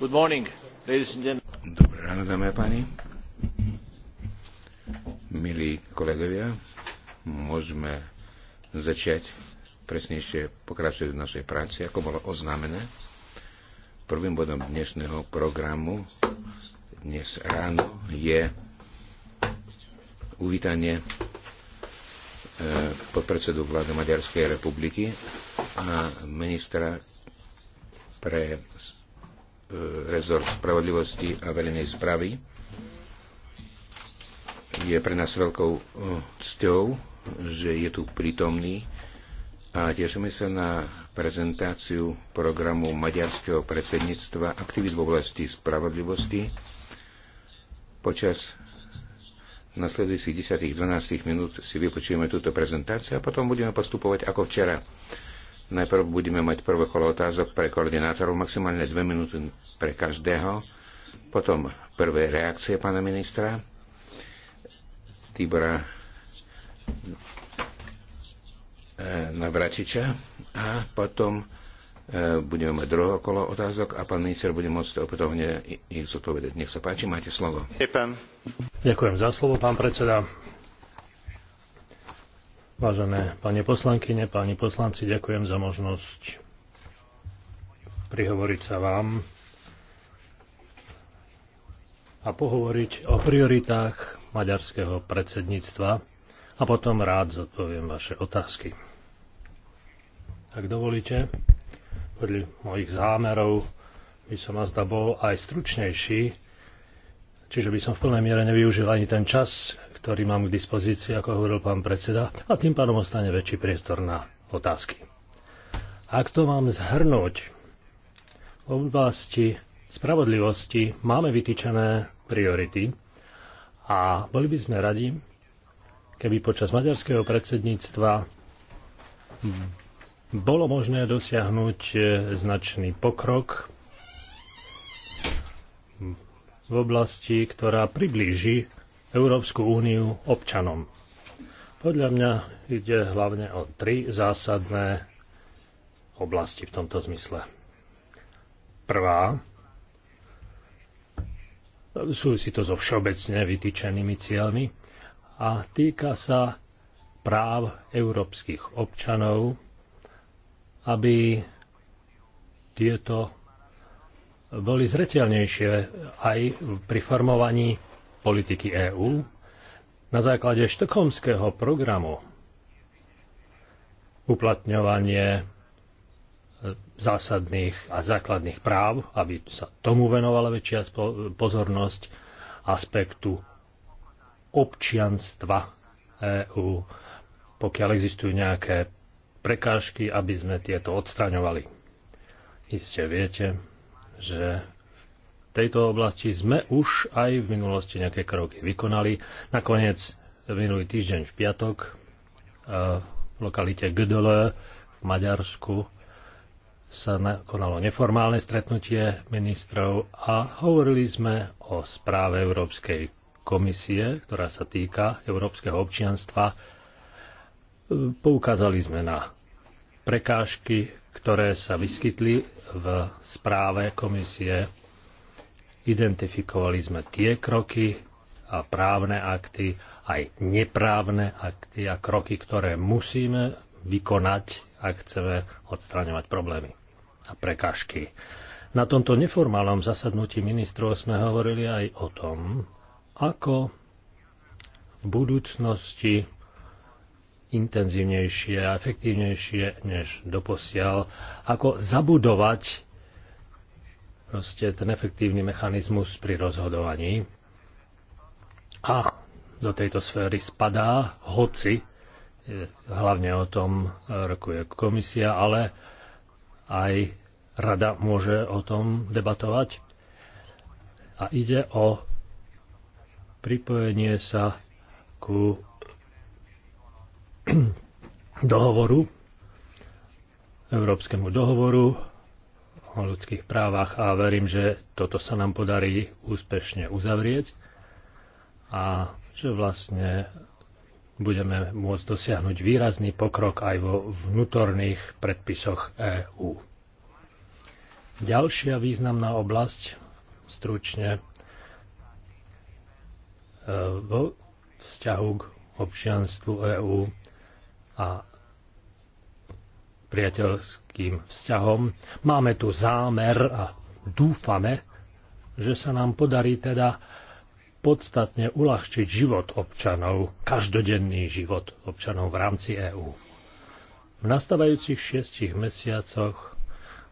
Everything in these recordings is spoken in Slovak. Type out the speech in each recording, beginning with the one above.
Dobré ráno, dámy a páni. Milí kolegovia, môžeme začať presnejšie pokračovať v našej práci, ako bolo oznámené. Prvým bodom dnešného programu dnes ráno je uvítanie e, podpredsedu vlády Maďarskej republiky a ministra pre E, rezort spravodlivosti a verejnej správy. Je pre nás veľkou e, cťou, že je tu prítomný a tešíme sa na prezentáciu programu maďarského predsedníctva aktivít v oblasti spravodlivosti počas nasledujúcich 10-12 minút si vypočujeme túto prezentáciu a potom budeme postupovať ako včera. Najprv budeme mať prvé kolo otázok pre koordinátorov, maximálne dve minúty pre každého, potom prvé reakcie pána ministra, Tibora e, Navračiča a potom e, budeme mať druhé kolo otázok a pán minister bude môcť opätovne ich zodpovedať. Nech sa páči, máte slovo. Ďakujem za slovo, pán predseda. Vážené pani poslankyne, páni poslanci, ďakujem za možnosť prihovoriť sa vám a pohovoriť o prioritách maďarského predsedníctva a potom rád zodpoviem vaše otázky. Ak dovolíte, podľa mojich zámerov by som azda bol aj stručnejší, čiže by som v plnej miere nevyužil ani ten čas, ktorý mám k dispozícii, ako hovoril pán predseda, a tým pádom ostane väčší priestor na otázky. Ak to mám zhrnúť, v oblasti spravodlivosti máme vytýčené priority a boli by sme radi, keby počas maďarského predsedníctva bolo možné dosiahnuť značný pokrok v oblasti, ktorá priblíži Európsku úniu občanom. Podľa mňa ide hlavne o tri zásadné oblasti v tomto zmysle. Prvá, súvisí to so všeobecne vytýčenými cieľmi a týka sa práv európskych občanov, aby tieto boli zretelnejšie aj pri formovaní politiky EÚ na základe štokholmského programu uplatňovanie e, zásadných a základných práv, aby sa tomu venovala väčšia pozornosť aspektu občianstva EÚ, pokiaľ existujú nejaké prekážky, aby sme tieto odstraňovali. Iste viete, že tejto oblasti sme už aj v minulosti nejaké kroky vykonali. Nakoniec minulý týždeň v piatok e, v lokalite Gdl v Maďarsku sa konalo neformálne stretnutie ministrov a hovorili sme o správe Európskej komisie, ktorá sa týka európskeho občianstva. E, poukázali sme na prekážky, ktoré sa vyskytli v správe komisie Identifikovali sme tie kroky a právne akty, aj neprávne akty a kroky, ktoré musíme vykonať, ak chceme odstraňovať problémy a prekažky. Na tomto neformálnom zasadnutí ministrov sme hovorili aj o tom, ako v budúcnosti intenzívnejšie a efektívnejšie než doposiaľ, ako zabudovať proste ten efektívny mechanizmus pri rozhodovaní. A do tejto sféry spadá, hoci e, hlavne o tom rokuje komisia, ale aj rada môže o tom debatovať. A ide o pripojenie sa ku dohovoru, Európskemu dohovoru o ľudských právach a verím, že toto sa nám podarí úspešne uzavrieť a že vlastne budeme môcť dosiahnuť výrazný pokrok aj vo vnútorných predpisoch EÚ. Ďalšia významná oblasť, stručne, e, vo vzťahu k občianstvu EÚ a priateľským vzťahom. Máme tu zámer a dúfame, že sa nám podarí teda podstatne uľahčiť život občanov, každodenný život občanov v rámci EÚ. V nastávajúcich šiestich mesiacoch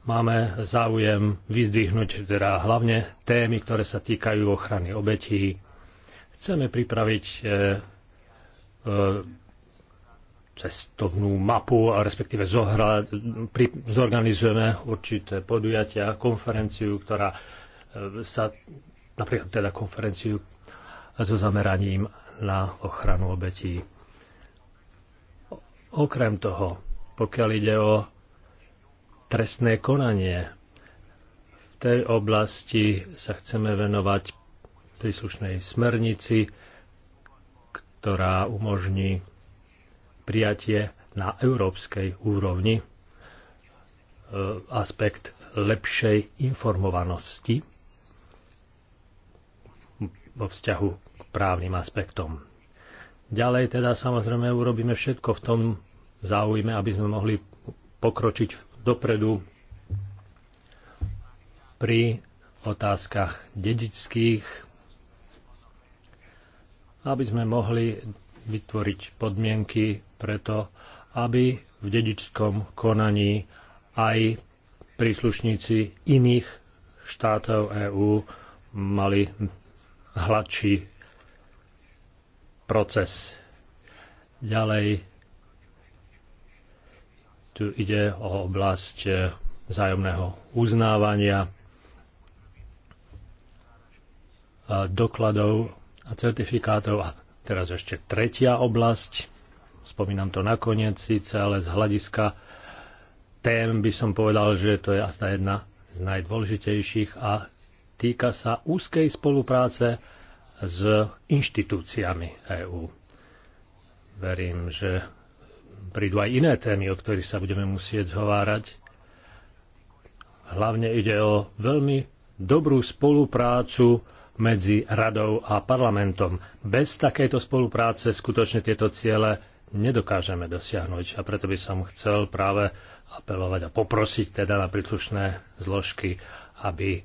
máme záujem vyzdvihnúť teda hlavne témy, ktoré sa týkajú ochrany obetí. Chceme pripraviť e, e, cestovnú mapu, a respektíve zohra, pri, zorganizujeme určité podujatia, konferenciu, ktorá e, sa, napríklad teda konferenciu so zameraním na ochranu obetí. Okrem toho, pokiaľ ide o trestné konanie, v tej oblasti sa chceme venovať príslušnej smernici, ktorá umožní prijatie na európskej úrovni e, aspekt lepšej informovanosti vo vzťahu k právnym aspektom. Ďalej teda samozrejme urobíme všetko v tom záujme, aby sme mohli pokročiť dopredu pri otázkach dedických, aby sme mohli vytvoriť podmienky preto, aby v dedičskom konaní aj príslušníci iných štátov EÚ mali hladší proces. Ďalej tu ide o oblasť e, vzájomného uznávania e, dokladov a certifikátov a Teraz ešte tretia oblasť. Spomínam to nakoniec síce, ale z hľadiska tém by som povedal, že to je asi jedna z najdôležitejších a týka sa úzkej spolupráce s inštitúciami EÚ. Verím, že prídu aj iné témy, o ktorých sa budeme musieť zhovárať. Hlavne ide o veľmi dobrú spoluprácu medzi radou a parlamentom. Bez takejto spolupráce skutočne tieto ciele nedokážeme dosiahnuť a preto by som chcel práve apelovať a poprosiť teda na príslušné zložky, aby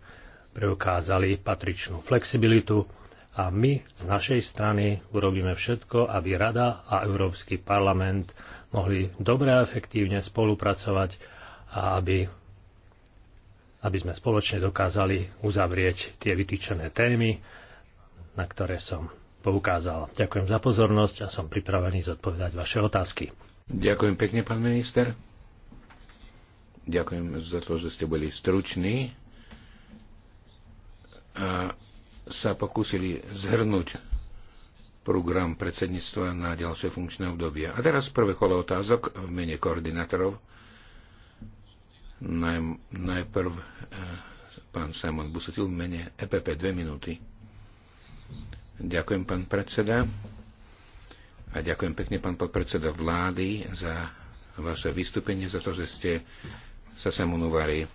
preukázali patričnú flexibilitu a my z našej strany urobíme všetko, aby Rada a Európsky parlament mohli dobre a efektívne spolupracovať a aby aby sme spoločne dokázali uzavrieť tie vytýčené témy, na ktoré som poukázal. Ďakujem za pozornosť a som pripravený zodpovedať vaše otázky. Ďakujem pekne, pán minister. Ďakujem za to, že ste boli struční a sa pokúsili zhrnúť program predsedníctva na ďalšie funkčné obdobie. A teraz prvé kolo otázok v mene koordinátorov. Naj, najprv eh, pán Simon Busutil v mene EPP 2 minúty. Ďakujem, pán predseda. A ďakujem pekne, pán podpredseda vlády, za vaše vystúpenie, za to, že ste sa sem unúvali. Eh,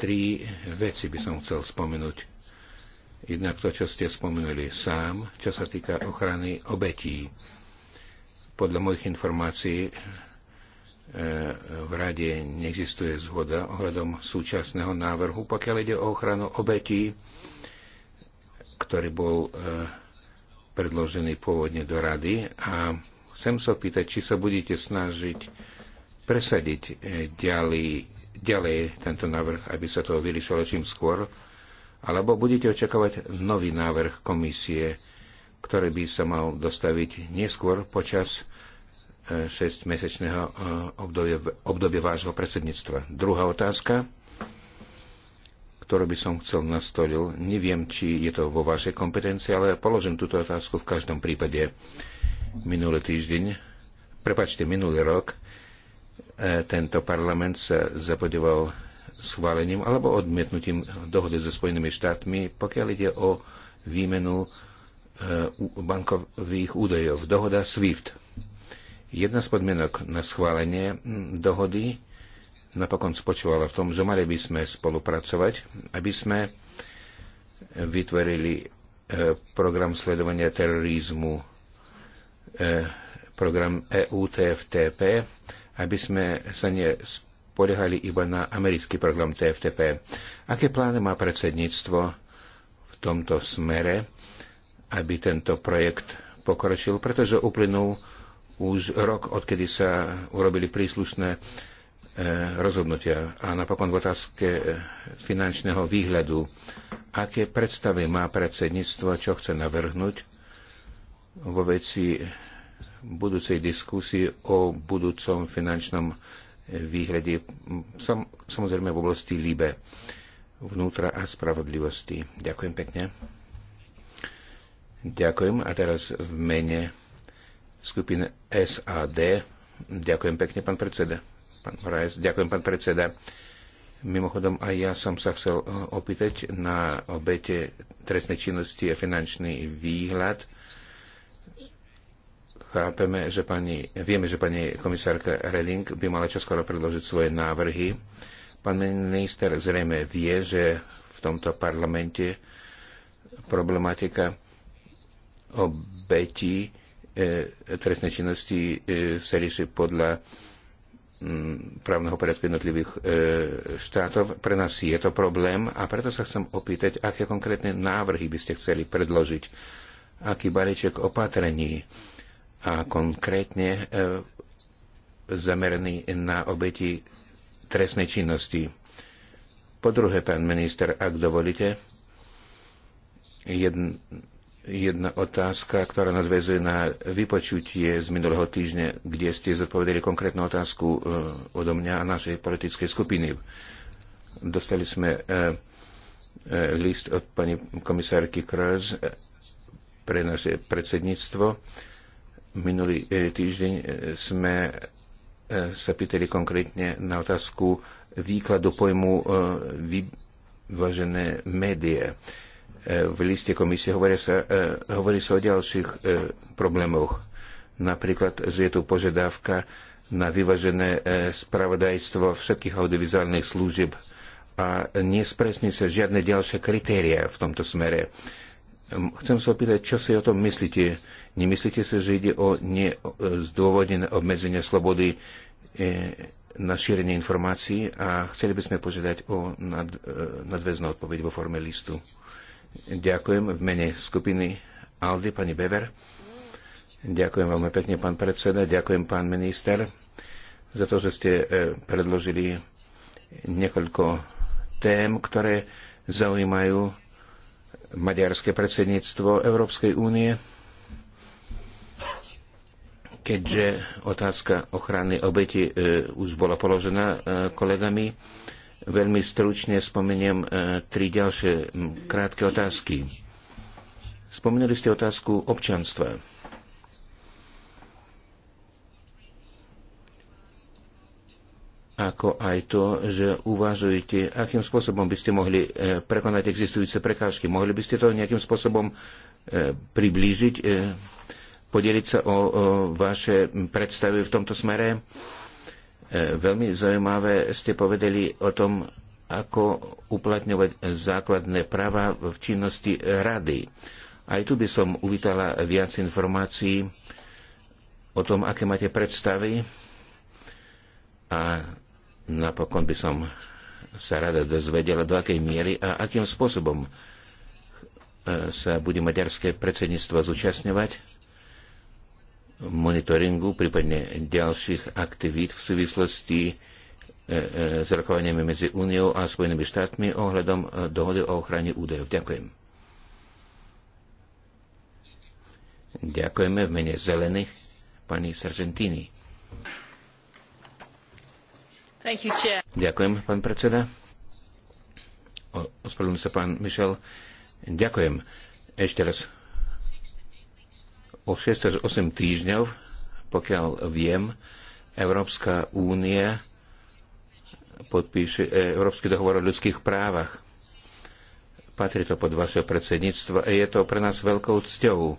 tri veci by som chcel spomenúť. Jednak to, čo ste spomenuli sám, čo sa týka ochrany obetí. Podľa mojich informácií E, v rade neexistuje zhoda ohľadom súčasného návrhu, pokiaľ ide o ochranu obetí, ktorý bol e, predložený pôvodne do rady. A chcem sa opýtať, či sa budete snažiť presadiť e, ďalej, ďalej tento návrh, aby sa to vyriešilo čím skôr, alebo budete očakávať nový návrh komisie, ktorý by sa mal dostaviť neskôr počas 6-mesečného eh, obdobie, vášho predsedníctva. Druhá otázka, ktorú by som chcel nastolil, neviem, či je to vo vašej kompetencii, ale položím túto otázku v každom prípade. Minulý týždeň, prepačte, minulý rok, eh, tento parlament sa zapodeval schválením alebo odmietnutím dohody so Spojenými štátmi, pokiaľ ide o výmenu eh, bankových údajov. Dohoda SWIFT Jedna z podmienok na schválenie dohody napokon spočívala v tom, že mali by sme spolupracovať, aby sme vytvorili e, program sledovania terorizmu, e, program EUTFTP, aby sme sa nespoliehali iba na americký program TFTP. Aké plány má predsedníctvo v tomto smere, aby tento projekt pokročil, pretože uplynul už rok, odkedy sa urobili príslušné e, rozhodnutia. A napokon v otázke e, finančného výhľadu, aké predstavy má predsedníctvo, čo chce navrhnúť vo veci budúcej diskusie o budúcom finančnom výhľade, sam, samozrejme v oblasti LIBE, vnútra a spravodlivosti. Ďakujem pekne. Ďakujem a teraz v mene skupiny SAD. Ďakujem pekne, pán predseda. Pán Rajs, ďakujem, pán predseda. Mimochodom, aj ja som sa chcel e, opýtať na obete trestnej činnosti a finančný výhľad. Chápeme, že pani, vieme, že pani komisárka Reding by mala čoskoro predložiť svoje návrhy. Pán minister zrejme vie, že v tomto parlamente problematika obetí E, trestnej činnosti e, sa rieši podľa právneho poriadku jednotlivých e, štátov. Pre nás je to problém a preto sa chcem opýtať, aké konkrétne návrhy by ste chceli predložiť, aký balíček opatrení a konkrétne zameraný na obeti trestnej činnosti. Po druhé, pán minister, ak dovolíte, jedn, jedna otázka, ktorá nadvezuje na vypočutie z minulého týždňa, kde ste zodpovedali konkrétnu otázku e, odo mňa a našej politickej skupiny. Dostali sme e, e, list od pani komisárky Kröz pre naše predsedníctvo. Minulý týždeň sme sa pýtali konkrétne na otázku výkladu pojmu vyvažené médiá v liste komisie hovorí sa, e, hovorí sa o ďalších e, problémoch. Napríklad, že je tu požiadavka na vyvažené e, spravodajstvo všetkých audiovizuálnych služieb a nespresní sa žiadne ďalšie kritéria v tomto smere. Hm, chcem sa opýtať, čo si o tom myslíte? Nemyslíte si, že ide o nezdôvodnené obmedzenie slobody na šírenie informácií a chceli by sme požiadať o nad, nadväznú odpoveď vo forme listu. Ďakujem v mene skupiny Aldi, pani Bever. Ďakujem veľmi pekne, pán predseda, ďakujem, pán minister, za to, že ste e, predložili niekoľko tém, ktoré zaujímajú maďarské predsedníctvo Európskej únie, keďže otázka ochrany obeti e, už bola položená e, kolegami Veľmi stručne spomeniem e, tri ďalšie krátke otázky. Spomenuli ste otázku občanstva. ako aj to, že uvažujete, akým spôsobom by ste mohli e, prekonať existujúce prekážky. Mohli by ste to nejakým spôsobom e, priblížiť, podeliť sa o, o vaše predstavy v tomto smere? E, veľmi zaujímavé ste povedali o tom, ako uplatňovať základné práva v činnosti rady. Aj tu by som uvítala viac informácií o tom, aké máte predstavy. A napokon by som sa rada dozvedela, do akej miery a akým spôsobom e, sa bude maďarské predsedníctvo zúčastňovať monitoringu, prípadne ďalších aktivít v súvislosti e, e, s rokovaniami medzi Úniou a Spojenými štátmi ohľadom e, dohody o ochrane údajov. Ďakujem. Ďakujeme v mene zelených pani Sargentini. Ďakujem, pán predseda. Ospravedlňujem sa, pán Mišel. Ďakujem. Ešte raz o 6 až 8 týždňov, pokiaľ viem, Európska únia podpíše e, Európsky dohovor o ľudských právach. Patrí to pod vaše predsedníctvo a je to pre nás veľkou cťou.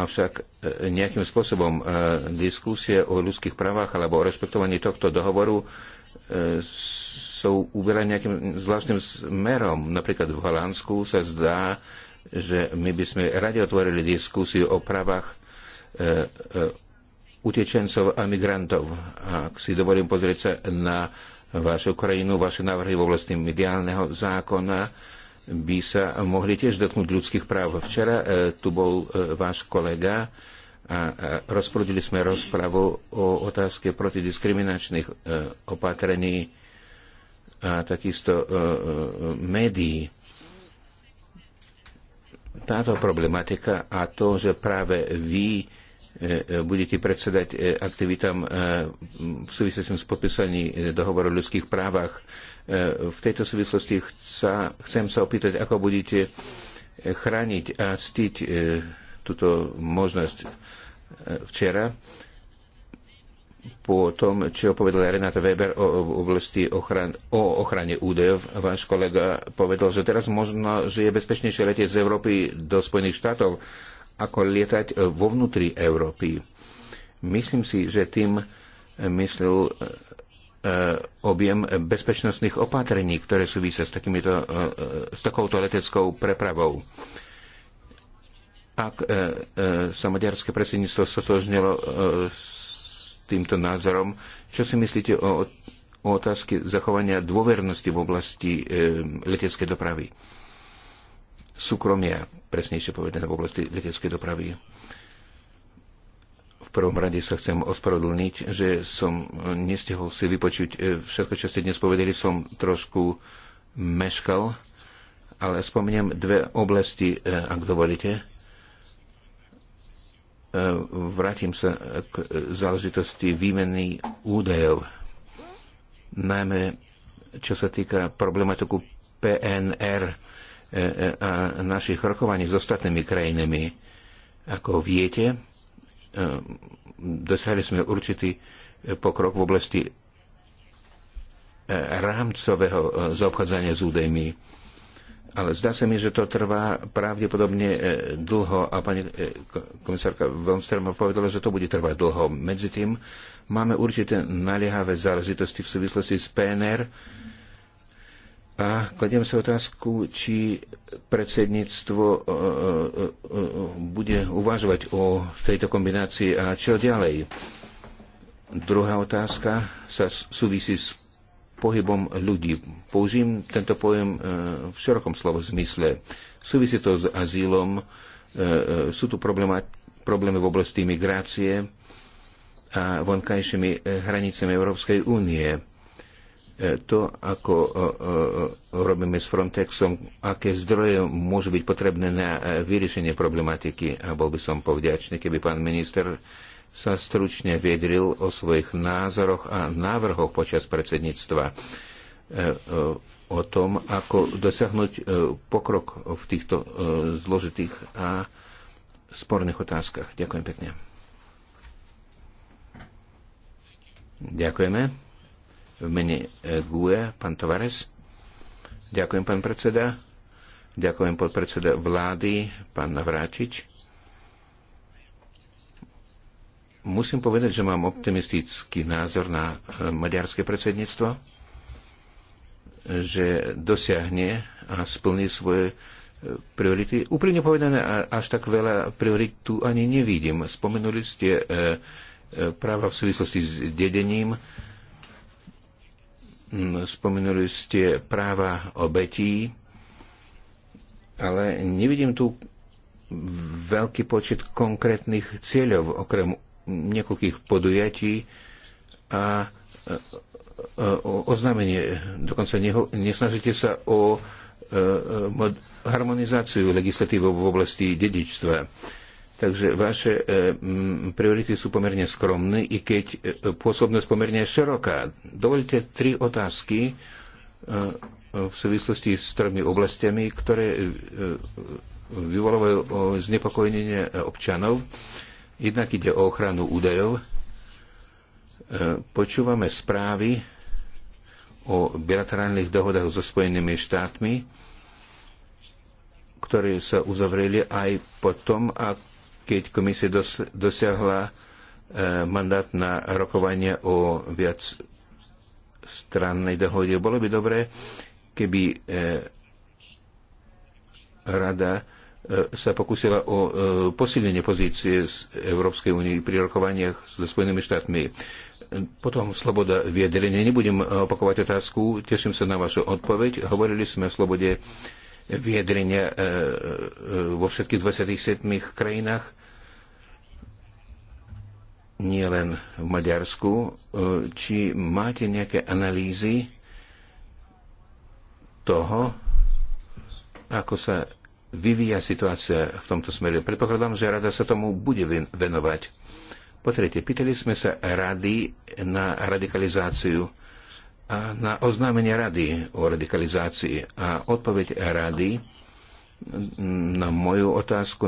Avšak e, nejakým spôsobom e, diskusie o ľudských právach alebo o rešpektovaní tohto dohovoru sú uberané nejakým zvláštnym smerom. Napríklad v Holandsku sa zdá, že my by sme radi otvorili diskusiu o právach e, e, utečencov a migrantov. Ak si dovolím pozrieť sa na vašu krajinu, vaše návrhy v oblasti mediálneho zákona by sa mohli tiež dotknúť ľudských práv. Včera e, tu bol e, váš kolega a a rozprudili sme rozpravu o otázke protidiskriminačných e, opatrení a takisto e, e, médií táto problematika a to, že práve vy e, e, budete predsedať e, aktivitám v súvislosti s podpísaním dohovoru o ľudských právach. V tejto súvislosti chca, chcem sa opýtať, ako budete chrániť a ctiť túto možnosť včera po tom, čo povedal Renata Weber o oblasti ochran- o ochrane údajov. Váš kolega povedal, že teraz možno, že je bezpečnejšie letieť z Európy do Spojených štátov, ako lietať e, vo vnútri Európy. Myslím si, že tým e, myslel e, objem bezpečnostných opatrení, ktoré súvisia s, takýmito, s takouto leteckou prepravou ak sa maďarské predsedníctvo sotožnilo s týmto názorom. Čo si myslíte o, o otázke zachovania dôvernosti v oblasti e, leteckej dopravy? Súkromia, presnejšie povedané, v oblasti leteckej dopravy. V prvom rade sa chcem ospravedlniť, že som eh, nestihol si vypočuť eh, všetko, čo ste dnes povedali, som trošku meškal, ale spomeniem dve oblasti, eh, ak dovolíte E, vrátim sa k záležitosti výmeny údajov, najmä čo sa týka problematiku PNR e, e, a našich rokovaní s ostatnými krajinami. Ako viete, dosiahli sme určitý pokrok v oblasti rámcového zaobchádzania s údajmi ale zdá sa mi, že to trvá pravdepodobne e, dlho a pani e, komisárka Velmström povedala, že to bude trvať dlho. Medzi tým máme určité naliehavé záležitosti v súvislosti s PNR a kladiem sa otázku, či predsedníctvo e, bude uvažovať o tejto kombinácii a čo ďalej. Druhá otázka sa súvisí s pohybom ľudí. Použijem tento pojem e, v širokom slovo zmysle. Súvisí to s azylom, e, e, sú tu problémy v oblasti migrácie a vonkajšími hranicami Európskej únie. To, ako robíme s Frontexom, aké zdroje môžu byť potrebné na vyriešenie problematiky. A bol by som povďačný, keby pán minister sa stručne viedril o svojich názoroch a návrhoch počas predsedníctva e, e, o tom, ako dosiahnuť e, pokrok v týchto zložitých a sporných otázkach. Ďakujem pekne. Ďakujeme. V mene GUE, pán Tovares. Ďakujem, pán predseda. Ďakujem podpredseda vlády, pán Navráčič. Musím povedať, že mám optimistický názor na e, maďarské predsedníctvo, že dosiahne a splní svoje e, priority. Úprimne povedané, až tak veľa priorit tu ani nevidím. Spomenuli ste e, práva v súvislosti s dedením, mm, spomenuli ste práva obetí, ale nevidím tu veľký počet konkrétnych cieľov, okrem niekoľkých podujatí a oznámenie. Dokonca neho, nesnažíte sa o e, harmonizáciu legislatívy v oblasti dedičstva. Takže vaše e, priority sú pomerne skromné, i keď e, pôsobnosť pomerne široká. Dovolte tri otázky v súvislosti s tromi oblastiami, ktoré vyvolávajú znepokojenie občanov. Jednak ide o ochranu údajov. E, počúvame správy o bilaterálnych dohodách so Spojenými štátmi, ktoré sa uzavreli aj potom, keď komisia dosiahla e, mandát na rokovanie o viac strannej dohode. Bolo by dobré, keby e, rada E, sa pokúsila o e, posilnenie pozície z Európskej únie pri rokovaniach so Spojenými štátmi. Potom sloboda vyjadrenia. Nebudem opakovať otázku, teším sa na vašu odpoveď. Hovorili sme o slobode vyjadrenia e, vo všetkých 27 krajinách, nielen v Maďarsku. Či máte nejaké analýzy toho, ako sa vyvíja situácia v tomto smere. Predpokladám, že rada sa tomu bude venovať. Po tretie, pýtali sme sa rady na radikalizáciu a na oznámenie rady o radikalizácii a odpoveď rady na moju otázku,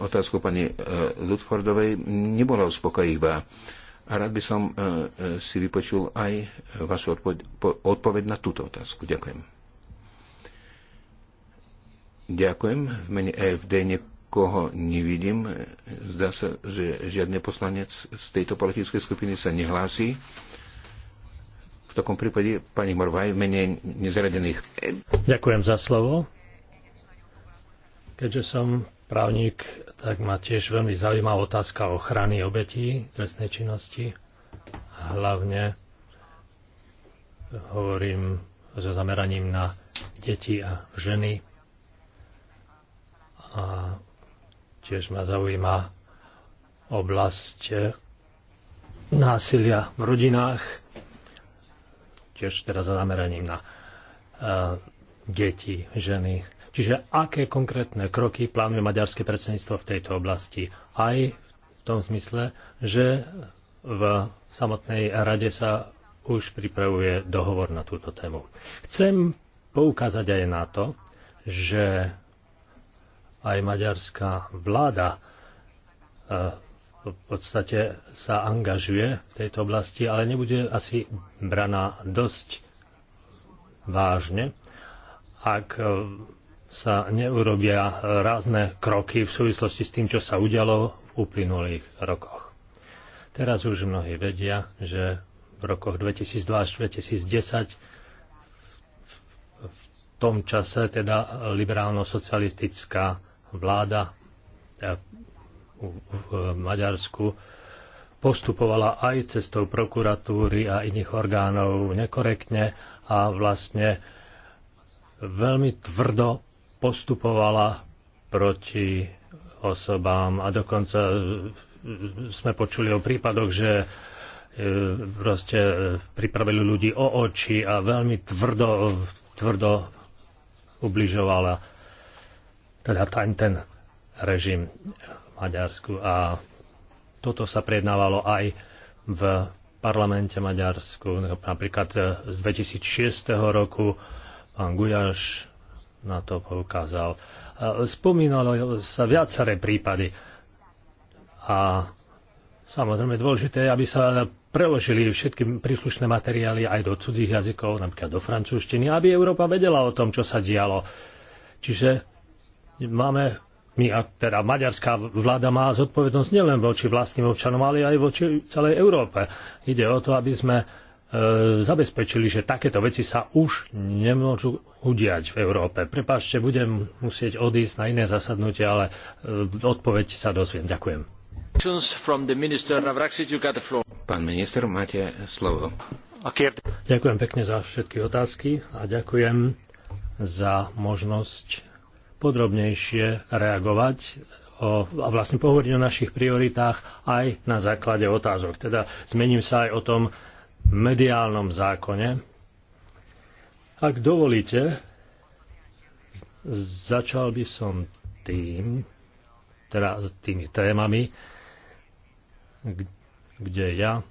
otázku pani e, Ludfordovej, nebola uspokojivá. A rád by som e, e, si vypočul aj vašu odpoveď, odpoveď na túto otázku. Ďakujem. Ďakujem. V mene EFD nikoho nevidím. Zdá sa, že žiadny poslanec z tejto politickej skupiny sa nehlási. V takom prípade pani Morvaj v mene nezradených. Ďakujem za slovo. Keďže som právnik, tak ma tiež veľmi zaujímavá otázka ochrany obetí trestnej činnosti. Hlavne hovorím so zameraním na deti a ženy a tiež ma zaujíma oblasť násilia v rodinách, tiež teraz za zameraním na e, deti, ženy. Čiže aké konkrétne kroky plánuje maďarské predsedníctvo v tejto oblasti? Aj v tom zmysle, že v samotnej rade sa už pripravuje dohovor na túto tému. Chcem poukázať aj na to, že aj maďarská vláda e, v podstate sa angažuje v tejto oblasti, ale nebude asi braná dosť vážne, ak e, sa neurobia rázne kroky v súvislosti s tým, čo sa udialo v uplynulých rokoch. Teraz už mnohí vedia, že v rokoch 2002 až 2010 v tom čase teda liberálno-socialistická vláda e, v e, Maďarsku postupovala aj cestou prokuratúry a iných orgánov nekorektne a vlastne veľmi tvrdo postupovala proti osobám a dokonca e, sme počuli o prípadoch, že proste pripravili ľudí o oči a veľmi tvrdo, tvrdo ubližovala teda ten, ten režim v Maďarsku. A toto sa prednávalo aj v parlamente Maďarsku. Napríklad e, z 2006 roku pán Gujaš na to poukázal. E, spomínalo sa viaceré prípady a samozrejme dôležité aby sa preložili všetky príslušné materiály aj do cudzích jazykov, napríklad do francúzštiny, aby Európa vedela o tom, čo sa dialo. Čiže máme my, a teda maďarská vláda má zodpovednosť nielen voči vlastným občanom, ale aj voči celej Európe. Ide o to, aby sme e, zabezpečili, že takéto veci sa už nemôžu udiať v Európe. Prepašte, budem musieť odísť na iné zasadnutie, ale e, odpoveď sa dozviem. Ďakujem. Pán minister, máte slovo. Ďakujem pekne za všetky otázky a ďakujem za možnosť podrobnejšie reagovať o, a vlastne pohovoriť o našich prioritách aj na základe otázok. Teda zmením sa aj o tom mediálnom zákone. Ak dovolíte, začal by som tým, teda tými témami, kde ja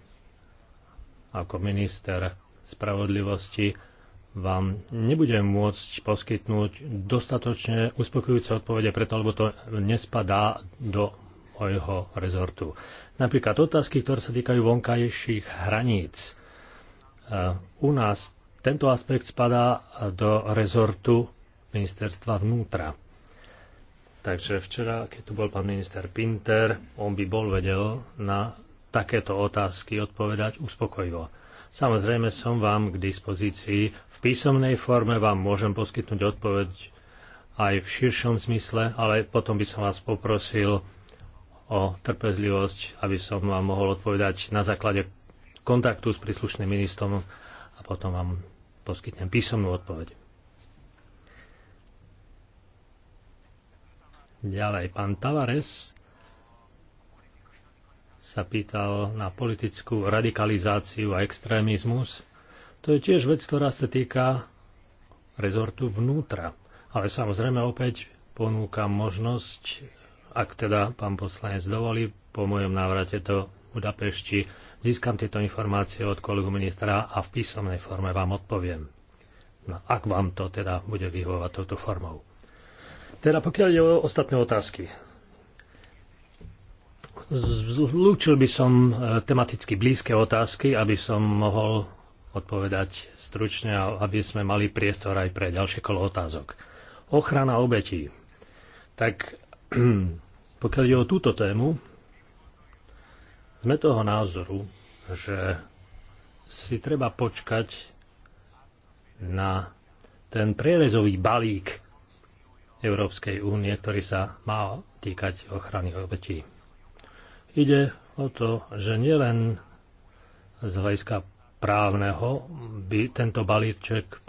ako minister spravodlivosti vám nebudem môcť poskytnúť dostatočne uspokojujúce odpovede, preto lebo to nespadá do mojho rezortu. Napríklad otázky, ktoré sa týkajú vonkajších hraníc. Eh, u nás tento aspekt spadá do rezortu ministerstva vnútra. Takže včera, keď tu bol pán minister Pinter, on by bol vedel na takéto otázky odpovedať uspokojivo. Samozrejme som vám k dispozícii. V písomnej forme vám môžem poskytnúť odpoveď aj v širšom zmysle, ale potom by som vás poprosil o trpezlivosť, aby som vám mohol odpovedať na základe kontaktu s príslušným ministrom a potom vám poskytnem písomnú odpoveď. Ďalej, pán Tavares sa pýtal na politickú radikalizáciu a extrémizmus. To je tiež vec, ktorá sa týka rezortu vnútra. Ale samozrejme opäť ponúkam možnosť, ak teda pán poslanec dovolí, po mojom návrate do Budapešti získam tieto informácie od kolegu ministra a v písomnej forme vám odpoviem. No, ak vám to teda bude vyhovovať touto formou. Teda pokiaľ ide o ostatné otázky, Zlúčil by som e, tematicky blízke otázky, aby som mohol odpovedať stručne a aby sme mali priestor aj pre ďalšie kolo otázok. Ochrana obetí. Tak pokiaľ ide o túto tému, sme toho názoru, že si treba počkať na ten prierezový balík Európskej únie, ktorý sa má týkať ochrany obetí. Ide o to, že nielen z hľadiska právneho by tento balíček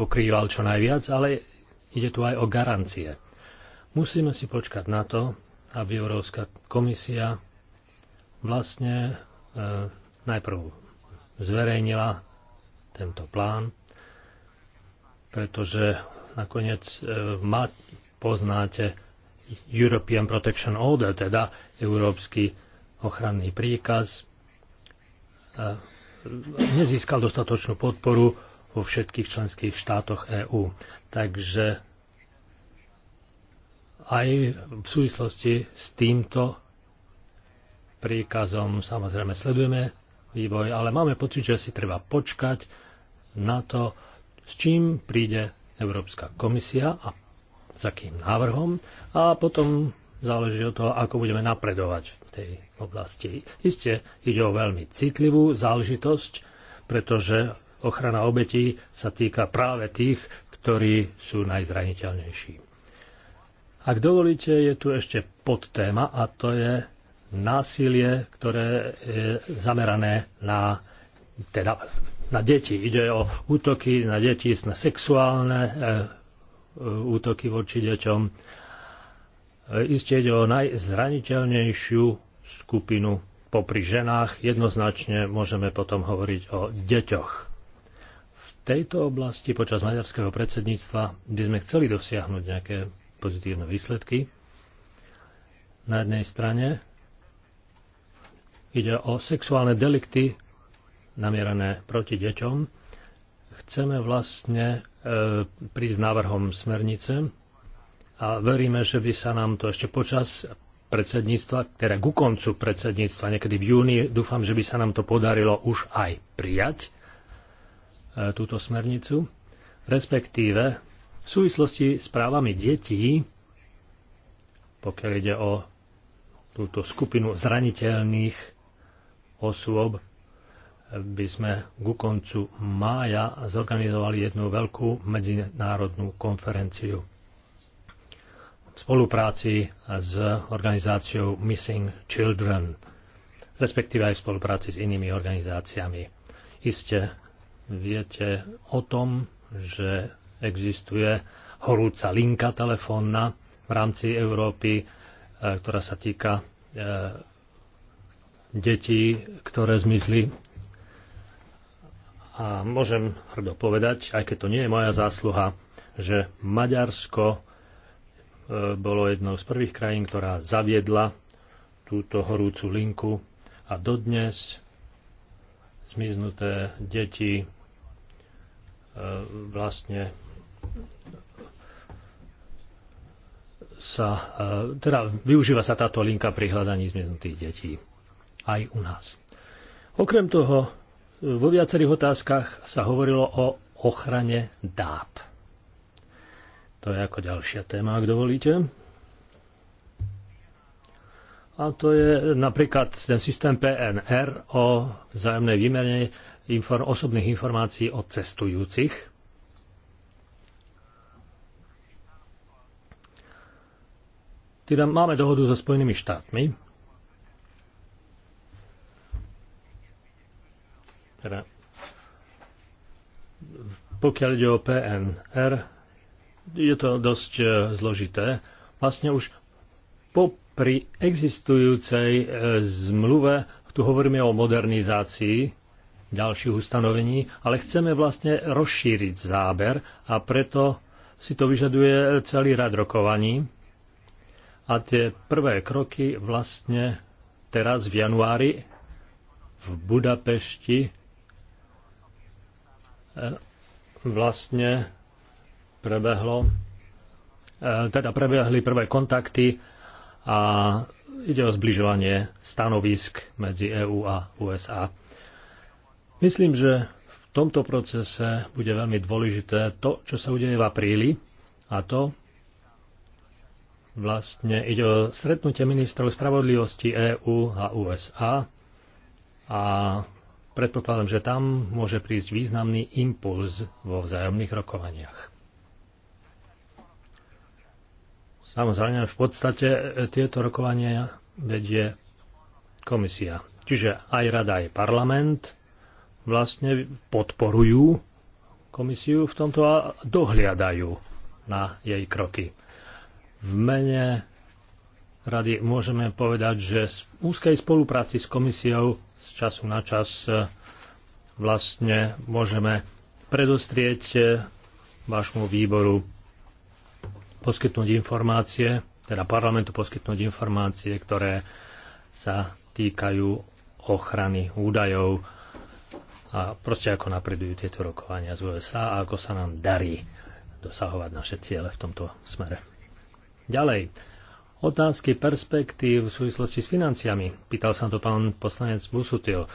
pokrýval čo najviac, ale ide tu aj o garancie. Musíme si počkať na to, aby Európska komisia vlastne e, najprv zverejnila tento plán, pretože nakoniec e, ma poznáte European Protection Order, teda Európsky ochranný príkaz, nezískal dostatočnú podporu vo všetkých členských štátoch EÚ. Takže aj v súvislosti s týmto príkazom samozrejme sledujeme vývoj, ale máme pocit, že si treba počkať na to, s čím príde Európska komisia a s akým návrhom a potom záleží od toho, ako budeme napredovať v tej oblasti. Isté ide o veľmi citlivú záležitosť, pretože ochrana obetí sa týka práve tých, ktorí sú najzraniteľnejší. Ak dovolíte, je tu ešte podtéma a to je násilie, ktoré je zamerané na, teda, na deti. Ide o útoky na deti, na sexuálne, e, E, útoky voči deťom. E, Isté ide o najzraniteľnejšiu skupinu popri ženách. Jednoznačne môžeme potom hovoriť o deťoch. V tejto oblasti počas maďarského predsedníctva by sme chceli dosiahnuť nejaké pozitívne výsledky. Na jednej strane ide o sexuálne delikty namierané proti deťom. Chceme vlastne E, prísť návrhom smernice a veríme, že by sa nám to ešte počas predsedníctva, teda ku koncu predsedníctva, niekedy v júni, dúfam, že by sa nám to podarilo už aj prijať, e, túto smernicu, respektíve v súvislosti s právami detí, pokiaľ ide o túto skupinu zraniteľných osôb, by sme ku koncu mája zorganizovali jednu veľkú medzinárodnú konferenciu v spolupráci s organizáciou Missing Children, respektíve aj v spolupráci s inými organizáciami. Iste viete o tom, že existuje horúca linka telefónna v rámci Európy, e, ktorá sa týka e, detí, ktoré zmizli a môžem hrdo povedať, aj keď to nie je moja zásluha, že Maďarsko e, bolo jednou z prvých krajín, ktorá zaviedla túto horúcu linku a dodnes zmiznuté deti e, vlastne sa, e, teda využíva sa táto linka pri hľadaní zmiznutých detí aj u nás. Okrem toho vo viacerých otázkach sa hovorilo o ochrane dát. To je ako ďalšia téma, ak dovolíte. A to je napríklad ten systém PNR o vzájomnej výmene inform- osobných informácií o cestujúcich. Teda máme dohodu so Spojenými štátmi, Teda, pokiaľ ide o PNR, je to dosť e, zložité. Vlastne už po, pri existujúcej e, zmluve tu hovoríme o modernizácii ďalších ustanovení, ale chceme vlastne rozšíriť záber a preto si to vyžaduje celý rad rokovaní. A tie prvé kroky vlastne teraz v januári v Budapešti vlastne prebehlo, e, teda prebehli prvé kontakty a ide o zbližovanie stanovisk medzi EÚ a USA. Myslím, že v tomto procese bude veľmi dôležité to, čo sa udeje v apríli a to vlastne ide o stretnutie ministrov spravodlivosti EÚ a USA a Predpokladám, že tam môže prísť významný impuls vo vzájomných rokovaniach. Samozrejme, v podstate e, tieto rokovania vedie komisia. Čiže aj rada, aj parlament vlastne podporujú komisiu v tomto a dohliadajú na jej kroky. V mene rady môžeme povedať, že v úzkej spolupráci s komisiou z času na čas e, vlastne môžeme predostrieť e, vášmu výboru poskytnúť informácie, teda parlamentu poskytnúť informácie, ktoré sa týkajú ochrany údajov a proste ako napredujú tieto rokovania z USA a ako sa nám darí dosahovať naše ciele v tomto smere. Ďalej, otázky perspektív v súvislosti s financiami. Pýtal sa to pán poslanec Busutil.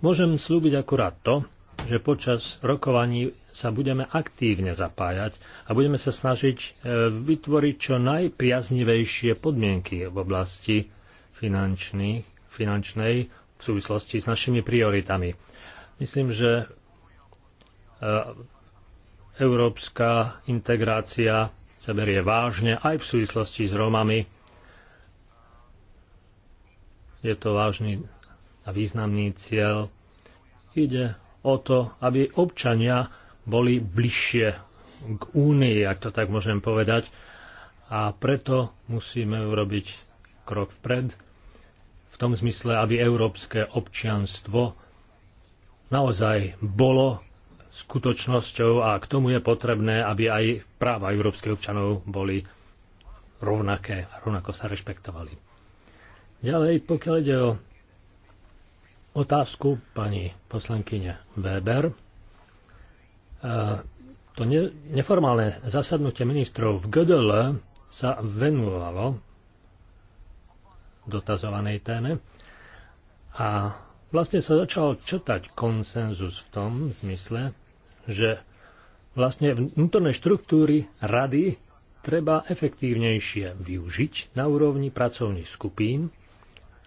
Môžem slúbiť akurát to, že počas rokovaní sa budeme aktívne zapájať a budeme sa snažiť e, vytvoriť čo najpriaznivejšie podmienky v oblasti finančnej v súvislosti s našimi prioritami. Myslím, že e, európska integrácia sa berie vážne aj v súvislosti s Rómami je to vážny a významný cieľ. Ide o to, aby občania boli bližšie k únii, ak to tak môžem povedať. A preto musíme urobiť krok vpred v tom zmysle, aby európske občianstvo naozaj bolo skutočnosťou a k tomu je potrebné, aby aj práva európskych občanov boli rovnaké a rovnako sa rešpektovali. Ďalej, pokiaľ ide o otázku pani poslankyne Weber, e, to neformálne zasadnutie ministrov v GDL sa venovalo dotazovanej téme a vlastne sa začal četať konsenzus v tom zmysle, že vlastne vnútorné štruktúry rady treba efektívnejšie využiť na úrovni pracovných skupín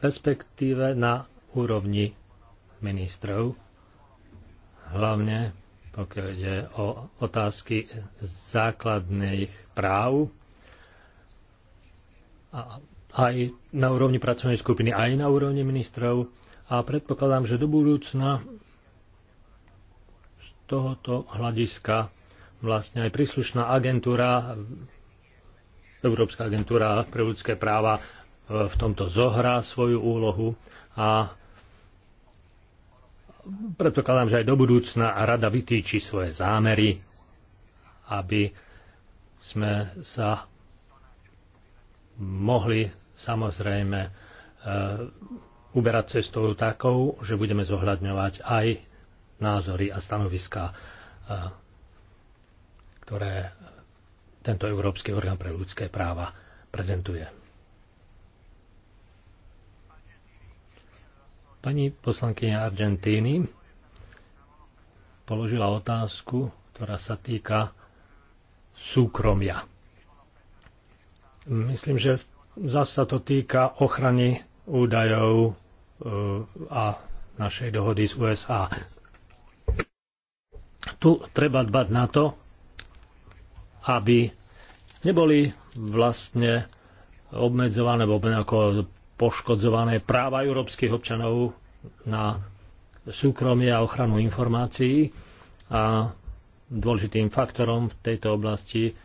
respektíve na úrovni ministrov, hlavne pokiaľ ide o otázky základných práv a aj na úrovni pracovnej skupiny, aj na úrovni ministrov a predpokladám, že do budúcna z tohoto hľadiska vlastne aj príslušná agentúra Európska agentúra pre ľudské práva v tomto zohrá svoju úlohu a predpokladám, že aj do budúcna rada vytýči svoje zámery, aby sme sa mohli samozrejme e, uberať cestou takou, že budeme zohľadňovať aj názory a stanoviská, e, ktoré tento Európsky orgán pre ľudské práva prezentuje. Pani poslankyňa Argentíny položila otázku, ktorá sa týka súkromia. Myslím, že zase sa to týka ochrany údajov e, a našej dohody z USA. Tu treba dbať na to, aby neboli vlastne obmedzované, alebo poškodzované práva európskych občanov na súkromie a ochranu informácií a dôležitým faktorom v tejto oblasti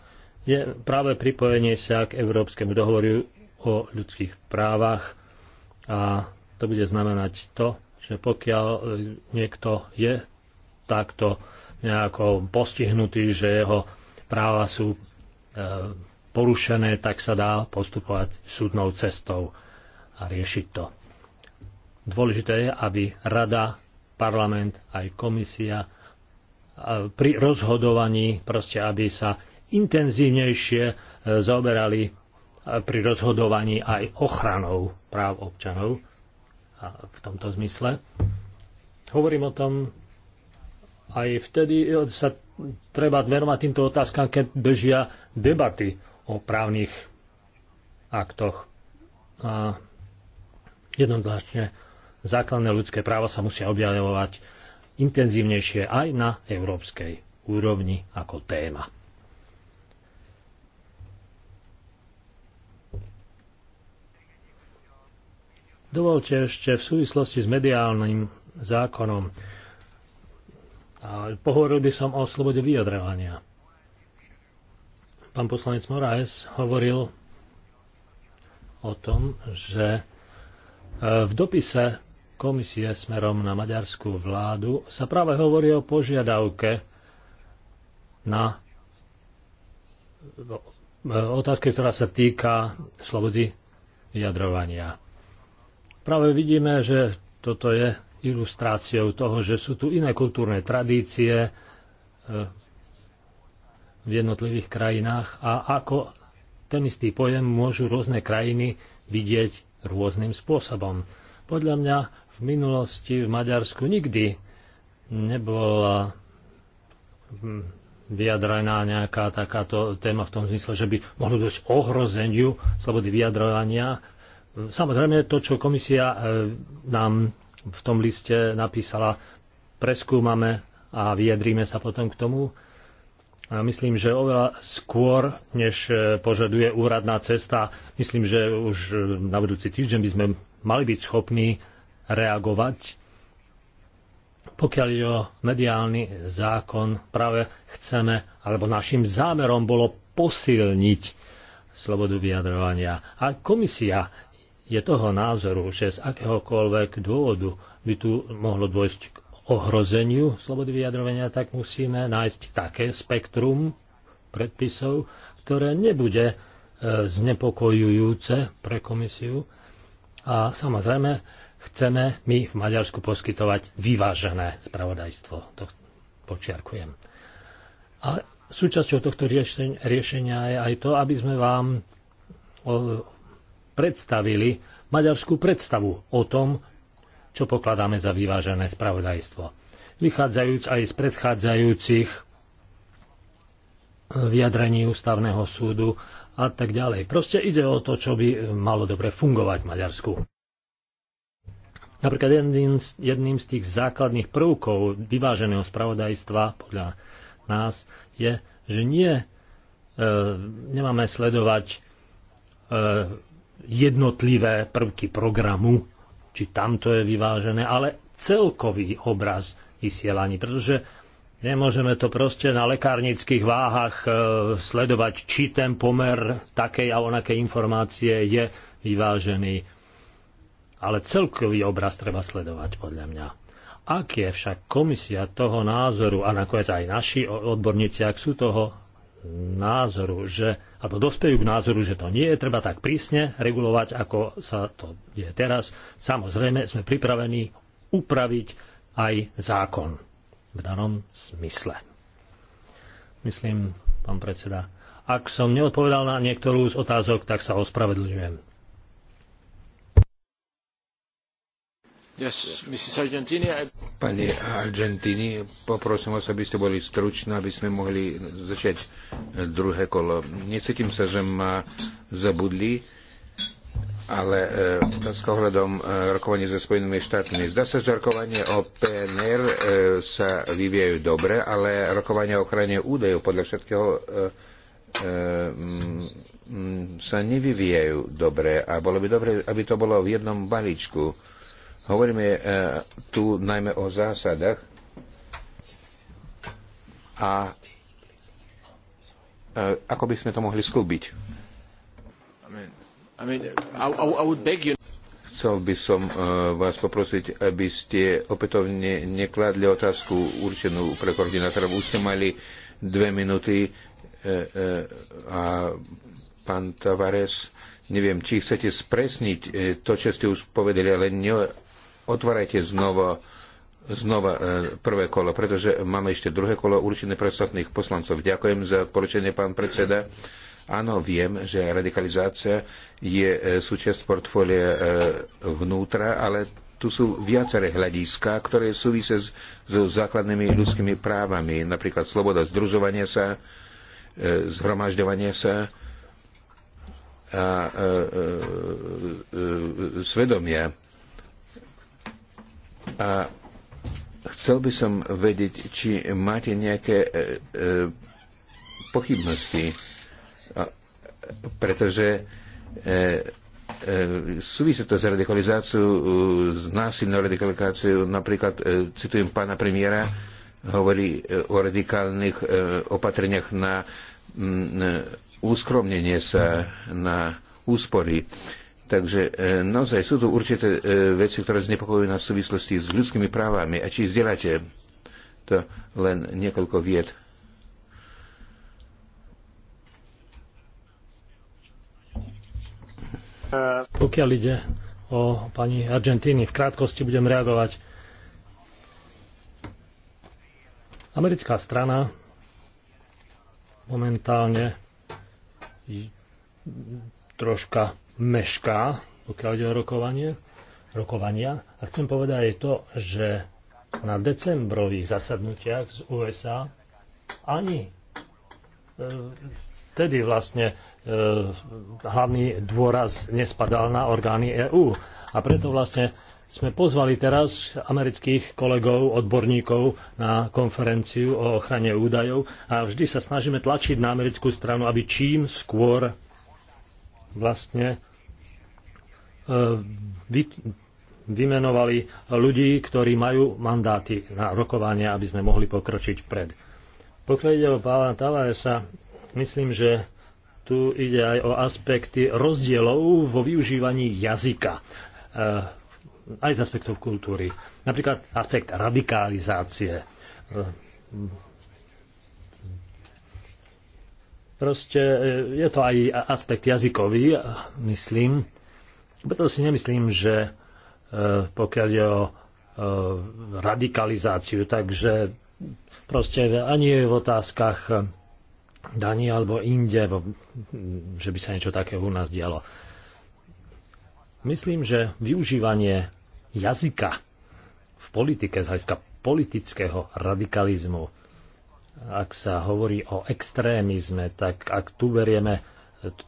je práve pripojenie sa k Európskemu dohovoru o ľudských právach a to bude znamenať to, že pokiaľ niekto je takto nejako postihnutý, že jeho práva sú e, porušené, tak sa dá postupovať súdnou cestou a riešiť to. Dôležité je, aby rada, parlament, aj komisia pri rozhodovaní, proste aby sa intenzívnejšie e, zaoberali e, pri rozhodovaní aj ochranou práv občanov a v tomto zmysle. Hovorím o tom aj vtedy e, sa treba venovať týmto otázkam, keď bežia debaty o právnych aktoch. A Jednoznačne základné ľudské práva sa musia objavovať intenzívnejšie aj na európskej úrovni ako téma. Dovolte ešte v súvislosti s mediálnym zákonom. A pohovoril by som o slobode vyjadrovania. Pán poslanec Moraes hovoril o tom, že E, v dopise komisie smerom na maďarskú vládu sa práve hovorí o požiadavke na no, e, otázke, ktorá sa týka slobody vyjadrovania. Práve vidíme, že toto je ilustráciou toho, že sú tu iné kultúrne tradície e, v jednotlivých krajinách a ako ten istý pojem môžu rôzne krajiny vidieť rôznym spôsobom. Podľa mňa v minulosti v Maďarsku nikdy nebola vyjadrená nejaká takáto téma v tom zmysle, že by mohlo dosť ohrozeniu slobody vyjadrovania. Samozrejme, to, čo komisia e, nám v tom liste napísala, preskúmame a vyjadríme sa potom k tomu. A myslím, že oveľa skôr, než e, požaduje úradná cesta, myslím, že už e, na budúci týždeň by sme mali byť schopní reagovať. Pokiaľ je o mediálny zákon, práve chceme, alebo našim zámerom bolo posilniť slobodu vyjadrovania. A komisia je toho názoru, že z akéhokoľvek dôvodu by tu mohlo dôjsť k ohrozeniu slobody vyjadrovania, tak musíme nájsť také spektrum predpisov, ktoré nebude e, znepokojujúce pre komisiu. A samozrejme, chceme my v Maďarsku poskytovať vyvážené spravodajstvo. To počiarkujem. A súčasťou tohto riešenia je aj to, aby sme vám predstavili maďarskú predstavu o tom, čo pokladáme za vyvážené spravodajstvo. Vychádzajúc aj z predchádzajúcich eh, vyjadrení ústavného súdu a tak ďalej. Proste ide o to, čo by malo dobre fungovať v Maďarsku. Napríklad jedným z, jedným z tých základných prvkov vyváženého spravodajstva podľa nás je, že nie, e, nemáme sledovať e, jednotlivé prvky programu či tamto je vyvážené, ale celkový obraz vysielaní, pretože nemôžeme to proste na lekárnických váhach e, sledovať, či ten pomer takej a onakej informácie je vyvážený. Ale celkový obraz treba sledovať, podľa mňa. Ak je však komisia toho názoru, a nakoniec aj naši odborníci, ak sú toho názoru, že alebo dospejú k názoru, že to nie je treba tak prísne regulovať, ako sa to deje teraz, samozrejme sme pripravení upraviť aj zákon v danom smysle. Myslím, pán predseda, ak som neodpovedal na niektorú z otázok, tak sa ospravedlňujem. Argentini, Pani Argentini, poprosím vás, aby ste boli stručná, aby sme mohli začať druhé kolo. Necítim sa, že ma zabudli, ale e, s ohľadom e, rokovania so Spojenými štátmi. Zdá sa, že rokovanie o PNR e, sa vyvíjajú dobre, ale rokovanie o ochrane údajov podľa všetkého e, e, m, sa nevyvíjajú dobre a bolo by dobre, aby to bolo v jednom balíčku Hovoríme e, tu najmä o zásadách a e, ako by sme to mohli sklúbiť. Chcel by som e, vás poprosiť, aby ste opätovne nekladli otázku určenú pre koordinátorov. Už ste mali dve minúty a pán Tavares, neviem, či chcete spresniť to, čo ste už povedali, ale otvárajte znova, znova e, prvé kolo, pretože máme ešte druhé kolo určené predstavných poslancov. Ďakujem za odporúčanie, pán predseda. Áno, viem, že radikalizácia je e, súčasť portfólia e, vnútra, ale tu sú viaceré hľadiska, ktoré súvisia s, so základnými ľudskými právami, napríklad sloboda združovania sa, zhromažďovania sa a svedomia. A chcel by som vedieť, či máte nejaké e, e, pochybnosti, pretože e, súvisí to s radikalizáciou, s násilnou radikalizáciou. Napríklad, citujem pána premiéra, hovorí o radikálnych opatreniach na uskromnenie sa, na úspory. Takže e, naozaj sú tu určité e, veci, ktoré znepokojujú nás v súvislosti s ľudskými právami. A či zdieľate to len niekoľko vied. Pokiaľ ide o pani Argentíny, v krátkosti budem reagovať. Americká strana momentálne troška mešká, pokiaľ ide o rokovanie, rokovania. A chcem povedať aj to, že na decembrových zasadnutiach z USA ani vtedy e, vlastne e, hlavný dôraz nespadal na orgány EÚ. A preto vlastne sme pozvali teraz amerických kolegov, odborníkov na konferenciu o ochrane údajov a vždy sa snažíme tlačiť na americkú stranu, aby čím skôr vlastne e, vy, vymenovali ľudí, ktorí majú mandáty na rokovanie, aby sme mohli pokročiť vpred. Pokiaľ ide o pána Tavaresa, myslím, že tu ide aj o aspekty rozdielov vo využívaní jazyka, e, aj z aspektov kultúry. Napríklad aspekt radikalizácie e, Proste e, je to aj aspekt jazykový, myslím. Preto si nemyslím, že e, pokiaľ je o e, radikalizáciu, takže proste ani v otázkach daní alebo inde, že by sa niečo také u nás dialo. Myslím, že využívanie jazyka v politike z hľadiska politického radikalizmu ak sa hovorí o extrémizme, tak ak tu berieme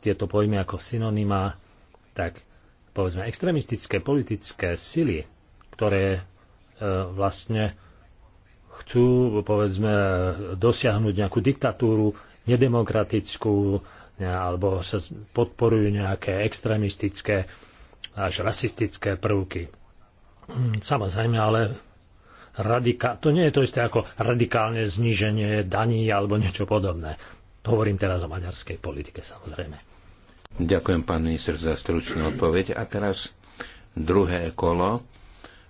tieto pojmy ako synonymá, tak povedzme extrémistické politické sily, ktoré e, vlastne chcú povedzme dosiahnuť nejakú diktatúru nedemokratickú ne, alebo sa podporujú nejaké extrémistické až rasistické prvky. Samozrejme, ale radika- to nie je to isté ako radikálne zníženie daní alebo niečo podobné. To Hovorím teraz o maďarskej politike samozrejme. Ďakujem pán minister za stručnú odpoveď. A teraz druhé kolo.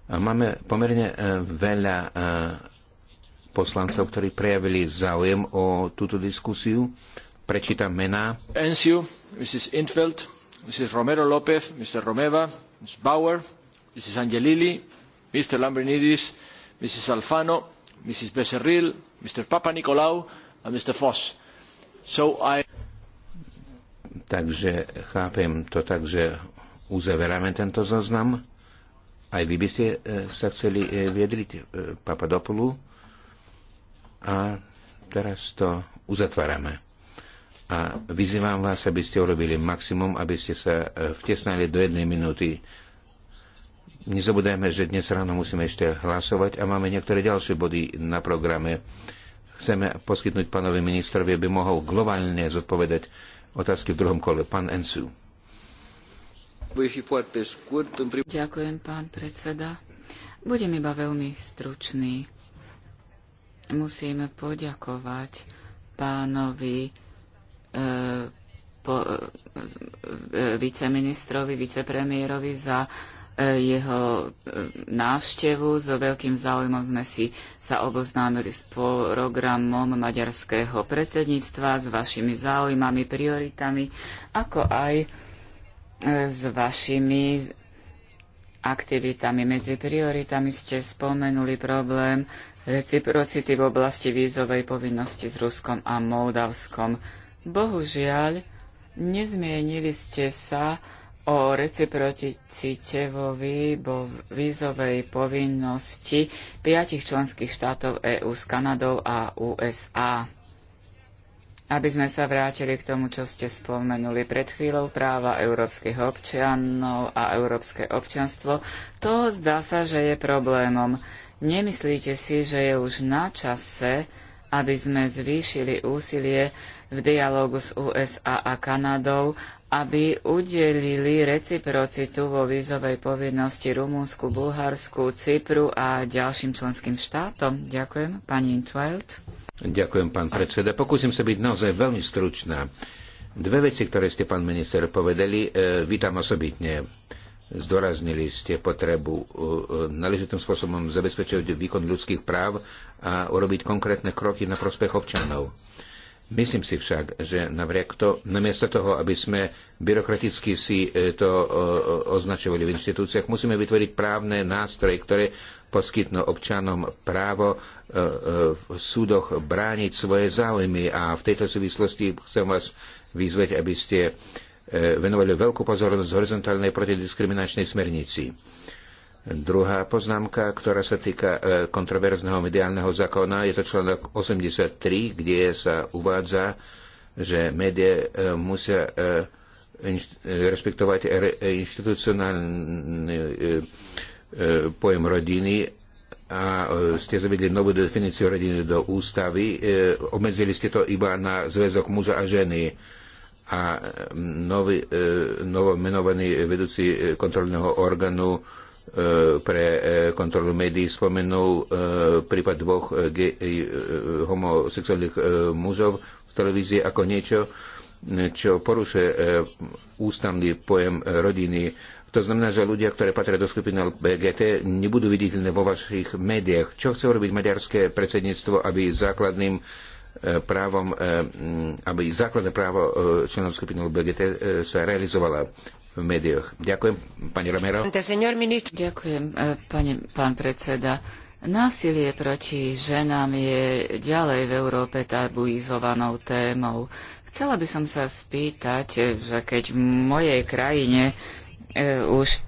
Máme pomerne e, veľa e, poslancov, ktorí prejavili záujem o túto diskusiu. Prečítam mená. Enciu, Mrs. Infeld, Mrs. Romero López, Mr. Romeva, Mrs. Bauer, Mrs. Angelili, Mr. Lambrinidis, Mrs. Alfano, Mrs. Becerril, Mr. Papanikolaou a Mr. Foss. So I... Takže chápem to tak, že uzavierame tento zoznam. Aj vy by ste e, sa chceli e, viedriť e, Papadopoulu. A teraz to uzatvárame. A vyzývam vás, aby ste urobili maximum, aby ste sa vtesnali do jednej minúty. Nezabudajme, že dnes ráno musíme ešte hlasovať a máme niektoré ďalšie body na programe. Chceme poskytnúť pánovi ministrovi, aby mohol globálne zodpovedať otázky v druhom kole. Pán Ensu. Ďakujem, pán predseda. Budem iba veľmi stručný. Musíme poďakovať pánovi e, po, e, viceministrovi, vicepremiérovi za jeho e, návštevu. So veľkým záujmom sme si sa oboznámili s programom maďarského predsedníctva, s vašimi záujmami, prioritami, ako aj e, s vašimi aktivitami. Medzi prioritami ste spomenuli problém reciprocity v oblasti vízovej povinnosti s Ruskom a Moldavskom. Bohužiaľ, nezmienili ste sa o reciprocite vo vízovej povinnosti piatich členských štátov EÚ s Kanadou a USA. Aby sme sa vrátili k tomu, čo ste spomenuli pred chvíľou, práva európskych občanov a európske občianstvo, to zdá sa, že je problémom. Nemyslíte si, že je už na čase, aby sme zvýšili úsilie v dialogu s USA a Kanadou aby udelili reciprocitu vo vízovej povinnosti Rumunsku, Bulharsku, Cypru a ďalším členským štátom. Ďakujem, pani Intveld. Ďakujem, pán predseda. Pokúsim sa byť naozaj veľmi stručná. Dve veci, ktoré ste, pán minister, povedali, e, vítam osobitne. Zdoraznili ste potrebu e, e, náležitým spôsobom zabezpečiť výkon ľudských práv a urobiť konkrétne kroky na prospech občanov. E, Myslím si však, že navriek to, namiesto toho, aby sme byrokraticky si e, to e, označovali v inštitúciách, musíme vytvoriť právne nástroje, ktoré poskytnú občanom právo e, v súdoch brániť svoje záujmy. A v tejto súvislosti chcem vás vyzvať, aby ste venovali veľkú pozornosť horizontálnej protidiskriminačnej smernici Druhá poznámka, ktorá sa týka e, kontroverzného mediálneho zákona, je to článok 83, kde sa uvádza, že médiá e, musia e, rešpektovať inštitucionálny pojem rodiny a ste zavedli novú definíciu rodiny do ústavy. Obmedzili ste to iba na zväzok muža a ženy a nový, novomenovaný vedúci kontrolného orgánu E, pre e, kontrolu médií spomenul e, prípad dvoch homosexuálnych mužov v televízii ako niečo, čo porušuje ústavný pojem rodiny. To znamená, že ľudia, ktoré patria do skupiny LGBT, nebudú viditeľné vo vašich médiách. Čo chce urobiť maďarské predsedníctvo, aby základným právom, aby základné právo členov skupiny LGBT sa realizovala v médiách. Ďakujem, pani Romero. Ďakujem, e, pani, pán predseda. Násilie proti ženám je ďalej v Európe tabuizovanou témou. Chcela by som sa spýtať, e, že keď v mojej krajine e, už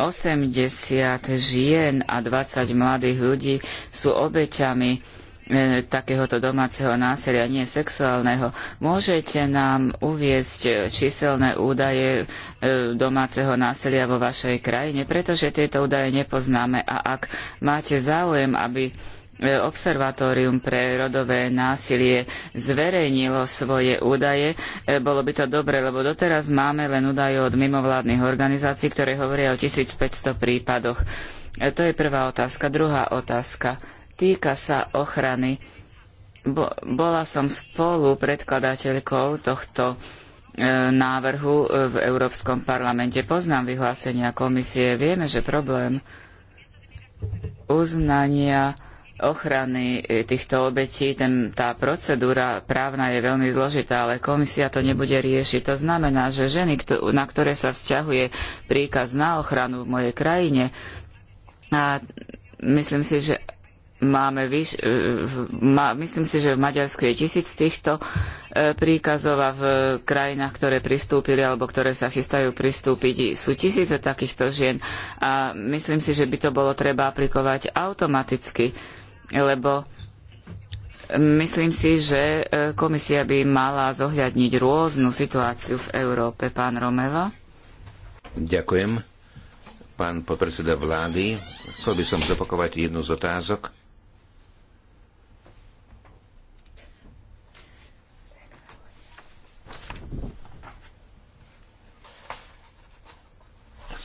80 žien a 20 mladých ľudí sú obeťami E, takéhoto domáceho násilia, nie sexuálneho. Môžete nám uviezť e, číselné údaje e, domáceho násilia vo vašej krajine, pretože tieto údaje nepoznáme a ak máte záujem, aby Observatórium pre rodové násilie zverejnilo svoje údaje. Bolo by to dobre, lebo doteraz máme len údaje od mimovládnych organizácií, ktoré hovoria o 1500 prípadoch. To je prvá otázka. Druhá otázka týka sa ochrany. Bo, bola som spolu predkladateľkou tohto e, návrhu e, v Európskom parlamente. Poznám vyhlásenia komisie. Vieme, že problém uznania ochrany e, týchto obetí, ten, tá procedúra právna je veľmi zložitá, ale komisia to nebude riešiť. To znamená, že ženy, na ktoré sa vzťahuje príkaz na ochranu v mojej krajine, a myslím si, že máme vyš, e, ma, myslím si, že v Maďarsku je tisíc týchto e, príkazov a v krajinách, ktoré pristúpili alebo ktoré sa chystajú pristúpiť, sú tisíce takýchto žien a myslím si, že by to bolo treba aplikovať automaticky, lebo myslím si, že e, komisia by mala zohľadniť rôznu situáciu v Európe. Pán Romeva? Ďakujem. Pán podpredseda vlády, chcel by som zopakovať jednu z otázok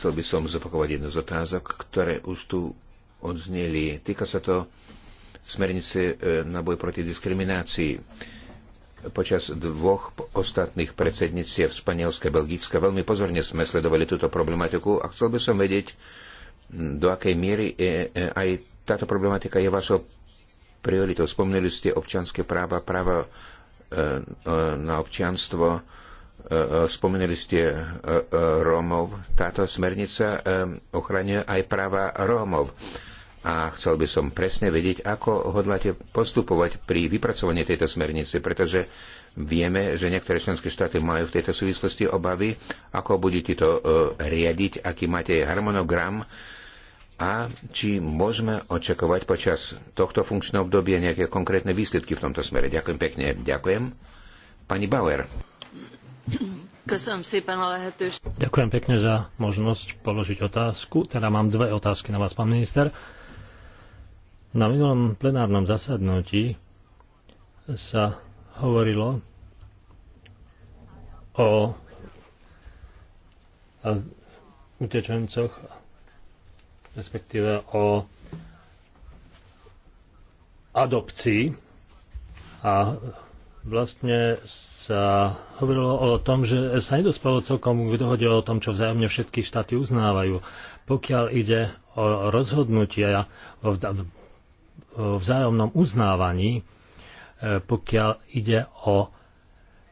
chcel by som zopakovať jednu z otázok, ktoré už tu odzneli. Týka sa to smernice e, na boj proti diskriminácii. Počas dvoch ostatných predsedníctiev Španielska a Belgická veľmi pozorne sme sledovali túto problematiku a chcel by som vedieť, do akej miery je, e, aj táto problematika je vašou prioritou. Spomneli ste občanské práva, práva e, na občianstvo E, e, spomenuli ste e, Rómov. Táto smernica ochraňuje aj práva Rómov. A chcel by som presne vedieť, ako hodláte postupovať pri vypracovaní tejto smernice, pretože vieme, že niektoré členské štáty majú v tejto súvislosti obavy, ako budete to riadiť, aký máte harmonogram a či môžeme očakovať počas tohto funkčného obdobia nejaké konkrétne výsledky v tomto smere. Ďakujem pekne. Ďakujem. Pani Bauer. Ďakujem pekne za možnosť položiť otázku. Teda mám dve otázky na vás, pán minister. Na minulom plenárnom zasadnutí sa hovorilo o utečencoch, respektíve o adopcii a vlastne sa hovorilo o tom, že sa nedospelo celkom k dohode o tom, čo vzájomne všetky štáty uznávajú. Pokiaľ ide o rozhodnutia o vzájomnom uznávaní, e, pokiaľ ide o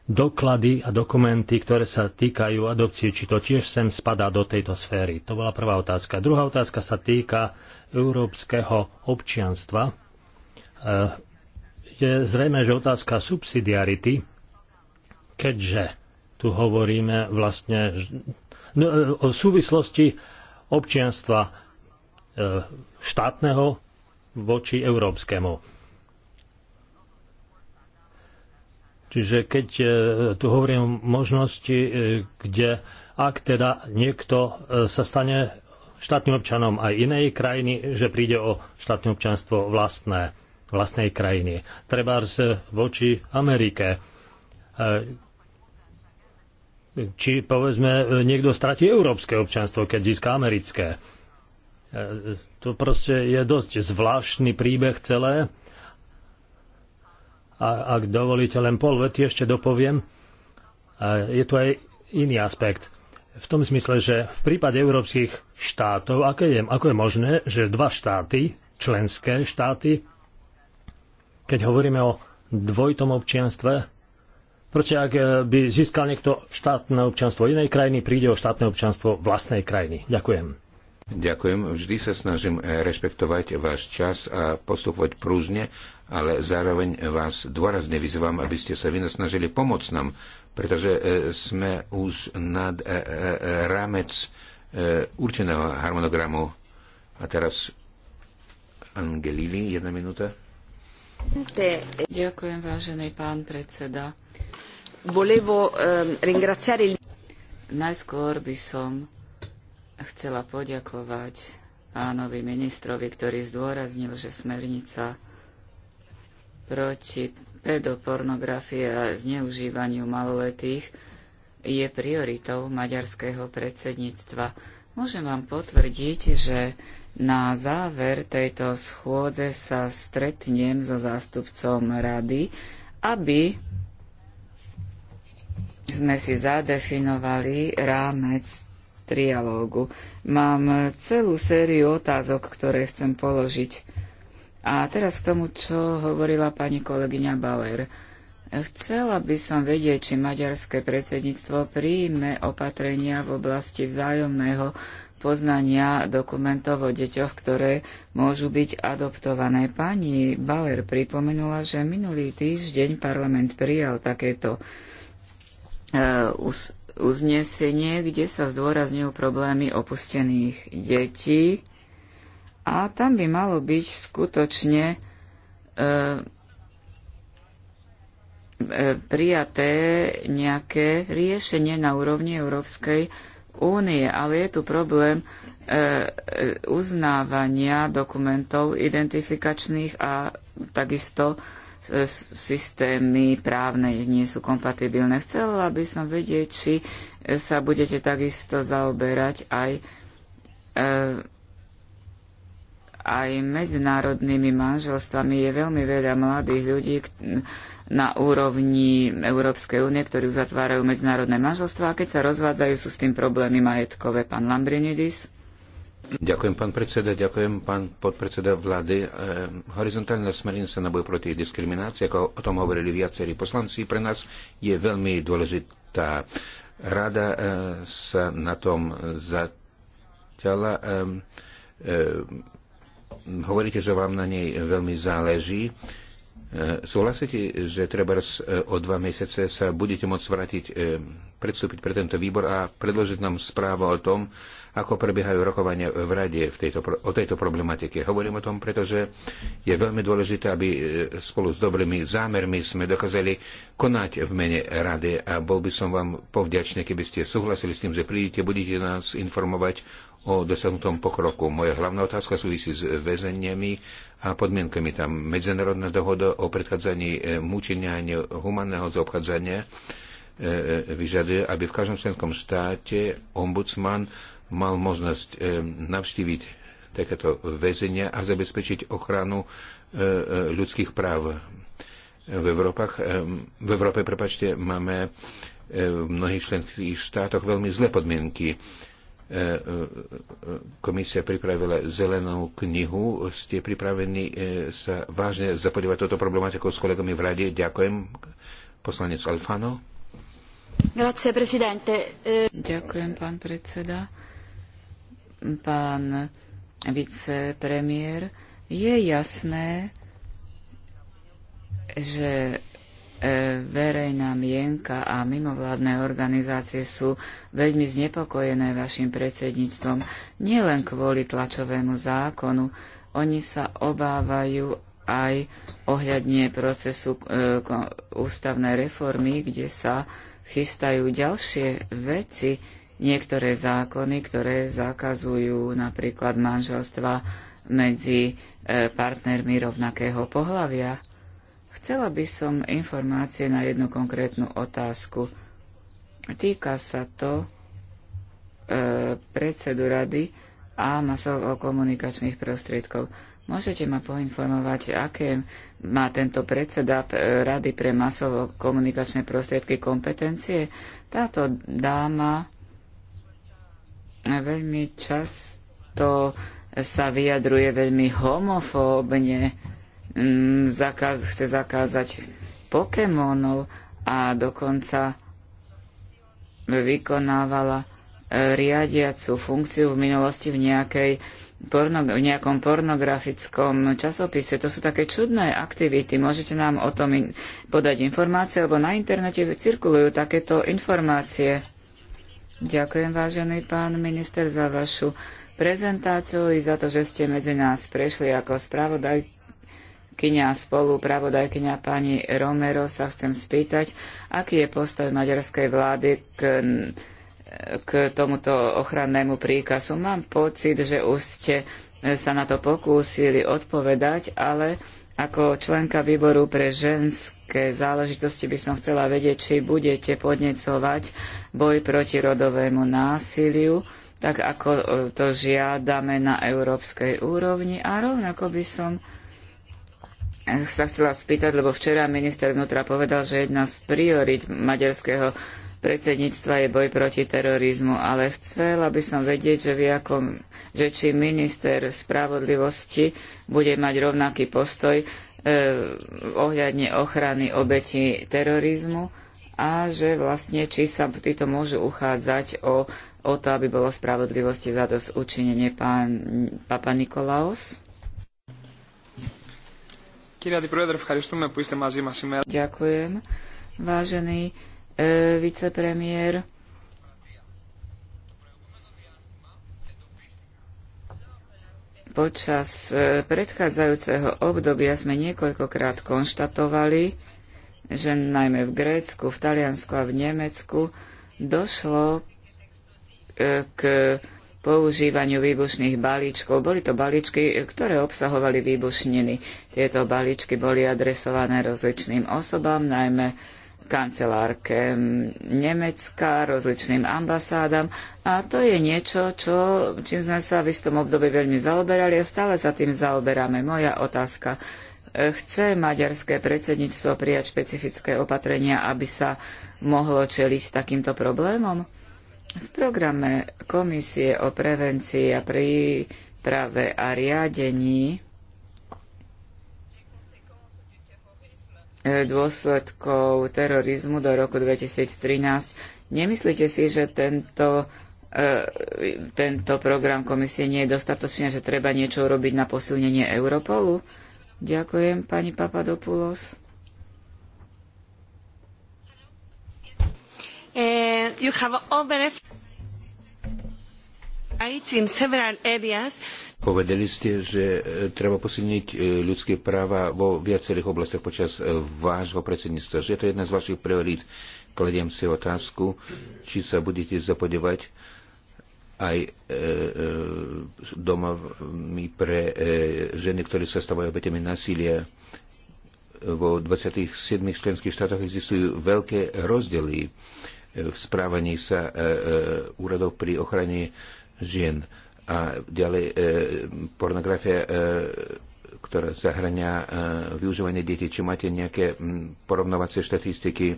doklady a dokumenty, ktoré sa týkajú adopcie, či to tiež sem spadá do tejto sféry. To bola prvá otázka. Druhá otázka sa týka európskeho občianstva e, je zrejme, že otázka subsidiarity, keďže tu hovoríme vlastne no, o súvislosti občianstva e, štátneho voči európskemu. Čiže keď e, tu hovorím o možnosti, e, kde ak teda niekto sa stane štátnym občanom aj inej krajiny, že príde o štátne občanstvo vlastné vlastnej krajiny. Trebárs voči Amerike. E, či povedzme niekto stratí európske občanstvo, keď získa americké. E, to proste je dosť zvláštny príbeh celé. A ak dovolíte len pol vety, ešte dopoviem. E, je tu aj iný aspekt. V tom smysle, že v prípade európskych štátov, ako je, ako je možné, že dva štáty, členské štáty, keď hovoríme o dvojitom občianstve, Prečo ak eh, by získal niekto štátne občianstvo inej krajiny, príde o štátne občianstvo vlastnej krajiny. Ďakujem. Ďakujem. Vždy sa snažím eh, rešpektovať váš čas a postupovať prúžne, ale zároveň vás dôrazne vyzývam, aby ste sa vynasnažili pomôcť nám, pretože eh, sme už nad rámec určeného harmonogramu. A teraz Angelili, jedna minúta. Ďakujem, vážený pán predseda. Volevo, ehm, Najskôr by som chcela poďakovať pánovi ministrovi, ktorý zdôraznil, že smernica proti pedopornografie a zneužívaniu maloletých je prioritou maďarského predsedníctva. Môžem vám potvrdiť, že na záver tejto schôdze sa stretnem so zástupcom rady, aby sme si zadefinovali rámec trialógu. Mám celú sériu otázok, ktoré chcem položiť. A teraz k tomu, čo hovorila pani kolegyňa Bauer. Chcela by som vedieť, či maďarské predsedníctvo príjme opatrenia v oblasti vzájomného poznania dokumentov o deťoch, ktoré môžu byť adoptované. Pani Bauer pripomenula, že minulý týždeň parlament prijal takéto e, uznesenie, kde sa zdôrazňujú problémy opustených detí a tam by malo byť skutočne e, e, prijaté nejaké riešenie na úrovni Európskej únie, ale je tu problém e, e uznávania dokumentov identifikačných a takisto e, systémy právne nie sú kompatibilné. Chcela by som vedieť, či sa budete takisto zaoberať aj e, aj medzinárodnými manželstvami je veľmi veľa mladých ľudí na úrovni Európskej únie, ktorí uzatvárajú medzinárodné manželstvá a keď sa rozvádzajú, sú s tým problémy majetkové. Pán Lambrinidis. Ďakujem, pán predseda, ďakujem, pán podpredseda vlády. E, horizontálna smernica na boj proti diskriminácii, ako o tom hovorili viacerí poslanci, pre nás je veľmi dôležitá. Rada e, sa na tom zatiaľa e, e hovoríte, že vám na nej veľmi záleží. E, súhlasíte, že treba e, o dva mesiace sa budete môcť vrátiť, e, predstúpiť pre tento výbor a predložiť nám správu o tom, ako prebiehajú rokovania v Rade v tejto, o tejto problematike. Hovorím o tom, pretože je veľmi dôležité, aby e, spolu s dobrými zámermi sme dokázali konať v mene Rady a bol by som vám povďačný, keby ste súhlasili s tým, že prídete, budete nás informovať o dosiahnutom pokroku. Moja hlavná otázka súvisí s väzeniami a podmienkami tam. Medzinárodná dohoda o predchádzaní e, mučenia a nehumanného zaobchádzania e, vyžaduje, aby v každom členskom štáte ombudsman mal možnosť e, navštíviť takéto väzenia a zabezpečiť ochranu e, e, ľudských práv. V, Európach, v Európe prepačte, máme v mnohých členských štátoch veľmi zlé podmienky. Komisia pripravila zelenú knihu. Ste pripravení sa vážne zapodívať toto problematikou s kolegami v rade? Ďakujem. Poslanec Alfano. Grazie, Ďakujem, pán predseda pán vicepremiér, je jasné, že e, verejná mienka a mimovládne organizácie sú veľmi znepokojené vašim predsedníctvom, nielen kvôli tlačovému zákonu. Oni sa obávajú aj ohľadne procesu e, ústavnej reformy, kde sa chystajú ďalšie veci, niektoré zákony, ktoré zakazujú napríklad manželstva medzi e, partnermi rovnakého pohľavia. Chcela by som informácie na jednu konkrétnu otázku. Týka sa to e, predsedu rady a masovo komunikačných prostriedkov. Môžete ma poinformovať, aké má tento predseda e, Rady pre masovo komunikačné prostriedky kompetencie? Táto dáma veľmi často sa vyjadruje veľmi homofóbne, mm, zakaz, chce zakázať Pokémonov a dokonca vykonávala e, riadiacu funkciu v minulosti v, nejakej porno, v nejakom pornografickom časopise. To sú také čudné aktivity. Môžete nám o tom in podať informácie, lebo na internete cirkulujú takéto informácie. Ďakujem, vážený pán minister, za vašu prezentáciu i za to, že ste medzi nás prešli ako spravodajkyňa a spolu pravodajkyňa pani Romero. Sa chcem spýtať, aký je postoj maďarskej vlády k k tomuto ochrannému príkazu. Mám pocit, že už ste sa na to pokúsili odpovedať, ale ako členka výboru pre ženské záležitosti by som chcela vedieť, či budete podnecovať boj proti rodovému násiliu, tak ako e, to žiadame na európskej úrovni. A rovnako by som e, sa chcela spýtať, lebo včera minister vnútra povedal, že jedna z priorit maďarského predsedníctva je boj proti terorizmu, ale chcela by som vedieť, že, že či minister spravodlivosti bude mať rovnaký postoj e, ohľadne ochrany obetí terorizmu a že vlastne či sa títo môžu uchádzať o, o to, aby bolo spravodlivosti za dosť učinenie pán Papa Nikolaos. Ďakujem. Vážený E, vicepremiér. Počas e, predchádzajúceho obdobia sme niekoľkokrát konštatovali, že najmä v Grécku, v Taliansku a v Nemecku došlo e, k používaniu výbušných balíčkov. Boli to balíčky, ktoré obsahovali výbušniny. Tieto balíčky boli adresované rozličným osobám, najmä kancelárke Nemecka, rozličným ambasádam a to je niečo, čo, čím sme sa v istom období veľmi zaoberali a stále sa tým zaoberáme. Moja otázka. Chce maďarské predsedníctvo prijať špecifické opatrenia, aby sa mohlo čeliť takýmto problémom? V programe Komisie o prevencii a príprave a riadení dôsledkov terorizmu do roku 2013. Nemyslíte si, že tento, e, tento program komisie nie je dostatočný, že treba niečo urobiť na posilnenie Europolu? Ďakujem, pani Papadopoulos. Eh, Povedali ste, že e, treba posilniť e, ľudské práva vo viacerých oblastiach počas e, vášho predsedníctva, že je to jedna z vašich priorít. Kladiem si otázku, či sa budete zapodievať aj e, e, domovmi pre e, ženy, ktoré sa stávajú obetemi násilia. Vo 27 členských štátoch existujú veľké rozdiely v správaní sa úradov pri ochrane žien. A ďalej e, pornografia, e, ktorá zahrania e, využívanie detí. Či máte nejaké m, porovnovacie štatistiky, e,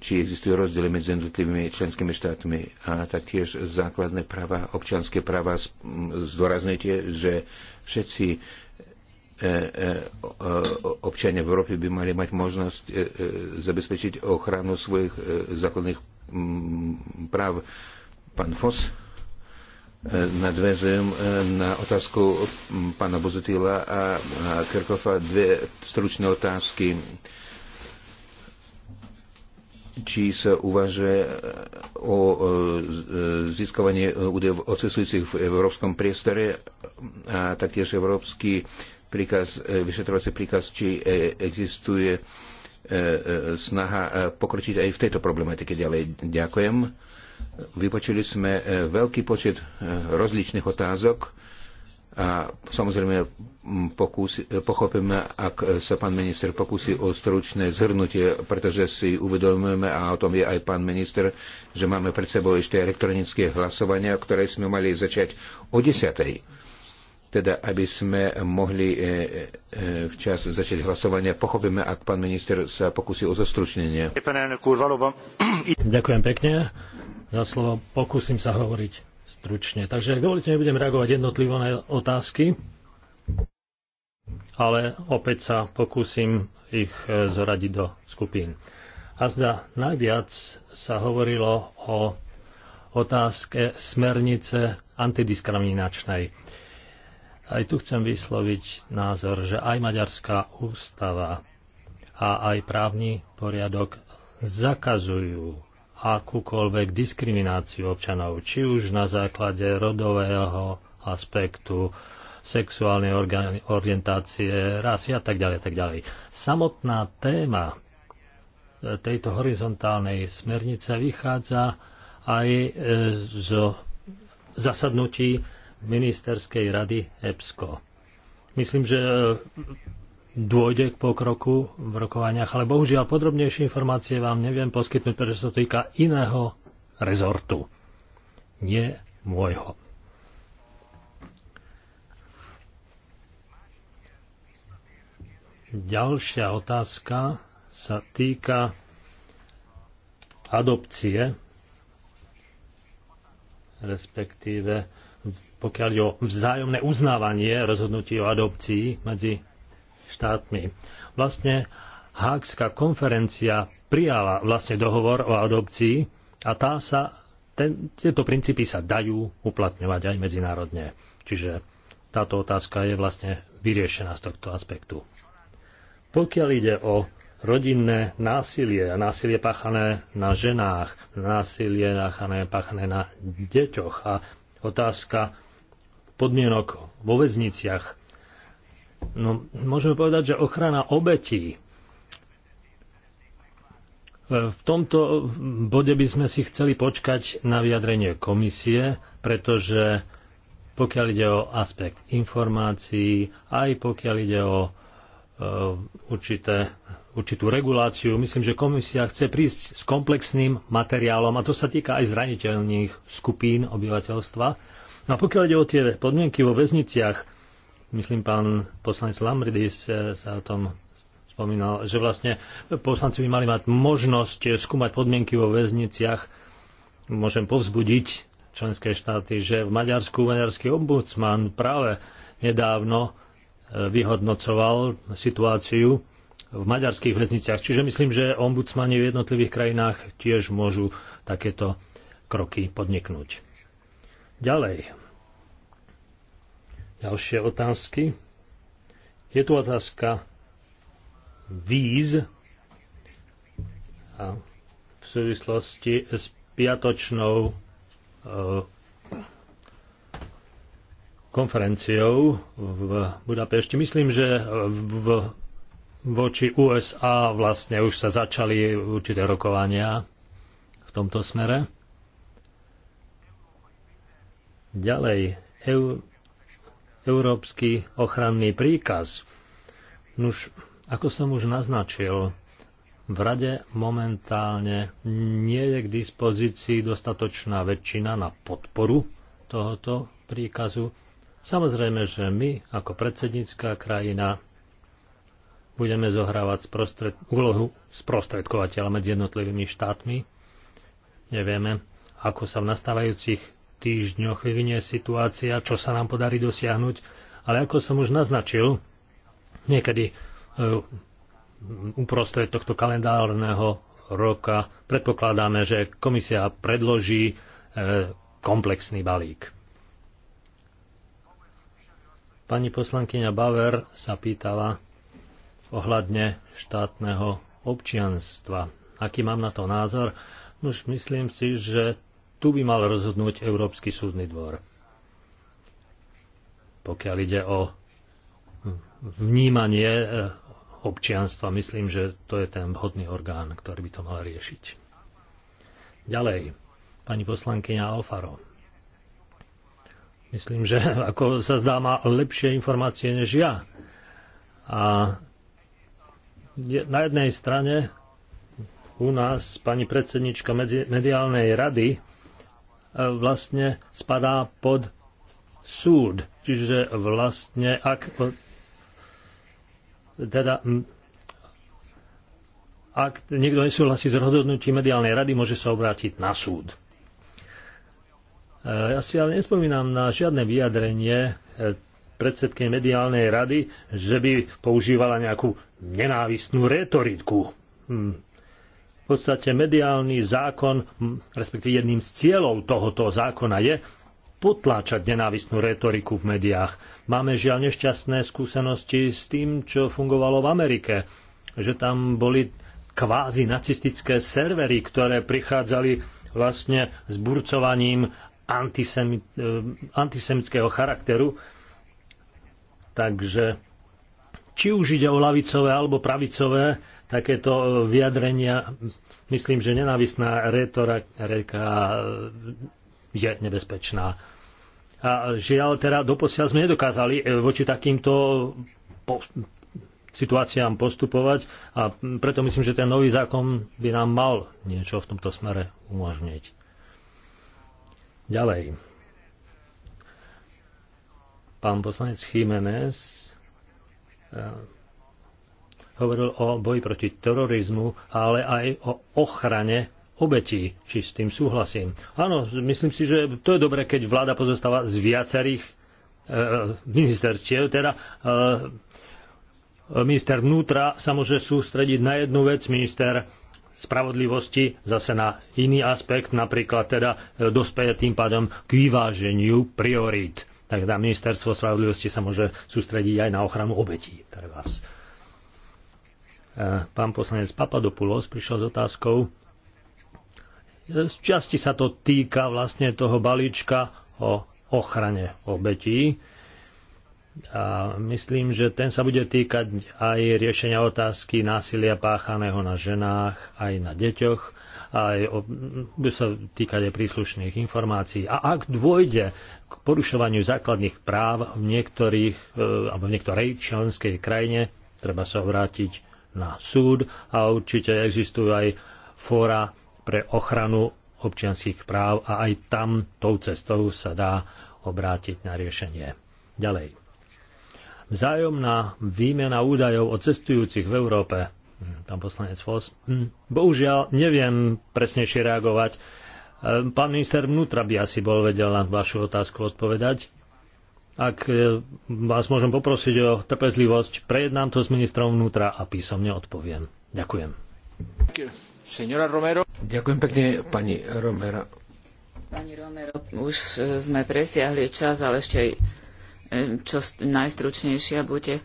či existujú rozdiely medzi jednotlivými členskými štátmi. A taktiež základné práva, občianské práva zdôrazňujete, že všetci e, e, občania v Európe by mali mať možnosť e, e, zabezpečiť ochranu svojich e, základných práv Pán Fos, e, nadvezujem e, na otázku pána Bozutila a Kirkofa dve stručné otázky. Či sa uvažuje o získavaní údajov o cestujúcich v európskom priestore a taktiež európsky príkaz, e, vyšetrovací príkaz, či existuje snaha pokročiť aj v tejto problematike ďalej. Ďakujem. Vypočuli sme e, veľký počet e, rozličných otázok a samozrejme pokus, e, pochopíme, ak sa pán minister pokusí o stručné zhrnutie, pretože si uvedomujeme, a o tom je aj pán minister, že máme pred sebou ešte elektronické hlasovania, ktoré sme mali začať o 10. Teda, aby sme mohli včas začať hlasovanie, pochopíme, ak pán minister sa pokusí o zastručnenie. Ďakujem pekne za slovo. Pokúsim sa hovoriť stručne. Takže ak dovolíte, nebudem reagovať jednotlivo na otázky, ale opäť sa pokúsim ich e, zoradiť do skupín. A zda najviac sa hovorilo o otázke smernice antidiskriminačnej. Aj tu chcem vysloviť názor, že aj maďarská ústava a aj právny poriadok zakazujú akúkoľvek diskrimináciu občanov, či už na základe rodového aspektu, sexuálnej orientácie, rasy a tak ďalej, tak ďalej. Samotná téma e, tejto horizontálnej smernice vychádza aj e, z zasadnutí ministerskej rady EPSCO. Myslím, že e, dôjde k pokroku v rokovaniach, ale bohužiaľ podrobnejšie informácie vám neviem poskytnúť, pretože sa to týka iného rezortu. Nie môjho. Ďalšia otázka sa týka adopcie, respektíve pokiaľ o vzájomné uznávanie rozhodnutí o adopcii medzi štátmi. Vlastne Hákska konferencia prijala vlastne dohovor o adopcii a tá sa, ten, tieto princípy sa dajú uplatňovať aj medzinárodne. Čiže táto otázka je vlastne vyriešená z tohto aspektu. Pokiaľ ide o rodinné násilie a násilie páchané na ženách, násilie páchané, páchané na deťoch a otázka podmienok vo väzniciach No, môžeme povedať, že ochrana obetí e, v tomto bode by sme si chceli počkať na vyjadrenie komisie, pretože pokiaľ ide o aspekt informácií, aj pokiaľ ide o e, určité, určitú reguláciu. Myslím, že komisia chce prísť s komplexným materiálom a to sa týka aj zraniteľných skupín obyvateľstva. No a pokiaľ ide o tie podmienky vo väzniciach, myslím, pán poslanec Lamridis eh, sa o tom spomínal, že vlastne poslanci by mali mať možnosť eh, skúmať podmienky vo väzniciach. Môžem povzbudiť členské štáty, že v Maďarsku maďarský ombudsman práve nedávno eh, vyhodnocoval situáciu v maďarských väzniciach. Čiže myslím, že ombudsmani v jednotlivých krajinách tiež môžu takéto kroky podniknúť. Ďalej, Ďalšie otázky. Je tu otázka víz a v súvislosti s piatočnou eh, konferenciou v Budapešti. Myslím, že v, voči USA vlastne už sa začali určité rokovania v tomto smere. Ďalej, európsky ochranný príkaz. Nuž, ako som už naznačil, v rade momentálne nie je k dispozícii dostatočná väčšina na podporu tohoto príkazu. Samozrejme, že my ako predsednícká krajina budeme zohrávať sprostred, úlohu sprostredkovateľa medzi jednotlivými štátmi. Nevieme, ako sa v nastávajúcich týždňoch vyvinie situácia, čo sa nám podarí dosiahnuť. Ale ako som už naznačil, niekedy e, uprostred tohto kalendárneho roka predpokladáme, že komisia predloží e, komplexný balík. Pani poslankyňa Bauer sa pýtala ohľadne štátneho občianstva. Aký mám na to názor? Už myslím si, že tu by mal rozhodnúť Európsky súdny dvor. Pokiaľ ide o vnímanie e, občianstva, myslím, že to je ten vhodný orgán, ktorý by to mal riešiť. Ďalej, pani poslankyňa Alfaro. Myslím, že ako sa zdá, má lepšie informácie než ja. A na jednej strane u nás pani predsednička mediálnej rady E, vlastne spadá pod súd. Čiže vlastne, ak e, teda ak niekto nesúhlasí s rozhodnutím mediálnej rady, môže sa obrátiť na súd. E, ja si ale nespomínam na žiadne vyjadrenie predsedky mediálnej rady, že by používala nejakú nenávistnú retoriku hm v podstate mediálny zákon, respektíve jedným z cieľov tohoto zákona je potláčať nenávisnú retoriku v médiách. Máme žiaľ nešťastné skúsenosti s tým, čo fungovalo v Amerike, že tam boli kvázi nacistické servery, ktoré prichádzali vlastne s burcovaním antisemi- eh, antisemického charakteru. Takže či už ide o lavicové alebo pravicové, takéto e, vyjadrenia, myslím, že nenávisná retorika e, je nebezpečná. A žiaľ, teda doposiaľ sme nedokázali e, voči takýmto po situáciám postupovať a preto myslím, že ten nový zákon by nám mal niečo v tomto smere umožniť. Ďalej. Pán poslanec Jiménez Eh, hovoril o boji proti terorizmu, ale aj o ochrane obetí, či s tým súhlasím. Áno, myslím si, že to je dobre, keď vláda pozostáva z viacerých e, ministerstiev, teda e, minister vnútra sa môže sústrediť na jednu vec, minister spravodlivosti zase na iný aspekt, napríklad teda dospeje tým pádom k vyváženiu priorít tak na teda ministerstvo spravodlivosti sa môže sústrediť aj na ochranu obetí. Teda vás. E, pán poslanec Papadopoulos prišiel s otázkou. E, z časti sa to týka vlastne toho balíčka o ochrane obetí. A myslím, že ten sa bude týkať aj riešenia otázky násilia páchaného na ženách, aj na deťoch, aj o, sa týkať aj príslušných informácií. A ak dôjde k porušovaniu základných práv v niektorých, e, alebo v niektorej členskej krajine. Treba sa vrátiť na súd a určite existujú aj fóra pre ochranu občianských práv a aj tam tou cestou sa dá obrátiť na riešenie. Ďalej. Vzájomná výmena údajov o cestujúcich v Európe. Hm, pán poslanec Fos. Hm, bohužiaľ, neviem presnejšie reagovať Ehm, pán minister vnútra by asi bol vedel na vašu otázku odpovedať. Ak e, vás môžem poprosiť o trpezlivosť, prejednám to s ministrom vnútra a písomne odpoviem. Ďakujem. Ďakujem pekne, pani Romero. Pani Romero, už e, sme presiahli čas, ale ešte e, čo najstručnejšia bude.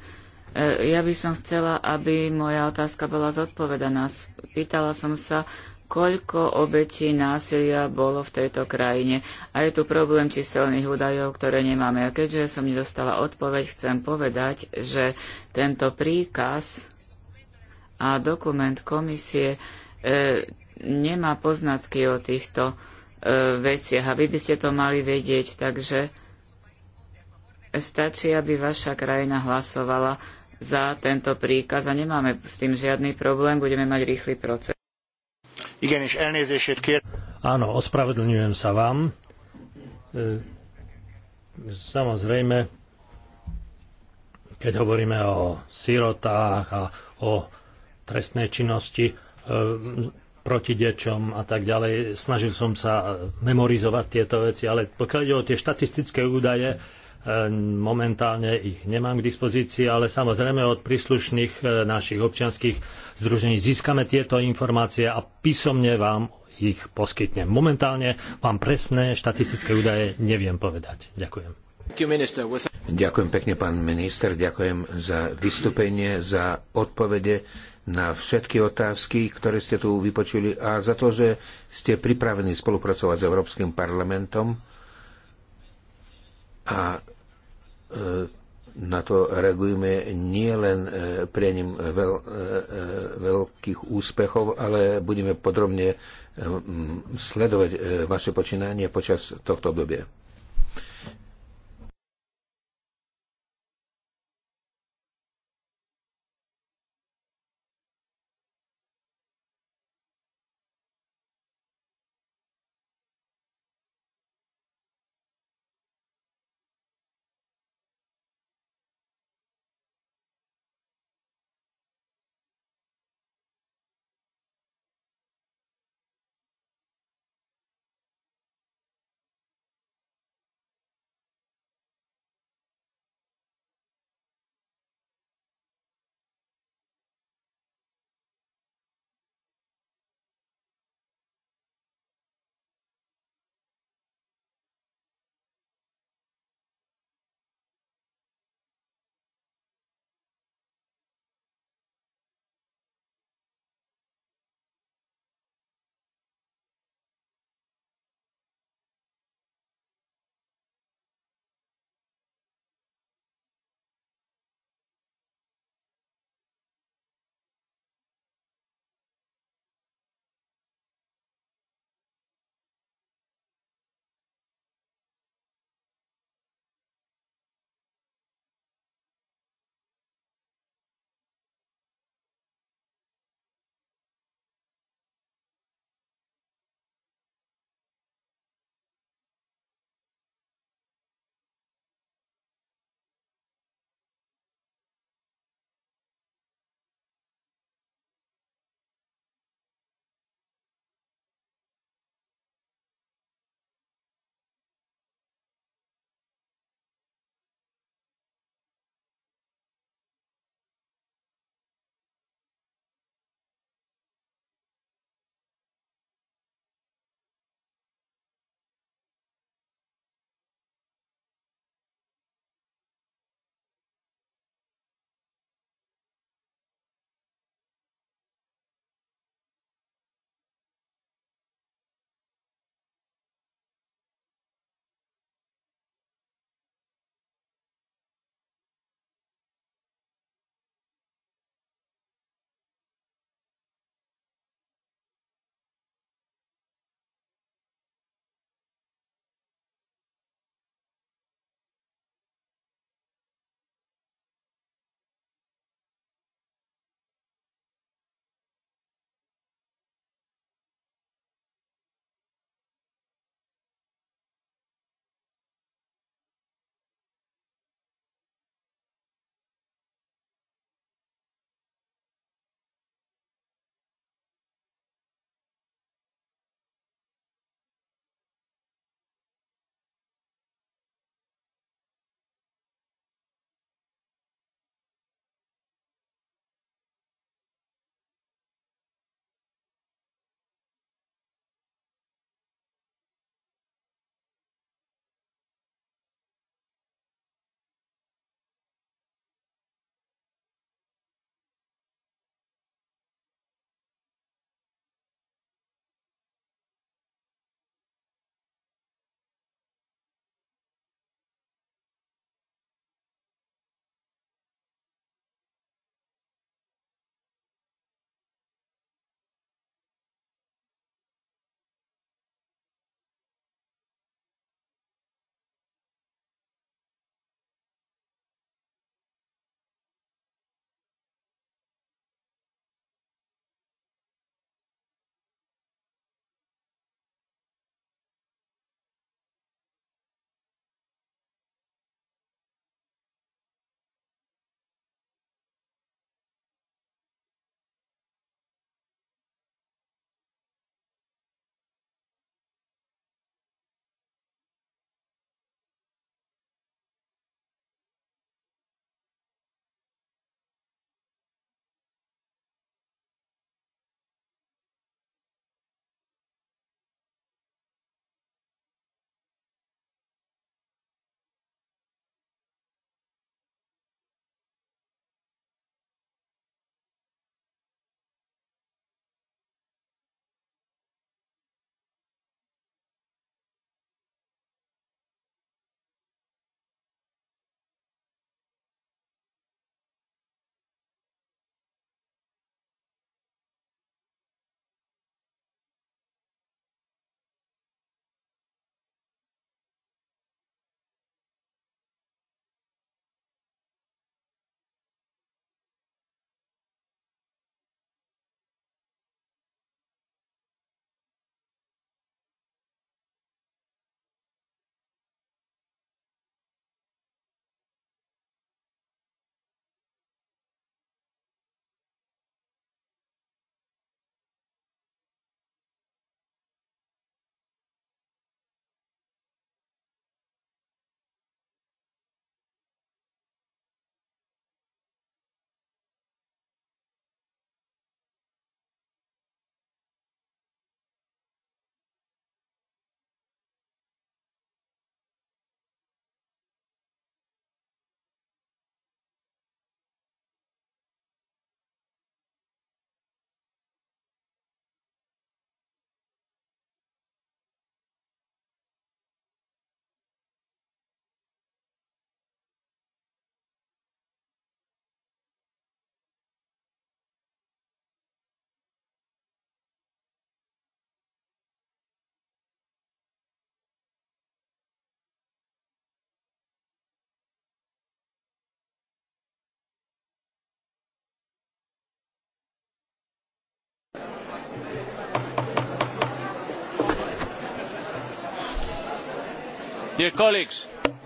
Ja by som chcela, aby moja otázka bola zodpovedaná. Pýtala som sa, koľko obetí násilia bolo v tejto krajine. A je tu problém číselných údajov, ktoré nemáme. A keďže som nedostala odpoveď, chcem povedať, že tento príkaz a dokument komisie e, nemá poznatky o týchto e, veciach. A vy by ste to mali vedieť, takže stačí, aby vaša krajina hlasovala za tento príkaz a nemáme s tým žiadny problém, budeme mať rýchly proces. Igenis, elnézését kér... Áno, ospravedlňujem sa vám. E, samozrejme, keď hovoríme o sirotách a o trestnej činnosti e, proti dečom a tak ďalej, snažil som sa memorizovať tieto veci, ale pokiaľ ide o tie štatistické údaje, Momentálne ich nemám k dispozícii, ale samozrejme od príslušných e, našich občianských združení získame tieto informácie a písomne vám ich poskytnem. Momentálne vám presné štatistické údaje neviem povedať. Ďakujem. Ďakujem pekne, pán minister. Ďakujem za vystúpenie, za odpovede na všetky otázky, ktoré ste tu vypočuli a za to, že ste pripravení spolupracovať s Európskym parlamentom a e, na to reagujeme nielen e, prianím veľ, e, veľkých úspechov, ale budeme podrobne sledovať vaše počínanie počas tohto obdobia.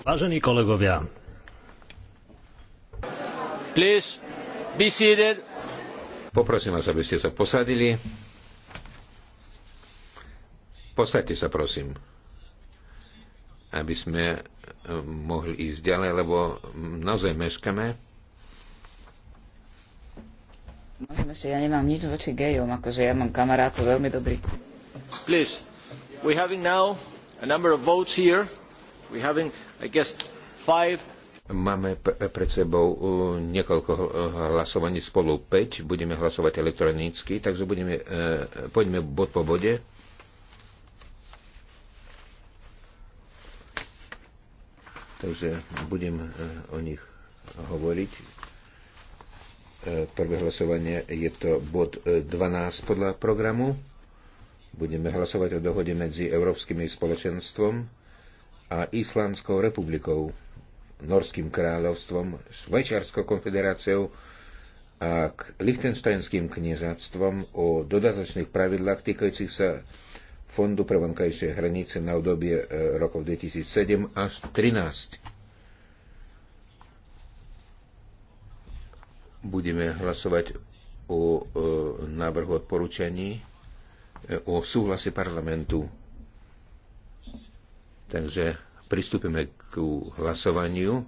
Vážení kolegovia, Poprosím vás, aby ste sa posadili. Posaďte sa, prosím, aby sme eh, mohli ísť ďalej, lebo naozaj meškame. Môžeme si, ja nemám nič voči gejom, akože ja mám kamarátov veľmi dobrých. Please, we having now a number of votes here. Máme pred sebou uh, niekoľko uh, hlasovaní spolu 5. Budeme hlasovať elektronicky, takže budeme, uh, poďme bod po bode. Takže budem o nich hovoriť. Prvé hlasovanie je to bod 12 podľa programu. Budeme hlasovať o dohode medzi Európskym spoločenstvom a Islamskou republikou, Norským kráľovstvom, Švajčiarskou konfederáciou a k Lichtensteinským kniežatstvom o dodatočných pravidlách týkajúcich sa Fondu pre vonkajšie hranice na obdobie e, rokov 2007 až 2013. Budeme hlasovať o e, návrhu odporúčaní, e, o súhlase parlamentu Takže pristúpime k hlasovaniu.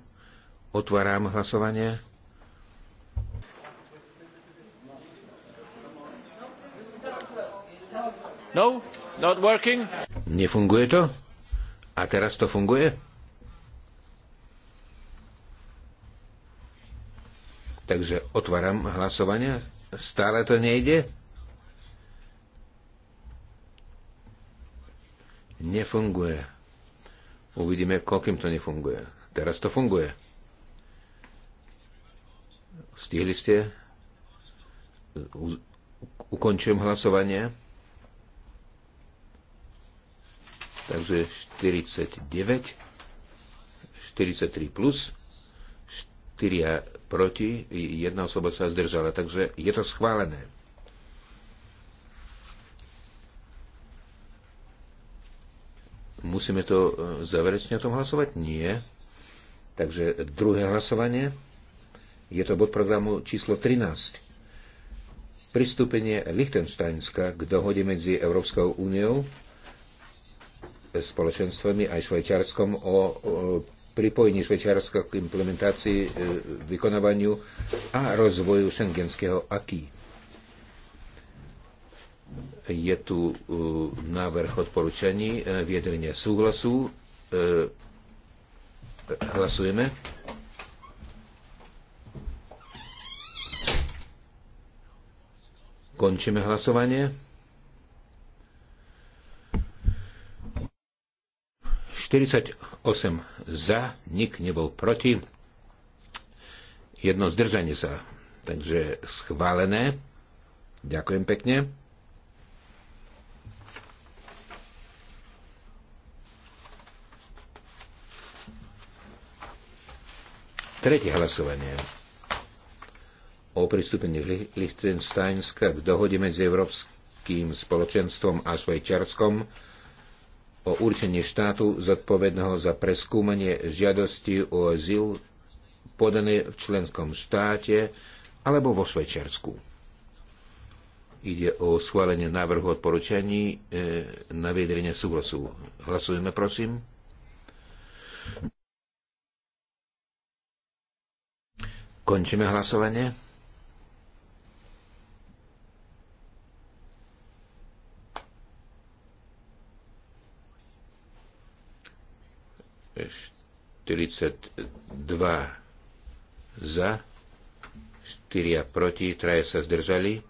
Otváram hlasovanie. No, not working. Nefunguje to? A teraz to funguje? Takže otváram hlasovanie. Stále to nejde? Nefunguje. Uvidíme, koľkým to nefunguje. Teraz to funguje. Stihli ste? ukončujem hlasovanie. Takže 49, 43 plus, 4 proti, jedna osoba sa zdržala. Takže je to schválené. Musíme to e, záverečne o tom hlasovať? Nie. Takže druhé hlasovanie. Je to bod programu číslo 13. Pristúpenie Lichtensteinska k dohode medzi Európskou úniou e, spoločenstvami aj Švajčiarskom o, pripojení Švajčiarska k implementácii, e, vykonávaniu a rozvoju šengenského aký. Je tu uh, návrh odporúčaní, uh, vyjadrenie súhlasu. Uh, hlasujeme. Končíme hlasovanie. 48 za, nik nebol proti, jedno zdržanie sa. Takže schválené. Ďakujem pekne. Tretie hlasovanie o pristúpení Lichtensteinska k dohode medzi Európskym spoločenstvom a Švajčiarskom o určení štátu zodpovedného za preskúmanie žiadosti o azyl podané v členskom štáte alebo vo Švajčiarsku. Ide o schválenie návrhu odporúčaní e, na vyjadrenie súhlasu. Hlasujeme, prosím. Končíme hlasovanie. Štyridsaťdva za, štyria proti, traje sa zdržali.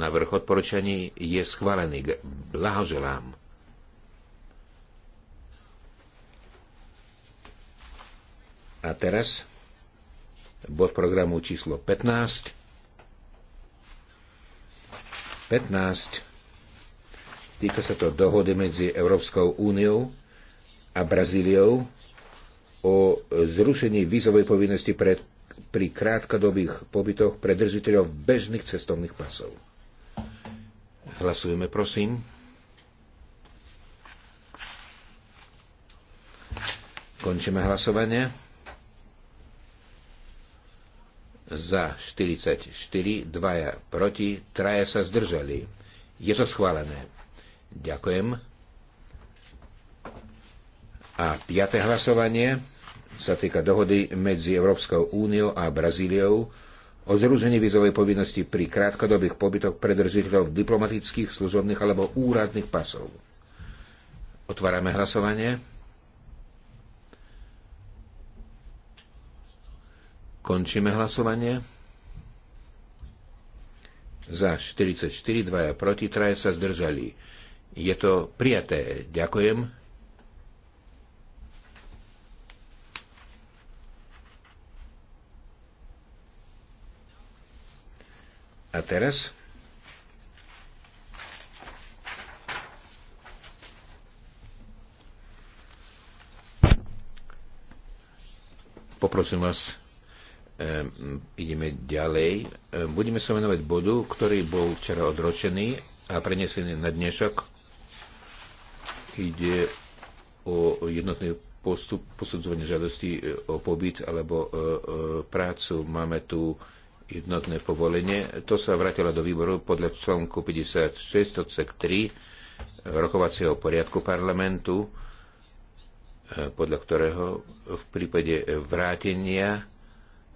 Navrh odporúčaní je schválený. Blahoželám. A teraz bod programu číslo 15. 15. Týka sa to dohody medzi Európskou úniou a Brazíliou o zrušení vízovej povinnosti pre, pri krátkodobých pobytoch pre držiteľov bežných cestovných pasov. Hlasujeme, prosím. Končíme hlasovanie za 44, dvaja proti, traja sa zdržali. Je to schválené. Ďakujem. A piaté hlasovanie sa týka dohody medzi Európskou úniou a Brazíliou o zružení vizovej povinnosti pri krátkodobých pobytoch predržiteľov diplomatických, služobných alebo úradných pasov. Otvárame hlasovanie. Končíme hlasovanie. Za 44, dvaja proti, traje sa zdržali. Je to prijaté. Ďakujem. A teraz? Poprosím vás Ehm, ideme ďalej. Ehm, budeme sa venovať bodu, ktorý bol včera odročený a prenesený na dnešok. Ide o jednotný postup posudzovania žiadosti e, o pobyt alebo e, e, prácu. Máme tu jednotné povolenie. To sa vrátilo do výboru podľa článku 56 odsek 3 rokovacieho poriadku parlamentu, podľa ktorého v prípade vrátenia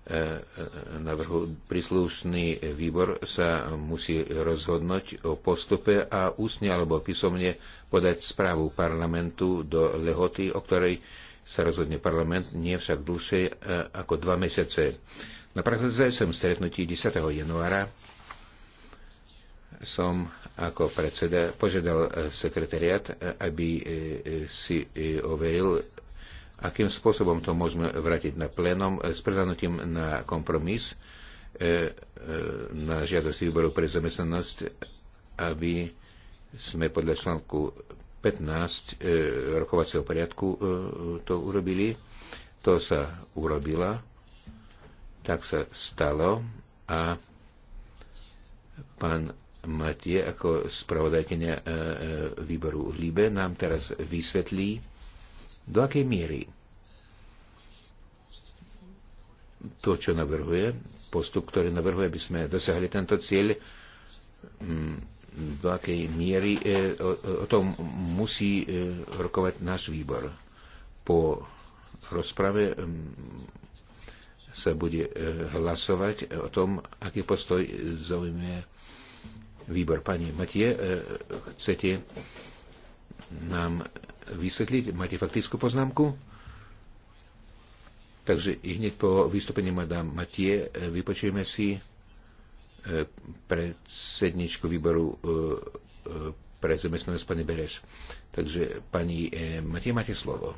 E, e, navrhu príslušný výbor sa musí rozhodnúť o postupe a ústne alebo písomne podať správu parlamentu do lehoty, o ktorej sa rozhodne parlament, nie však dlhšie e, ako dva mesiace. Na predchádzajúcom stretnutí 10. januára som ako predseda požiadal sekretariat, aby si overil akým spôsobom to môžeme vrátiť na plénom e, s prehľadnutím na kompromis e, e, na žiadosť výboru pre zamestnanosť, aby sme podľa článku 15 rokovacieho poriadku to urobili. To sa urobilo, tak sa stalo a pán Matie ako spravodajkenia výboru Libe nám teraz vysvetlí, do akej miery to, čo navrhuje, postup, ktorý navrhuje, aby sme dosiahli tento cieľ, mm, do akej miery e, o, o tom musí e, rokovať náš výbor. Po rozprave e, sa bude e, hlasovať o tom, aký postoj zaujme výbor. Pani Matie, e, chcete nám vysvetliť? Máte faktickú poznámku? Takže i hneď po vystúpení madame Matie e, vypočujeme si e, predsedničku výboru e, pre zamestnanosť pani Bereš. Takže pani Matie, máte slovo.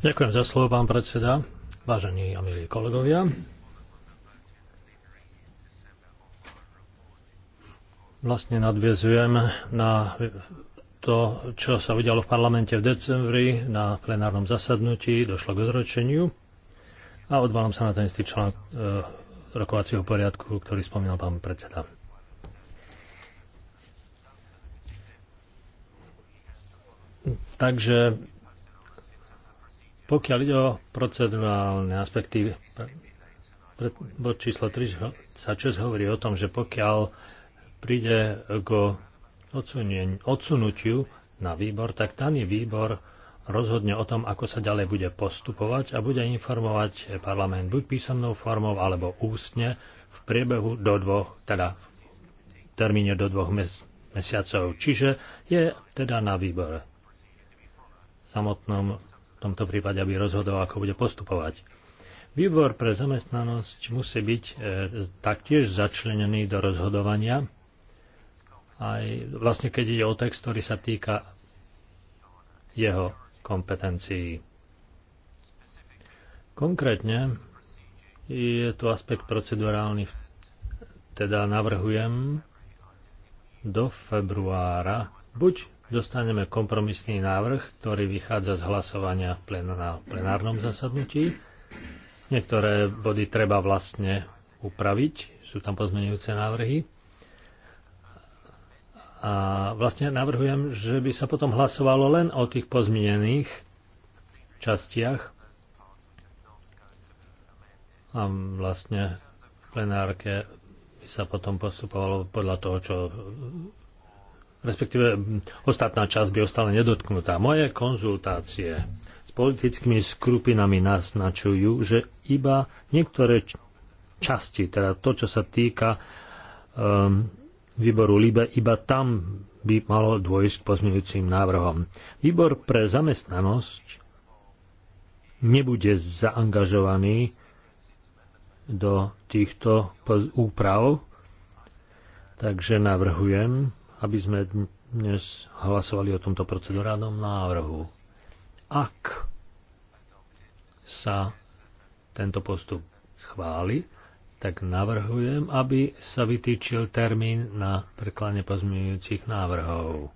Ďakujem za slovo, pán predseda. Vážení a milí kolegovia, vlastne nadviezujem na to, čo sa udialo v parlamente v decembri na plenárnom zasadnutí, došlo k odročeniu a odvalom sa na ten istý článok e, rokovacieho poriadku, ktorý spomínal pán predseda. Takže pokiaľ ide o procedurálne aspekty, bod číslo 36 hovorí o tom, že pokiaľ príde k odsunutiu na výbor, tak daný výbor rozhodne o tom, ako sa ďalej bude postupovať a bude informovať parlament buď písomnou formou alebo ústne v priebehu do dvoch, teda v termíne do dvoch mes- mesiacov. Čiže je teda na výbore samotnom v tomto prípade, aby rozhodol, ako bude postupovať. Výbor pre zamestnanosť musí byť e, taktiež začlenený do rozhodovania aj vlastne keď ide o text, ktorý sa týka jeho kompetencií. Konkrétne je tu aspekt procedurálny, teda navrhujem do februára buď dostaneme kompromisný návrh, ktorý vychádza z hlasovania na plenárnom zasadnutí. Niektoré body treba vlastne upraviť, sú tam pozmenujúce návrhy. A vlastne navrhujem, že by sa potom hlasovalo len o tých pozmienených častiach a vlastne v plenárke by sa potom postupovalo podľa toho, čo respektíve ostatná časť by ostala nedotknutá. Moje konzultácie s politickými skupinami naznačujú, že iba niektoré časti, teda to, čo sa týka um, výboru LIBE, iba tam by malo dôjsť k pozmeňujúcim návrhom. Výbor pre zamestnanosť nebude zaangažovaný do týchto úprav, takže navrhujem, aby sme dnes hlasovali o tomto procedurálnom návrhu. Ak sa tento postup schváli, tak navrhujem, aby sa vytýčil termín na preklane pozmeňujúcich návrhov.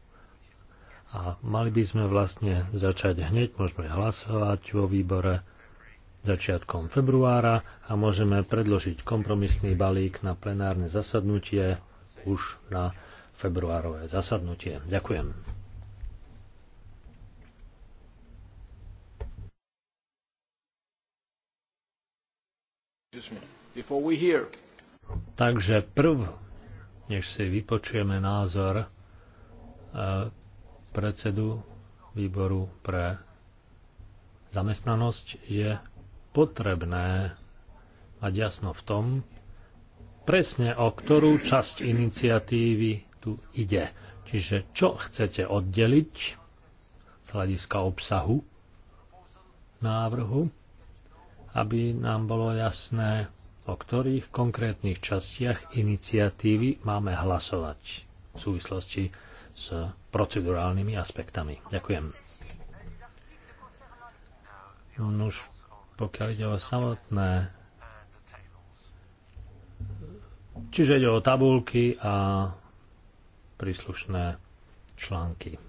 A mali by sme vlastne začať hneď, môžeme hlasovať vo výbore začiatkom februára a môžeme predložiť kompromisný balík na plenárne zasadnutie už na februárové zasadnutie. Ďakujem. Excuse me. Takže prv, než si vypočujeme názor e, predsedu výboru pre zamestnanosť, je potrebné mať jasno v tom, presne o ktorú časť iniciatívy tu ide. Čiže čo chcete oddeliť z hľadiska obsahu návrhu, aby nám bolo jasné, o ktorých konkrétnych častiach iniciatívy máme hlasovať v súvislosti s procedurálnymi aspektami. Ďakujem. No už pokiaľ ide o samotné Čiže ide o tabulky a príslušné články.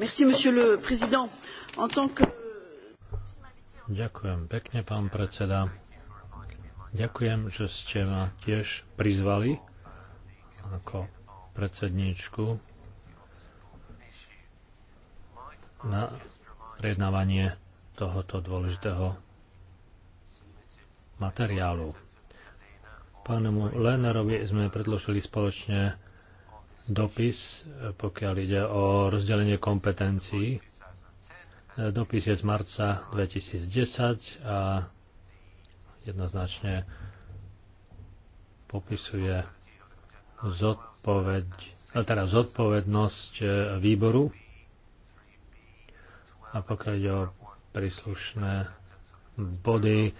monsieur le président. En tant que... Ďakujem pekne, pán predseda. Ďakujem, že ste ma tiež prizvali ako predsedníčku na prednávanie tohoto dôležitého materiálu. Pánu Lenerovi sme predložili spoločne dopis, pokiaľ ide o rozdelenie kompetencií. Dopis je z marca 2010 a jednoznačne popisuje zodpoveď, teda zodpovednosť e, výboru a pokiaľ ide o príslušné body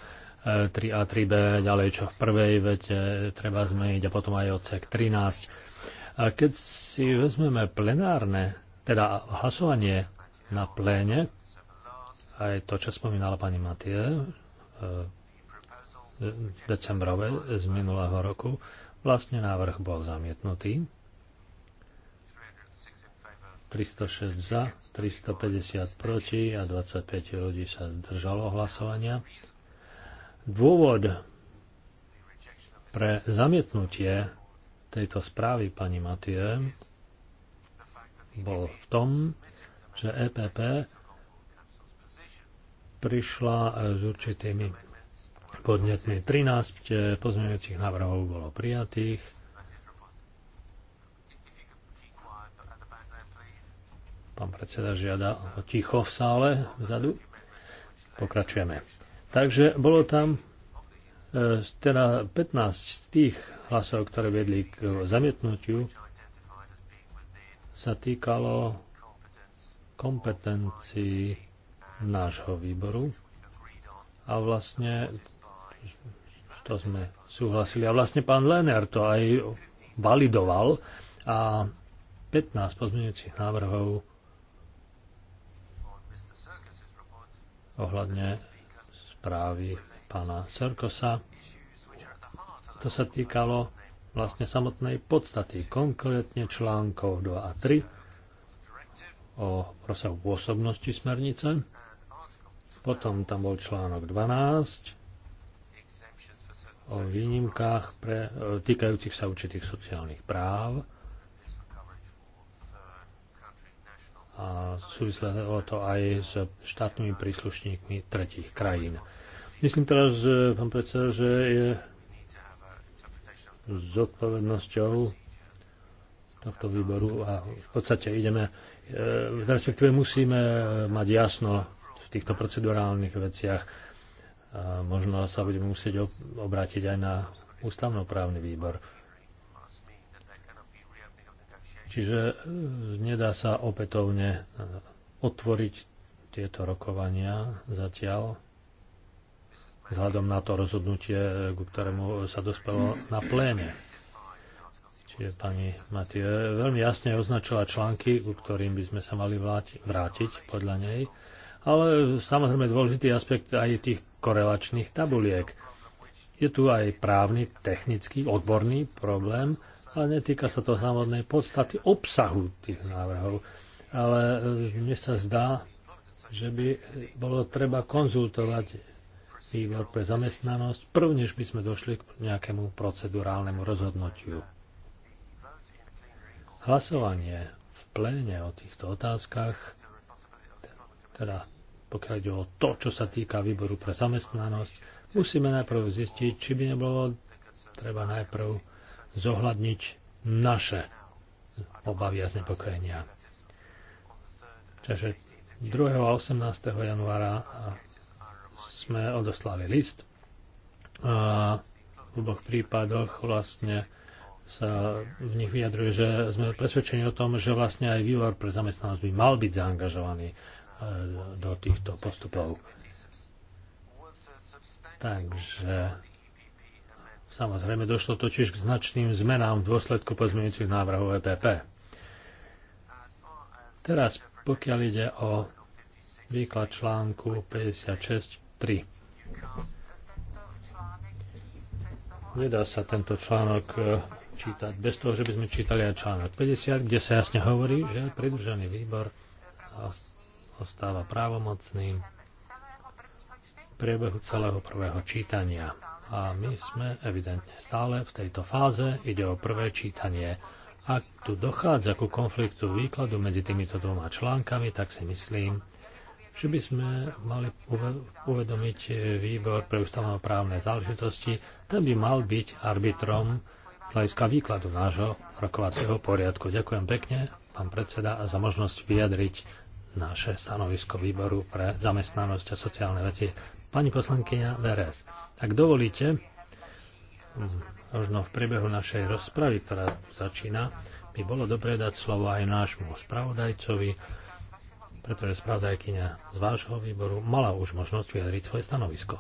3a, e, 3b, ďalej čo v prvej vete treba zmeniť a potom aj odsek 13 a keď si vezmeme plenárne, teda hlasovanie na pléne, aj to, čo spomínala pani Matie, e, decembrové z minulého roku, vlastne návrh bol zamietnutý. 306 za, 350 proti a 25 ľudí sa zdržalo hlasovania. Dôvod pre zamietnutie tejto správy pani Matie bol v tom, že EPP prišla s určitými podnetmi. 13 eh, pozmeňujúcich návrhov bolo prijatých. Pán predseda žiada o ticho v sále vzadu. Pokračujeme. Takže bolo tam eh, teda 15 z tých hlasov, ktoré vedli k zamietnutiu, sa týkalo kompetencií nášho výboru a vlastne to sme súhlasili. A vlastne pán Lenner to aj validoval a 15 pozmeňujúcich návrhov ohľadne správy pána Sarkosa to sa týkalo vlastne samotnej podstaty, konkrétne článkov 2 a 3 o rozsahu pôsobnosti smernice. Potom tam bol článok 12 o výnimkách pre, e, týkajúcich sa určitých sociálnych práv a súviselo to aj s štátnymi príslušníkmi tretich krajín. Myslím teraz, že, pán predseda, že je zodpovednosťou tohto výboru a v podstate ideme, e, respektíve musíme mať jasno v týchto procedurálnych veciach. A možno sa budeme musieť obrátiť aj na ústavnoprávny výbor. Čiže e, nedá sa opätovne e, otvoriť tieto rokovania zatiaľ vzhľadom na to rozhodnutie, e, ku ktorému sa dospelo na pléne. Čiže pani Matie veľmi jasne označila články, ku ktorým by sme sa mali vrátiť podľa nej. Ale samozrejme dôležitý aspekt aj tých korelačných tabuliek. Je tu aj právny, technický, odborný problém, ale netýka sa to samotnej podstaty obsahu tých návrhov. Ale e, mne sa zdá, že by bolo treba konzultovať výbor pre zamestnanosť, prv než by sme došli k nejakému procedurálnemu rozhodnutiu. Hlasovanie v pléne o týchto otázkach, teda pokiaľ ide o to, čo sa týka výboru pre zamestnanosť, musíme najprv zistiť, či by nebolo treba najprv zohľadniť naše obavy a znepokojenia. Čiže 2. a 18. januára sme odoslali list a v oboch prípadoch vlastne sa v nich vyjadruje, že sme presvedčení o tom, že vlastne aj výbor pre zamestnanosť by mal byť zaangažovaný e, do týchto postupov. Takže samozrejme došlo totiž k značným zmenám v dôsledku pozmeňujúcich návrhov EPP. Teraz, pokiaľ ide o výklad článku 56 3. Nedá sa tento článok e, čítať bez toho, že by sme čítali aj článok 50, kde sa jasne hovorí, že pridružený výbor ostáva právomocným v priebehu celého prvého čítania. A my sme evidentne stále v tejto fáze, ide o prvé čítanie. Ak tu dochádza ku konfliktu výkladu medzi týmito dvoma článkami, tak si myslím, že by sme mali uvedomiť výbor pre ústavnoprávne záležitosti, ten by mal byť arbitrom hľadiska výkladu nášho rokovacieho poriadku. Ďakujem pekne, pán predseda, a za možnosť vyjadriť naše stanovisko výboru pre zamestnanosť a sociálne veci. Pani poslankyňa Veres, ak dovolíte, možno v priebehu našej rozpravy, ktorá začína, by bolo dobre dať slovo aj nášmu spravodajcovi, pretože spravodajkyňa z vášho výboru mala už možnosť vyjadriť svoje stanovisko.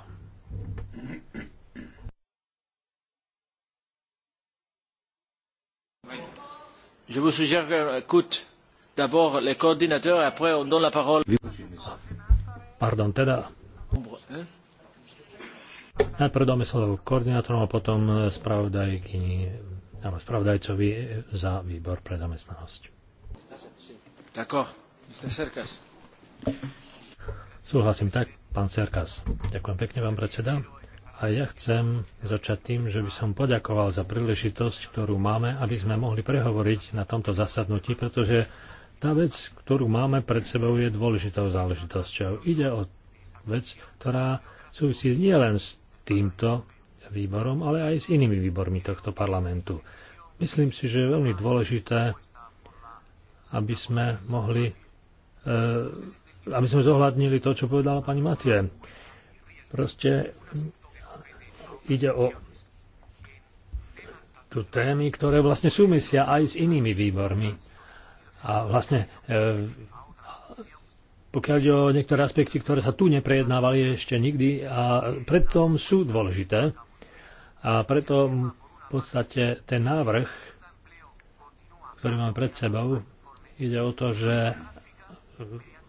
Je vous suggère écoute d'abord les coordinateurs et après on donne la parole. Pardon, teda. Najprv dáme slovo koordinátorom a potom spravodajkyni, spravodajcovi za výbor pre zamestnanosť. D'accord. Súhlasím tak, pán Serkas. Ďakujem pekne vám, predseda. A ja chcem začať tým, že by som poďakoval za príležitosť, ktorú máme, aby sme mohli prehovoriť na tomto zasadnutí, pretože tá vec, ktorú máme pred sebou, je dôležitou záležitosťou. Ide o vec, ktorá súvisí nielen s týmto výborom, ale aj s inými výbormi tohto parlamentu. Myslím si, že je veľmi dôležité, aby sme mohli E, aby sme zohľadnili to, čo povedala pani Matie. Proste ide o tu témy, ktoré vlastne súmisia aj s inými výbormi. A vlastne e, pokiaľ ide o niektoré aspekty, ktoré sa tu neprejednávali ešte nikdy a preto sú dôležité. A preto v podstate ten návrh, ktorý máme pred sebou, ide o to, že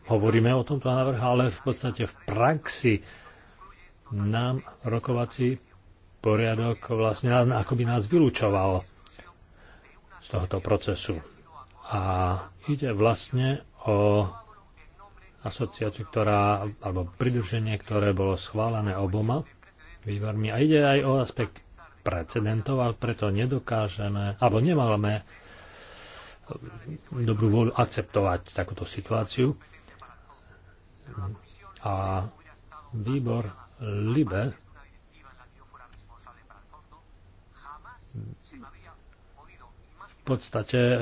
hovoríme o tomto návrhu, ale v podstate v praxi nám rokovací poriadok vlastne ako by nás vylúčoval z tohoto procesu. A ide vlastne o asociáciu, ktorá, alebo pridruženie, ktoré bolo schválené oboma výbormi. A ide aj o aspekt precedentov a preto nedokážeme, alebo nemáme dobrú vôľu akceptovať takúto situáciu. A výbor LIBE v podstate e,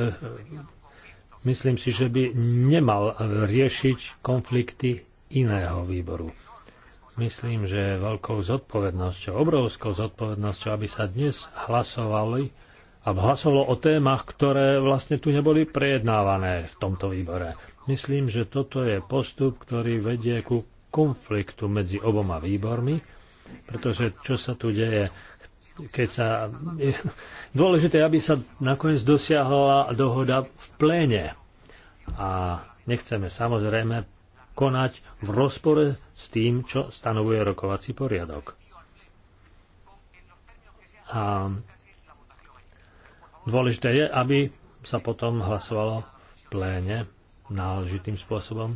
myslím si, že by nemal riešiť konflikty iného výboru. Myslím, že veľkou zodpovednosťou, obrovskou zodpovednosťou, aby sa dnes hlasovali a hlasovalo o témach, ktoré vlastne tu neboli prejednávané v tomto výbore. Myslím, že toto je postup, ktorý vedie ku konfliktu medzi oboma výbormi, pretože čo sa tu deje, keď sa... dôležité, aby sa nakoniec dosiahla dohoda v pléne. A nechceme samozrejme konať v rozpore s tým, čo stanovuje rokovací poriadok. A Dôležité je, aby sa potom hlasovalo v pléne náležitým spôsobom.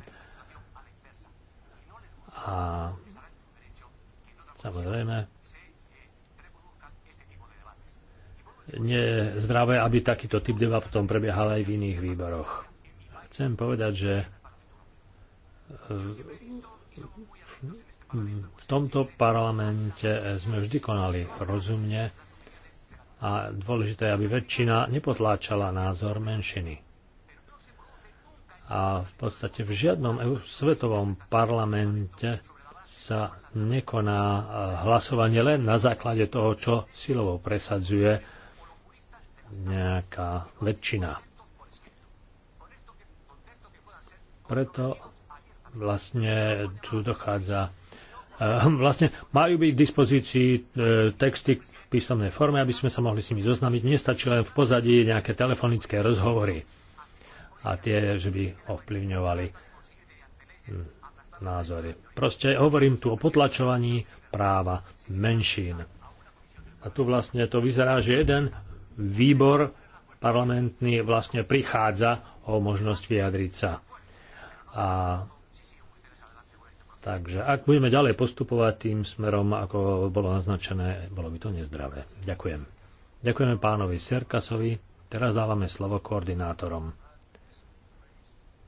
A samozrejme, nie je zdravé, aby takýto typ deba potom prebiehal aj v iných výboroch. Chcem povedať, že e, v tomto parlamente sme vždy konali rozumne a dôležité, aby väčšina nepotláčala názor menšiny. A v podstate v žiadnom svetovom parlamente sa nekoná e, hlasovanie len na základe toho, čo silovou presadzuje nejaká väčšina. Preto vlastne tu dochádza Ehm, vlastne majú byť k dispozícii e, texty v písomnej forme, aby sme sa mohli s nimi zoznamiť. Nestačí len v pozadí nejaké telefonické rozhovory a tie, že by ovplyvňovali hm, názory. Proste hovorím tu o potlačovaní práva menšín. A tu vlastne to vyzerá, že jeden výbor parlamentný vlastne prichádza o možnosť vyjadriť sa. A Takže ak budeme ďalej postupovať tým smerom, ako bolo naznačené, bolo by to nezdravé. Ďakujem. Ďakujeme pánovi Serkasovi. Teraz dávame slovo koordinátorom.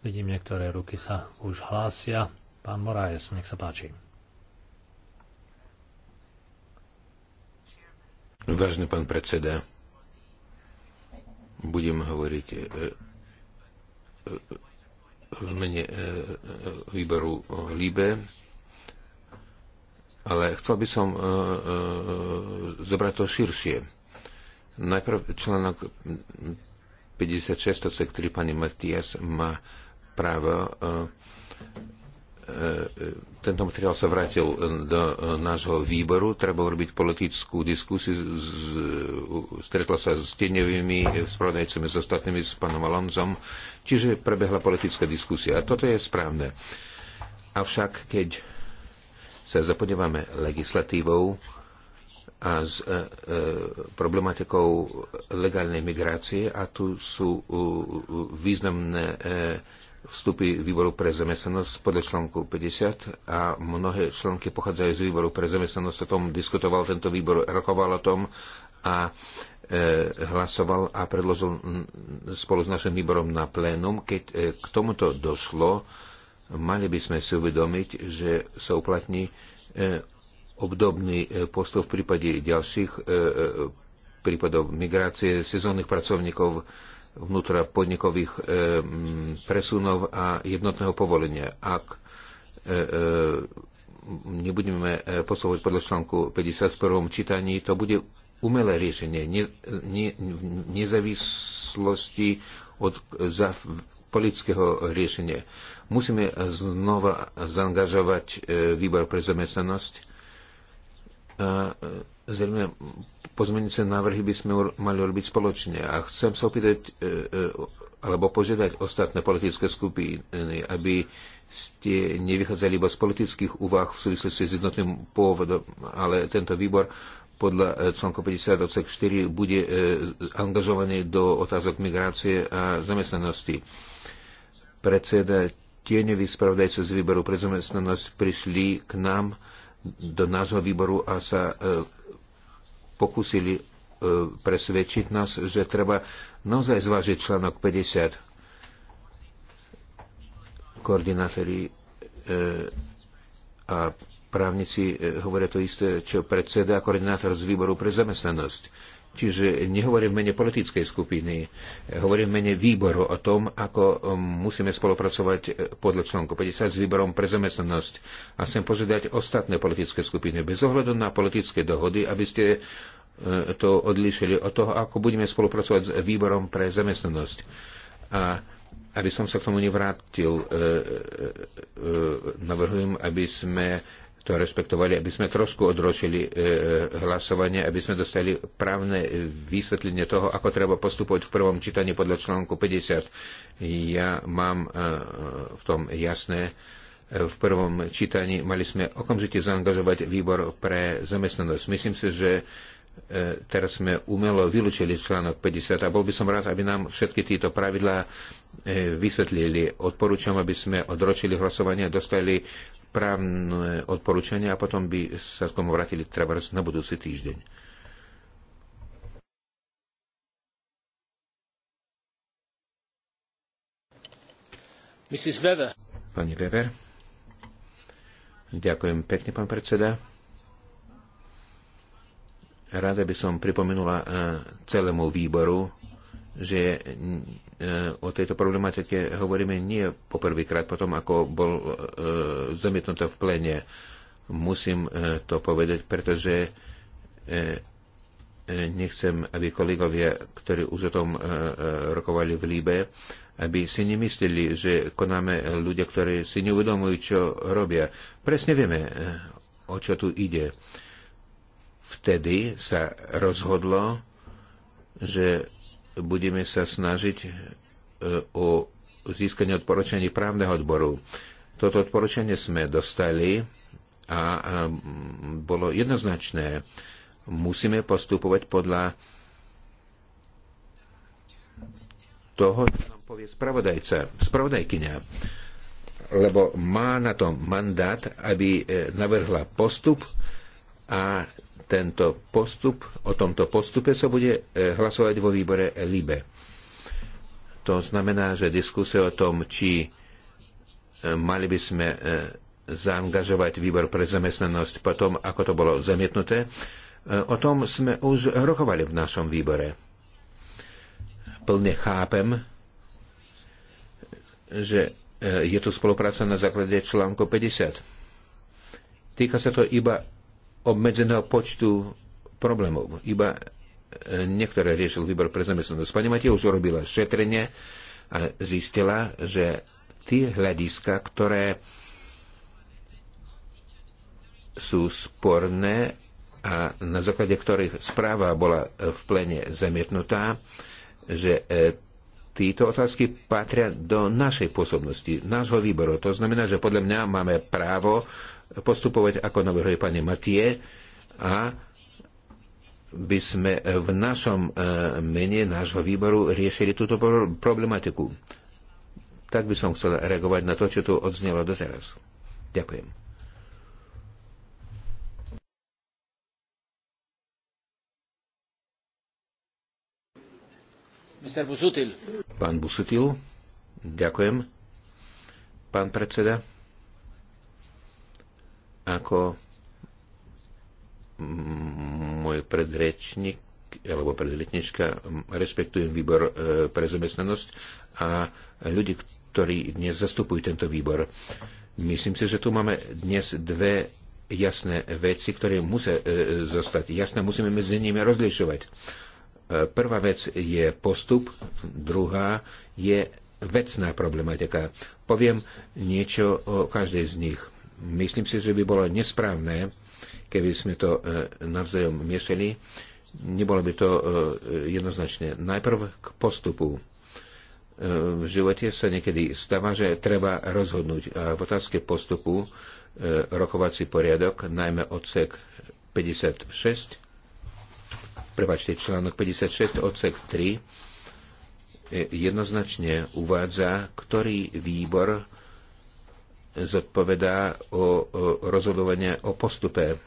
Vidím, niektoré ruky sa už hlásia. Pán Moraes, nech sa páči. Vážny pán predseda, budem hovoriť e, e, v mene e, e, výboru e, Líbe, ale chcel by som zobrať to širšie. Najprv článok 56, ktorý pani Matias má právo tento materiál sa vrátil do nášho výboru, treba robiť politickú diskusiu, stretla sa s tieňovými spravodajcami, s ostatnými, s pánom Alonzom, Čiže prebehla politická diskusia. A toto je správne. Avšak keď sa zapodívame legislatívou a s e, e, problematikou legálnej migrácie a tu sú u, významné e, vstupy výboru pre zamestnanosť podľa článku 50 a mnohé články pochádzajú z výboru pre zamestnanosť. O tom diskutoval tento výbor, rokoval o tom a e, E, hlasoval a predložil mm, spolu s našim výborom na plénum. Keď e, k tomuto došlo, mali by sme si uvedomiť, že sa uplatní e, obdobný postup v prípade ďalších prípadov migrácie sezónnych pracovníkov vnútra podnikových presunov a jednotného povolenia. Ak nebudeme posúvať podľa článku 51 čítaní, to bude umelé riešenie ne, ne, v nezávislosti od za, politického riešenia. Musíme znova zaangažovať e, výbor pre zamestnanosť. A e, zrejme pozmenice návrhy by sme ur, mali robiť spoločne. A chcem sa opýtať e, e, alebo požiadať ostatné politické skupiny, aby ste nevychádzali iba z politických úvah v súvislosti s jednotným pôvodom, ale tento výbor podľa e, článku 50 odsek 4 bude e, angažovaný do otázok migrácie a zamestnanosti. Predseda tieňový spravodajca z výboru pre zamestnanosť prišli k nám do nášho výboru a sa e, pokusili pokúsili presvedčiť nás, že treba naozaj zvážiť článok 50. Koordinátori a Právnici e, hovoria to isté, čo predseda a koordinátor z výboru pre zamestnanosť. Čiže nehovorím v mene politickej skupiny, e, hovorím v mene výboru o tom, ako e, musíme spolupracovať podľa článku 50 s výborom pre zamestnanosť. A sem požiadať ostatné politické skupiny, bez ohľadu na politické dohody, aby ste to odlišili od toho, ako budeme spolupracovať s výborom pre zamestnanosť. A aby som sa k tomu nevrátil, navrhujem, aby sme to rešpektovali, aby sme trošku odročili e, e, hlasovanie, aby sme dostali právne vysvetlenie toho, ako treba postupovať v prvom čítaní podľa článku 50. Ja mám e, v tom jasné. E, v prvom čítaní mali sme okamžite zaangažovať výbor pre zamestnanosť. Myslím si, že e, teraz sme umelo vylúčili článok 50 a bol by som rád, aby nám všetky títo pravidlá vysvetlili. Odporúčam, aby sme odročili hlasovanie a dostali právne odporúčania a potom by sa k tomu vrátili treba na budúci týždeň. Mrs. Weber. Pani Weber. Ďakujem pekne, pán predseda. Rada by som pripomenula eh, celému výboru, že E, o tejto problematike hovoríme nie poprvýkrát potom, ako bol e, zamietnuté v plene. Musím e, to povedať, pretože nechcem, aby kolegovia, ktorí už o tom rokovali v Líbe, aby si nemysleli, že konáme ľudia, ktorí si neuvedomujú, čo robia. Presne vieme, o čo tu ide. Vtedy sa rozhodlo, že budeme sa snažiť e, o získanie odporúčaní právneho odboru. Toto odporúčanie sme dostali a e, bolo jednoznačné. Musíme postupovať podľa toho, čo nám povie spravodajca, spravodajkyňa, lebo má na to mandát, aby e, navrhla postup a tento postup, o tomto postupe sa bude e, hlasovať vo výbore LIBE. To znamená, že diskusie o tom, či e, mali by sme e, zaangažovať výbor pre zamestnanosť potom, ako to bolo zamietnuté, o tom sme už rokovali v našom výbore. Plne chápem, že je tu spolupráca na základe článku 50. Týka sa to iba obmedzeného počtu problémov. Iba e, niektoré riešil výbor pre zamestnanosť. Pani Matej už urobila šetrenie a zistila, že tie hľadiska, ktoré sú sporné a na základe ktorých správa bola v plene zamietnutá, že e, títo otázky patria do našej pôsobnosti, nášho výboru. To znamená, že podľa mňa máme právo postupovať, ako navrhuje pani Matie, a by sme v našom e, mene nášho výboru riešili túto problematiku. Tak by som chcel reagovať na to, čo tu odznelo doteraz. Ďakujem. Pán Busutil, ďakujem. Pán predseda. Ako môj predrečník alebo predretnička, rešpektujem výbor e, pre zamestnanosť a ľudí, ktorí dnes zastupujú tento výbor. Myslím si, že tu máme dnes dve jasné veci, ktoré musia e, zostať jasné, musíme medzi nimi rozlišovať. E, prvá vec je postup, druhá je vecná problematika. Poviem niečo o každej z nich. Myslím si, že by bolo nesprávne, keby sme to e, navzájom miešali. Nebolo by to e, jednoznačne. Najprv k postupu. E, v živote sa niekedy stáva, že treba rozhodnúť. A v otázke postupu rokovací poriadok, najmä odsek 56, prepačte, článok 56, odsek 3, jednoznačne uvádza, ktorý výbor zodpovedá o rozhodovanie o postupe.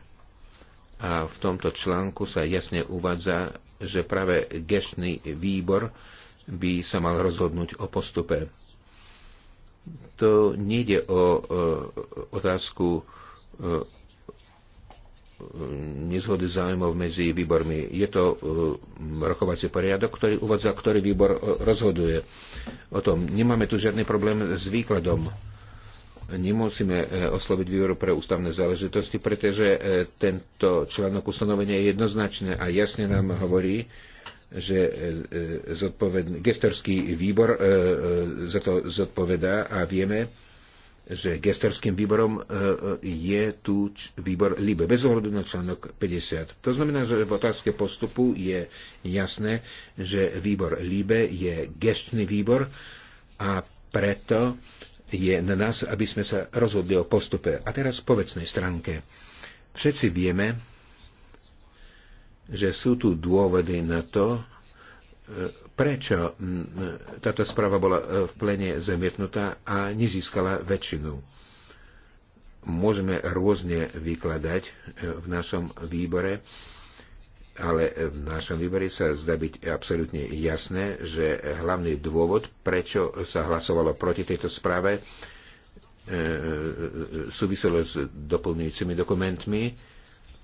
A v tomto článku sa jasne uvádza, že práve gešný výbor by sa mal rozhodnúť o postupe. To nejde o otázku nezhody záujmov medzi výbormi. Je to rokovací poriadok, ktorý uvádza, ktorý výbor rozhoduje o tom. Nemáme tu žiadny problém s výkladom nemusíme e, osloviť výboru pre ústavné záležitosti, pretože e, tento článok ustanovenia je jednoznačné a jasne nám hovorí, že e, zodpovedný, gestorský výbor za to zodpovedá a vieme, že gestorským výborom je tu výbor LIBE, bez ohľadu na článok 50. To znamená, že v otázke postupu je jasné, že výbor LIBE je gestný výbor a preto je na nás, aby sme sa rozhodli o postupe. A teraz po vecnej stránke. Všetci vieme, že sú tu dôvody na to, e, prečo táto správa bola e, v plene zamietnutá a nezískala väčšinu. Môžeme rôzne vykladať e, v našom výbore ale e, v našom výbore sa zdá byť absolútne jasné, že hlavný dôvod, prečo sa hlasovalo proti tejto správe, e, e, súviselo s doplňujúcimi dokumentmi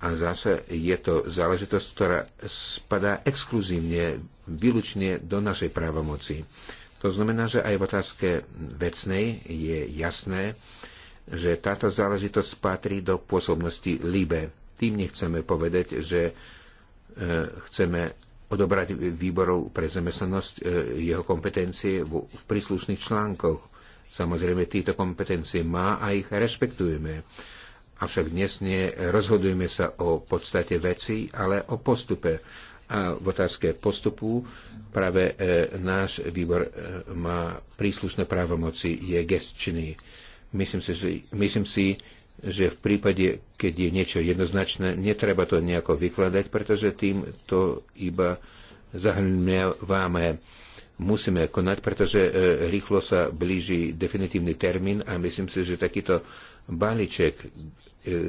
a zase je to záležitosť, ktorá spadá exkluzívne, výlučne do našej právomoci. To znamená, že aj v otázke vecnej je jasné, že táto záležitosť patrí do pôsobnosti LIBE. Tým nechceme povedať, že chceme odobrať výborov pre zamestnanosť e, jeho kompetencie v príslušných článkoch. Samozrejme, tieto kompetencie má a ich rešpektujeme. Avšak dnes nerozhodujeme sa o podstate veci, ale o postupe. A v otázke postupu práve e, náš výbor e, má príslušné právomoci, je gestčný. Myslím si, že, myslím si, že v prípade, keď je niečo jednoznačné, netreba to nejako vykladať, pretože tým to iba zahrňujeme. Musíme konať, pretože e, rýchlo sa blíži definitívny termín a myslím si, že takýto balíček, e,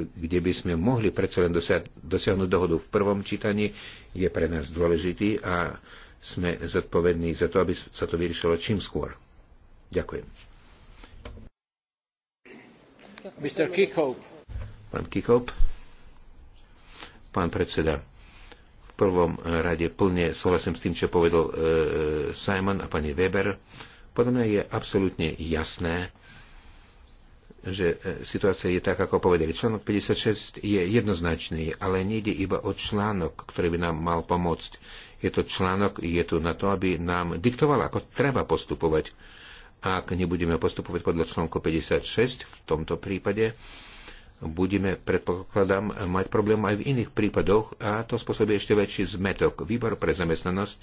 kde by sme mohli predsa len dosiahnuť dohodu v prvom čítaní, je pre nás dôležitý a sme zodpovední za to, aby sa to vyriešilo čím skôr. Ďakujem. Mr. Pán Pán predseda, v prvom rade plne súhlasím s tým, čo povedal e, e, Simon a pani Weber. Podľa mňa je absolútne jasné, že e, situácia je tak, ako povedali. Článok 56 je jednoznačný, ale nejde iba o článok, ktorý by nám mal pomôcť. Je to článok, je tu na to, aby nám diktoval, ako treba postupovať. Ak nebudeme postupovať podľa článku 56, v tomto prípade budeme, predpokladám, mať problém aj v iných prípadoch a to spôsobí ešte väčší zmetok. Výbor pre zamestnanosť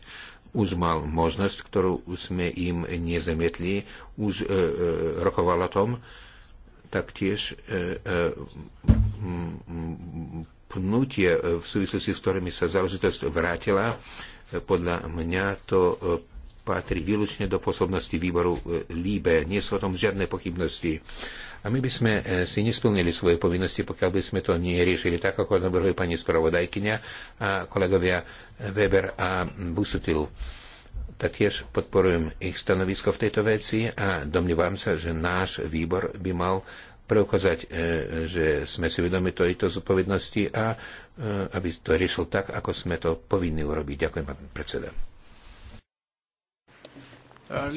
už mal možnosť, ktorú sme im nezamietli, už e, e, rokoval o tom, taktiež e, e, pnutie, e, v súvislosti s ktorými sa záležitosť vrátila, e, podľa mňa to e, patrí výlučne do pôsobnosti výboru e, líbe. Nie sú o tom žiadne pochybnosti. A my by sme e, si nesplnili svoje povinnosti, pokiaľ by sme to neriešili tak, ako navrhuje pani spravodajkynia a kolegovia Weber a Busutil. Taktiež podporujem ich stanovisko v tejto veci a domnívam sa, že náš výbor by mal preukázať, e, že sme si vedomi tejto zodpovednosti a aby to riešil tak, ako sme to povinni urobiť. Ďakujem, pán predseda. Uh,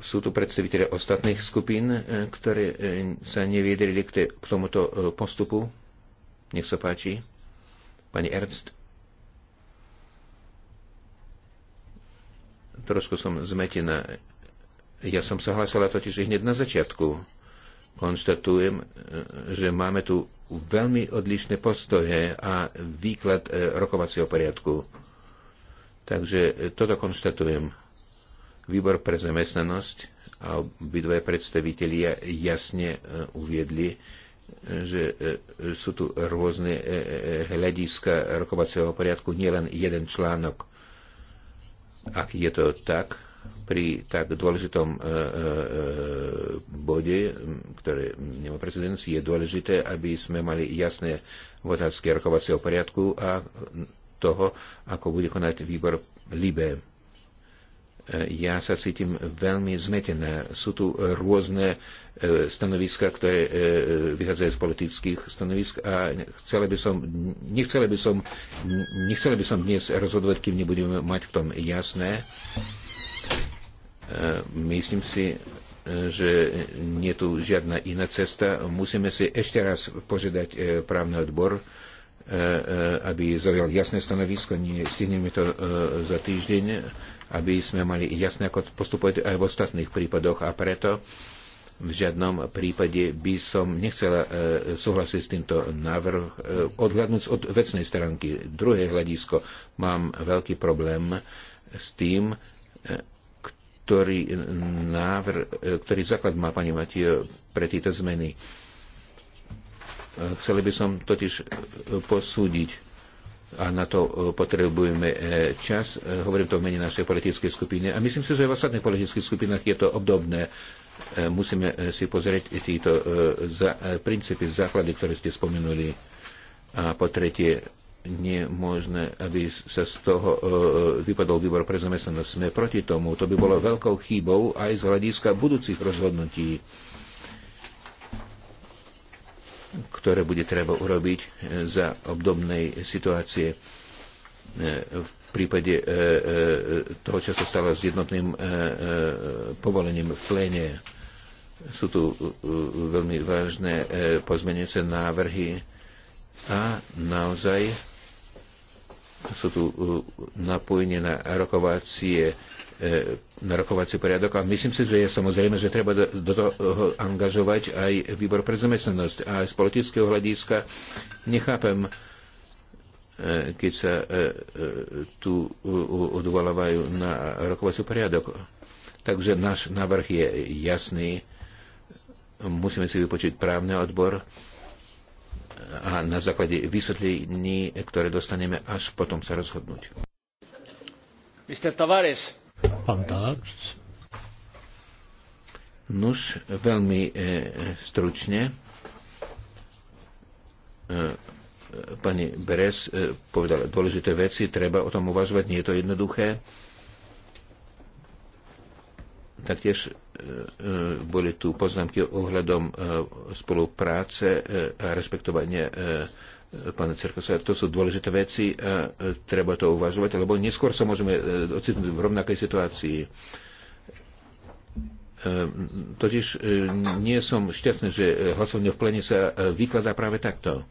Sú tu predstaviteľe ostatných skupín, eh, ktoré eh, sa neviedrili k, k tomuto eh, postupu. Nech sa páči. Pani Ernst. Trošku som zmetená. Ja som sa hlásila totiž hneď na začiatku. Konštatujem, že máme tu veľmi odlišné postoje a výklad rokovacieho poriadku Takže e, toto konštatujem. Výbor pre zamestnanosť a obidve predstavitelia jasne e, uviedli, e, že sú tu rôzne hľadiska rokovacieho poriadku, nielen jeden článok. Ak je to tak, pri tak dôležitom bode, ktoré nemá precedens, je dôležité, aby sme mali jasné otázky rokovacieho poriadku a toho, ako bude konať výbor Libe. E, ja sa cítim veľmi zmetené. Sú tu rôzne e, stanoviska, ktoré e, vychádzajú z politických stanovisk a chcela by som, nechcela by som, nechcela by som dnes rozhodovať, kým nebudeme mať v tom jasné. Myslím si, že nie je tu žiadna iná cesta. Musíme si ešte raz požiadať právny odbor, E, e, aby zaujal jasné stanovisko, stihneme to e, za týždeň, aby sme mali jasné, ako postupovať aj v ostatných prípadoch a preto v žiadnom prípade by som nechcela súhlasiť s týmto návrh, odhľadnúť od vecnej stránky. Druhé hľadisko, mám veľký problém s tým, ktorý, návr, ktorý základ má pani Matio pre tieto zmeny. Chceli by som totiž e, posúdiť a na to e, potrebujeme e, čas. Hovorím to v mene našej politickej skupiny a myslím si, že v ostatných politických skupinách je to obdobné. Musíme si pozrieť títo princípy, základy, ktoré ste spomenuli. A po tretie, nie možné, aby sa z toho vypadol výbor pre zamestnanosť. Sme proti tomu. To by bolo veľkou chybou, aj z hľadiska budúcich rozhodnutí ktoré bude treba urobiť e, za obdobnej situácie e, v prípade e, toho, čo sa stalo s jednotným povolením v pléne. Sú tu veľmi vážne pozmenujúce návrhy a naozaj sú tu napojenie na rokovacie E, rokovací poriadok a myslím si, že je samozrejme, že treba do toho angažovať aj výbor pre zamestnanosť. A z politického hľadiska nechápem, e, keď sa e, tu odvolávajú na rokovací poriadok. Takže náš návrh je jasný. Musíme si vypočiť právny odbor a na základe vysvetlení, ktoré dostaneme, až potom sa rozhodnúť. Mr. Tavares, Pán Tarps. Nuž, veľmi e, stručne. E, pani Beres e, povedala dôležité veci, treba o tom uvažovať, nie je to jednoduché. Taktiež e, e boli tu poznámky ohľadom e, spolupráce e, a e, E, pane Cirkusa. To sú dôležité veci, a e, treba to uvažovať, lebo neskôr sa môžeme e, ocitnúť v rovnakej situácii. Totiž nie som šťastný, že hlasovanie v plene sa vykladá práve takto.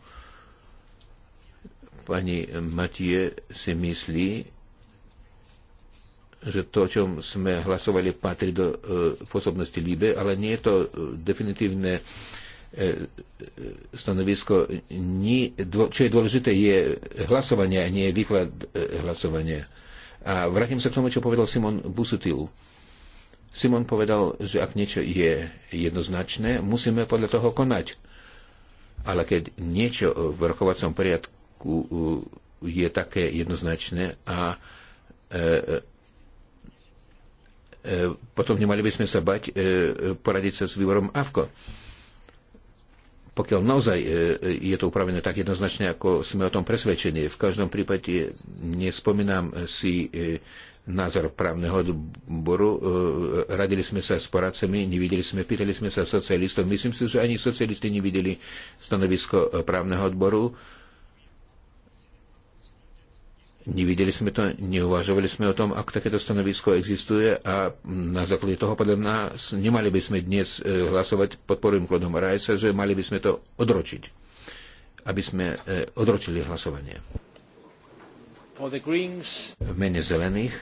Pani Matie si myslí, že to, o čom sme hlasovali, patrí do pôsobnosti Líbe, ale nie je to definitívne E, stanovisko, čo je dôležité, je hlasovanie, a nie výklad e, hlasovania. A vrátim sa k tomu, čo povedal Simon Busutil. Simon povedal, že ak niečo je jednoznačné, musíme podľa toho konať. Ale keď niečo v rokovacom poriadku e, je také jednoznačné a e, e, potom nemali by sme sa bať e, poradiť sa s výborom AFKO. E, pokiaľ naozaj e, e, je to upravené tak jednoznačne, ako sme o tom presvedčení. V každom prípade nespomínam si e, názor právneho odboru. Radili sme sa s poradcami, nevideli sme, pýtali sme sa socialistov. Myslím si, že ani socialisti nevideli stanovisko právneho odboru Nevideli sme to, neuvažovali sme o tom, ak takéto stanovisko existuje a na základe toho podľa nás nemali by sme dnes e, hlasovať, podporujem Klodom Rajsa, že mali by sme to odročiť, aby sme e, odročili hlasovanie. V mene zelených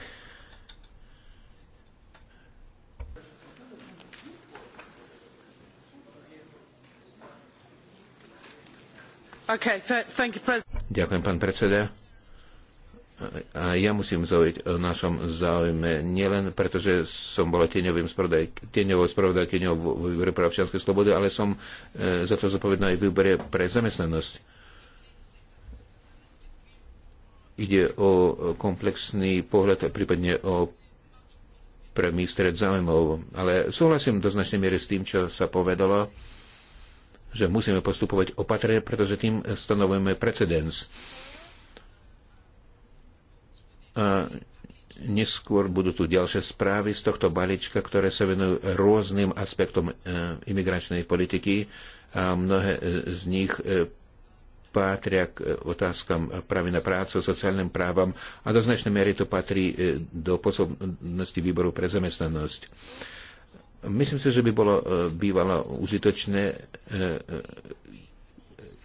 Okay, you, Ďakujem, pán predseda. A ja musím zaujať o našom záujme nielen preto, že som bola tieňovým spravodaj, tieňovou spravodajkyňou v výbore pre občianske slobody, ale som e, za to zapovedná aj v výbore pre zamestnanosť. Ide o komplexný pohľad, prípadne o premý stred záujmov. Ale súhlasím do značnej miery s tým, čo sa povedalo, že musíme postupovať opatrne, pretože tým stanovujeme precedens neskôr budú tu ďalšie správy z tohto balíčka, ktoré sa venujú rôznym aspektom e, imigračnej politiky a mnohé e, z nich e, patria k otázkam práve na prácu, sociálnym právam a do značnej miery to patrí do pôsobnosti výboru pre zamestnanosť. Myslím si, že by bolo bývalo užitočné,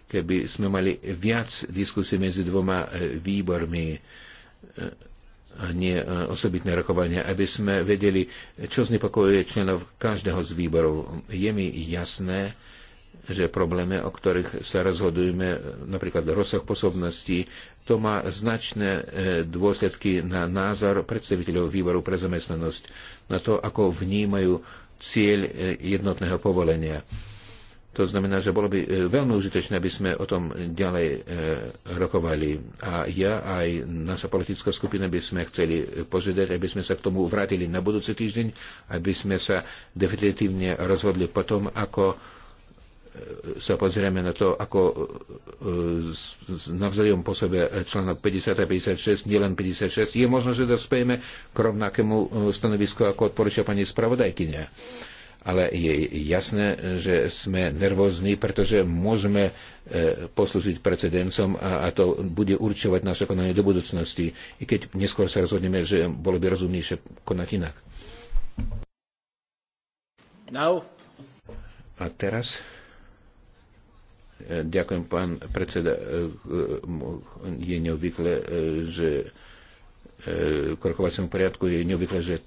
keby sme mali viac diskusí medzi dvoma výbormi a nie e, osobitné rokovania, aby sme vedeli, čo znepokojuje členov každého z výborov. Je mi jasné, že problémy, o ktorých sa rozhodujeme, napríklad rozsah posobností, to má značné e, dôsledky na názor predstaviteľov výboru pre zamestnanosť, na to, ako vnímajú cieľ e, jednotného povolenia. To znamená, že bolo by e, veľmi užitečné, aby sme o tom ďalej e, rokovali. A ja aj naša politická skupina by sme chceli požiadať, aby sme sa k tomu vrátili na budúci týždeň, aby sme sa definitívne rozhodli potom, ako e, sa pozrieme na to, ako navzájom po sebe článok 50 a 56, nielen 56, je možno, že dospejeme k rovnakému stanovisku, ako odporúča pani spravodajkynia ale je jasné, že sme nervózni, pretože môžeme e, poslúžiť precedencom a, to bude určovať naše konanie do budúcnosti, i keď neskôr sa rozhodneme, že bolo by rozumnejšie konať inak. Now. A teraz e, ďakujem, pán predseda, e, je neobvykle, že k poriadku je neobvykle, že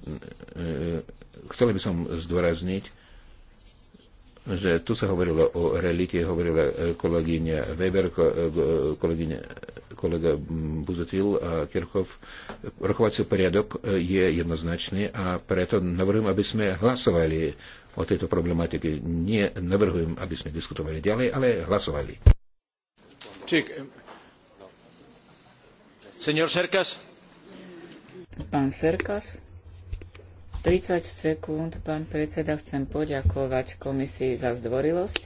chcel by som zdôrazniť, že tu sa hovorilo o relikie, hovorila e, kolegyňa Weber, e, e, kolegyňa, kolega Buzetil a Kirchhoff. Rokovací poriadok je jednoznačný a preto navrhujem, aby sme hlasovali o tejto problematike. Nie navrhujem, aby sme diskutovali ďalej, ale hlasovali. Čík. Serkas. Pán Serkas. 30 sekúnd, pán predseda, chcem poďakovať komisii za zdvorilosť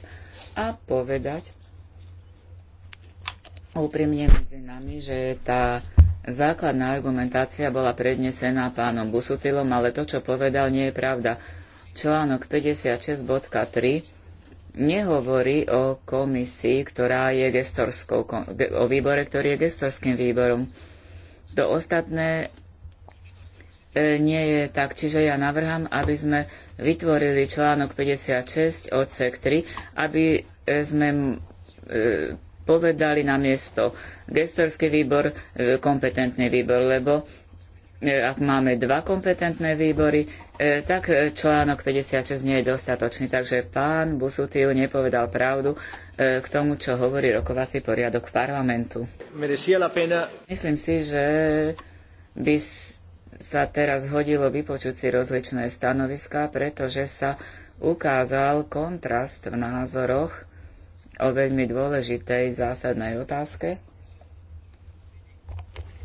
a povedať úprimne medzi nami, že tá základná argumentácia bola prednesená pánom Busutilom, ale to, čo povedal, nie je pravda. Článok 56.3 nehovorí o komisii, ktorá je gestorskou, o výbore, ktorý je gestorským výborom. To ostatné E, nie je tak. Čiže ja navrhám, aby sme vytvorili článok 56 odsek 3, aby e, sme e, povedali na miesto gestorský výbor, kompetentný výbor, lebo ak máme dva kompetentné výbory, tak článok 56 nie je dostatočný. Takže pán Busutil nepovedal pravdu k tomu, čo hovorí rokovací poriadok parlamentu. Myslím si, že by sa teraz hodilo vypočuť si rozličné stanoviská, pretože sa ukázal kontrast v názoroch o veľmi dôležitej zásadnej otázke,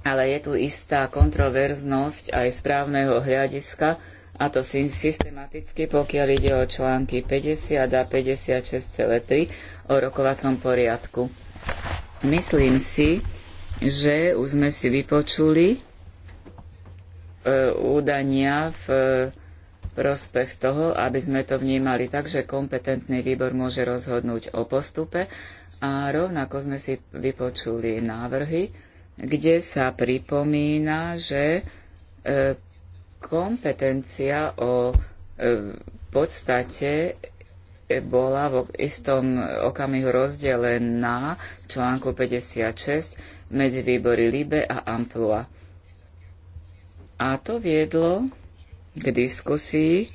ale je tu istá kontroverznosť aj správneho hľadiska, a to systematicky, pokiaľ ide o články 50 a 56,3 o rokovacom poriadku. Myslím si, že už sme si vypočuli údania v e, prospech toho, aby sme to vnímali tak, že kompetentný výbor môže rozhodnúť o postupe a rovnako sme si vypočuli návrhy, kde sa pripomína, že e, kompetencia o e, podstate bola v istom okamihu rozdelená v článku 56 medzi výbory LIBE a AMPLUA. A to viedlo k diskusii e,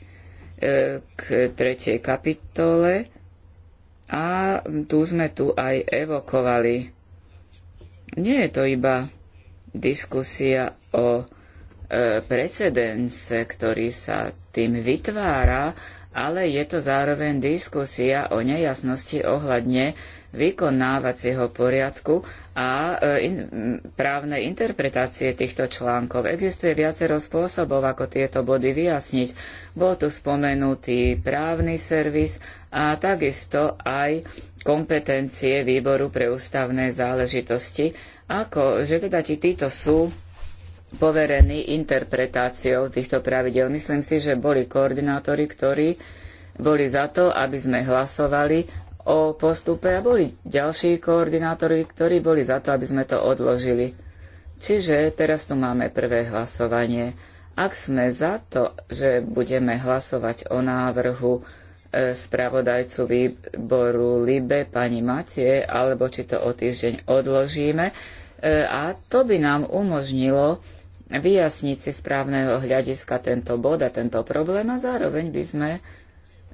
k tretej kapitole a tu sme tu aj evokovali. Nie je to iba diskusia o e, precedence, ktorý sa tým vytvára, ale je to zároveň diskusia o nejasnosti ohľadne vykonávacieho poriadku a e, in, právne interpretácie týchto článkov. Existuje viacero spôsobov, ako tieto body vyjasniť. Bol tu spomenutý právny servis a takisto aj kompetencie výboru pre ústavné záležitosti, ako že teda ti títo sú poverení interpretáciou týchto pravidel. Myslím si, že boli koordinátori, ktorí boli za to, aby sme hlasovali o postupe a boli ďalší koordinátori, ktorí boli za to, aby sme to odložili. Čiže teraz tu máme prvé hlasovanie. Ak sme za to, že budeme hlasovať o návrhu e, spravodajcu výboru Libe, pani Matie, alebo či to o týždeň odložíme, e, a to by nám umožnilo vyjasniť si správneho hľadiska tento bod a tento problém a zároveň by sme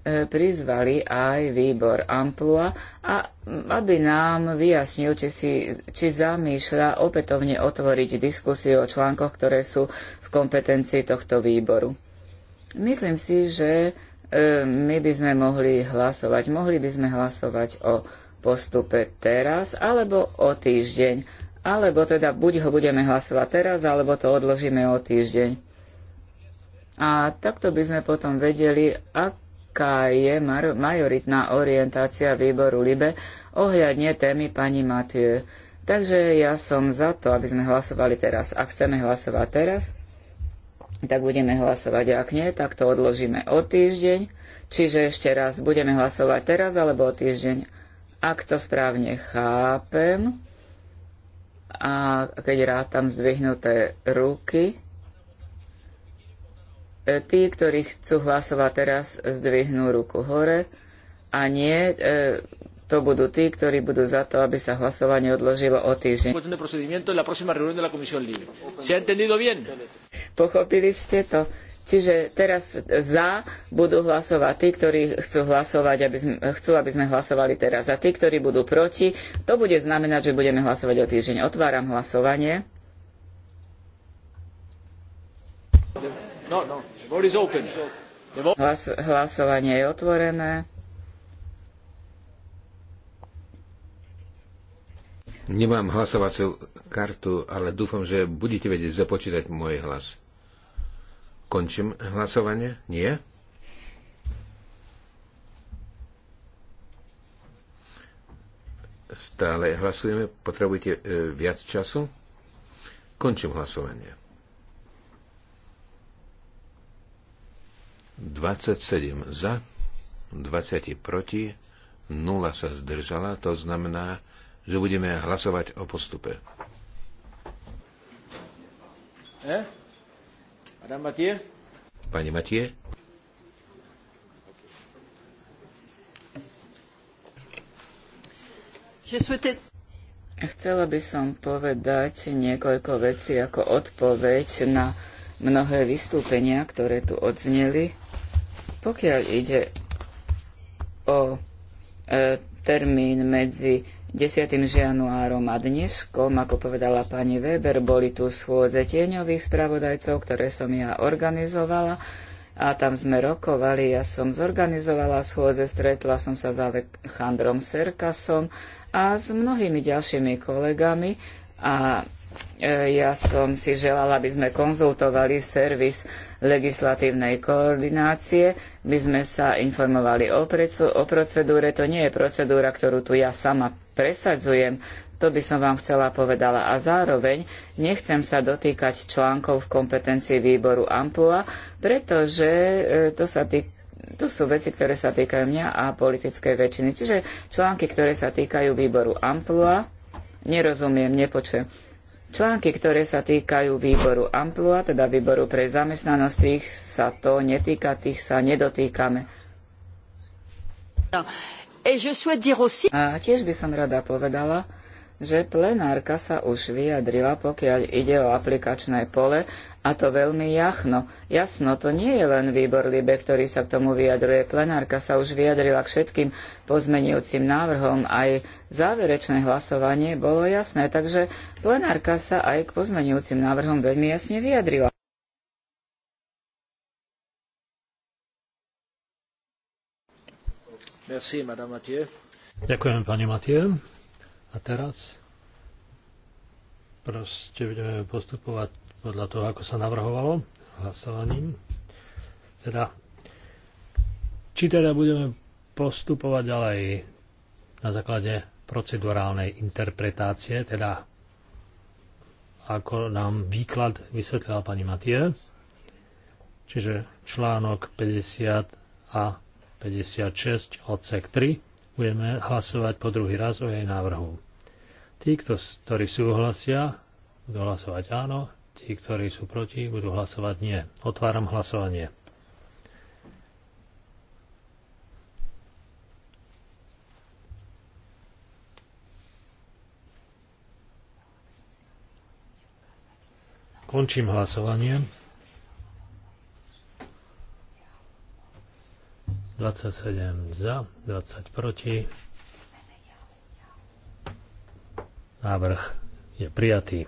E, prizvali aj výbor Amplua, a aby nám vyjasnil, či, si, či zamýšľa opätovne otvoriť diskusiu o článkoch, ktoré sú v kompetencii tohto výboru. Myslím si, že e, my by sme mohli hlasovať. Mohli by sme hlasovať o postupe teraz alebo o týždeň. Alebo teda buď ho budeme hlasovať teraz, alebo to odložíme o týždeň. A takto by sme potom vedeli, ak aká je majoritná orientácia výboru LIBE ohľadne témy pani Mathieu. Takže ja som za to, aby sme hlasovali teraz. Ak chceme hlasovať teraz, tak budeme hlasovať. Ak nie, tak to odložíme o týždeň. Čiže ešte raz, budeme hlasovať teraz alebo o týždeň. Ak to správne chápem, a keď rátam zdvihnuté ruky, E, tí, ktorí chcú hlasovať teraz, zdvihnú ruku hore a nie, e, to budú tí, ktorí budú za to, aby sa hlasovanie odložilo o týždeň. Pochopili ste to? Čiže teraz za budú hlasovať tí, ktorí chcú hlasovať, aby sme, chcú, aby sme hlasovali teraz. A tí, ktorí budú proti, to bude znamenať, že budeme hlasovať o týždeň. Otváram hlasovanie. No, no. Hlas, hlasovanie je otvorené. Nemám hlasovaciu kartu, ale dúfam, že budete vedieť započítať môj hlas. Končím hlasovanie? Nie? Stále hlasujeme. Potrebujete e, viac času? Končím hlasovanie. 27 za, 20 proti, 0 sa zdržala, to znamená, že budeme hlasovať o postupe. Eh? Matie? Pani Matie? Je Chcela by som povedať niekoľko vecí ako odpoveď na mnohé vystúpenia, ktoré tu odzneli. Pokiaľ ide o e, termín medzi 10. januárom a dneškom, ako povedala pani Weber, boli tu schôdze tieňových spravodajcov, ktoré som ja organizovala a tam sme rokovali. Ja som zorganizovala schôdze, stretla som sa s Alejandrom Serkasom a s mnohými ďalšími kolegami a E, ja som si želala, aby sme konzultovali servis legislatívnej koordinácie, by sme sa informovali o, o procedúre. To nie je procedúra, ktorú tu ja sama presadzujem. To by som vám chcela povedala. A zároveň nechcem sa dotýkať článkov v kompetencii výboru Amplua, pretože e, to sa to sú veci, ktoré sa týkajú mňa a politickej väčšiny. Čiže články, ktoré sa týkajú výboru Amplua, nerozumiem, nepočujem. Články, ktoré sa týkajú výboru Amplua, teda výboru pre zamestnanosť, tých sa to netýka, tých sa nedotýkame. A tiež by som rada povedala, že plenárka sa už vyjadrila, pokiaľ ide o aplikačné pole, a to veľmi jachno. Jasno, to nie je len výbor Libe, ktorý sa k tomu vyjadruje. Plenárka sa už vyjadrila k všetkým pozmenujúcim návrhom. Aj záverečné hlasovanie bolo jasné, takže plenárka sa aj k pozmenujúcim návrhom veľmi jasne vyjadrila. Merci, Ďakujem, pani Matie. A teraz proste budeme postupovať podľa toho, ako sa navrhovalo hlasovaním. Teda, či teda budeme postupovať ďalej na základe procedurálnej interpretácie, teda ako nám výklad vysvetlila pani Matie, čiže článok 50 a 56 odsek 3, budeme hlasovať po druhý raz o jej návrhu. Tí, ktorí súhlasia, budú hlasovať áno, tí, ktorí sú proti, budú hlasovať nie. Otváram hlasovanie. Končím hlasovanie. 27 za, 20 proti. Návrh je prijatý.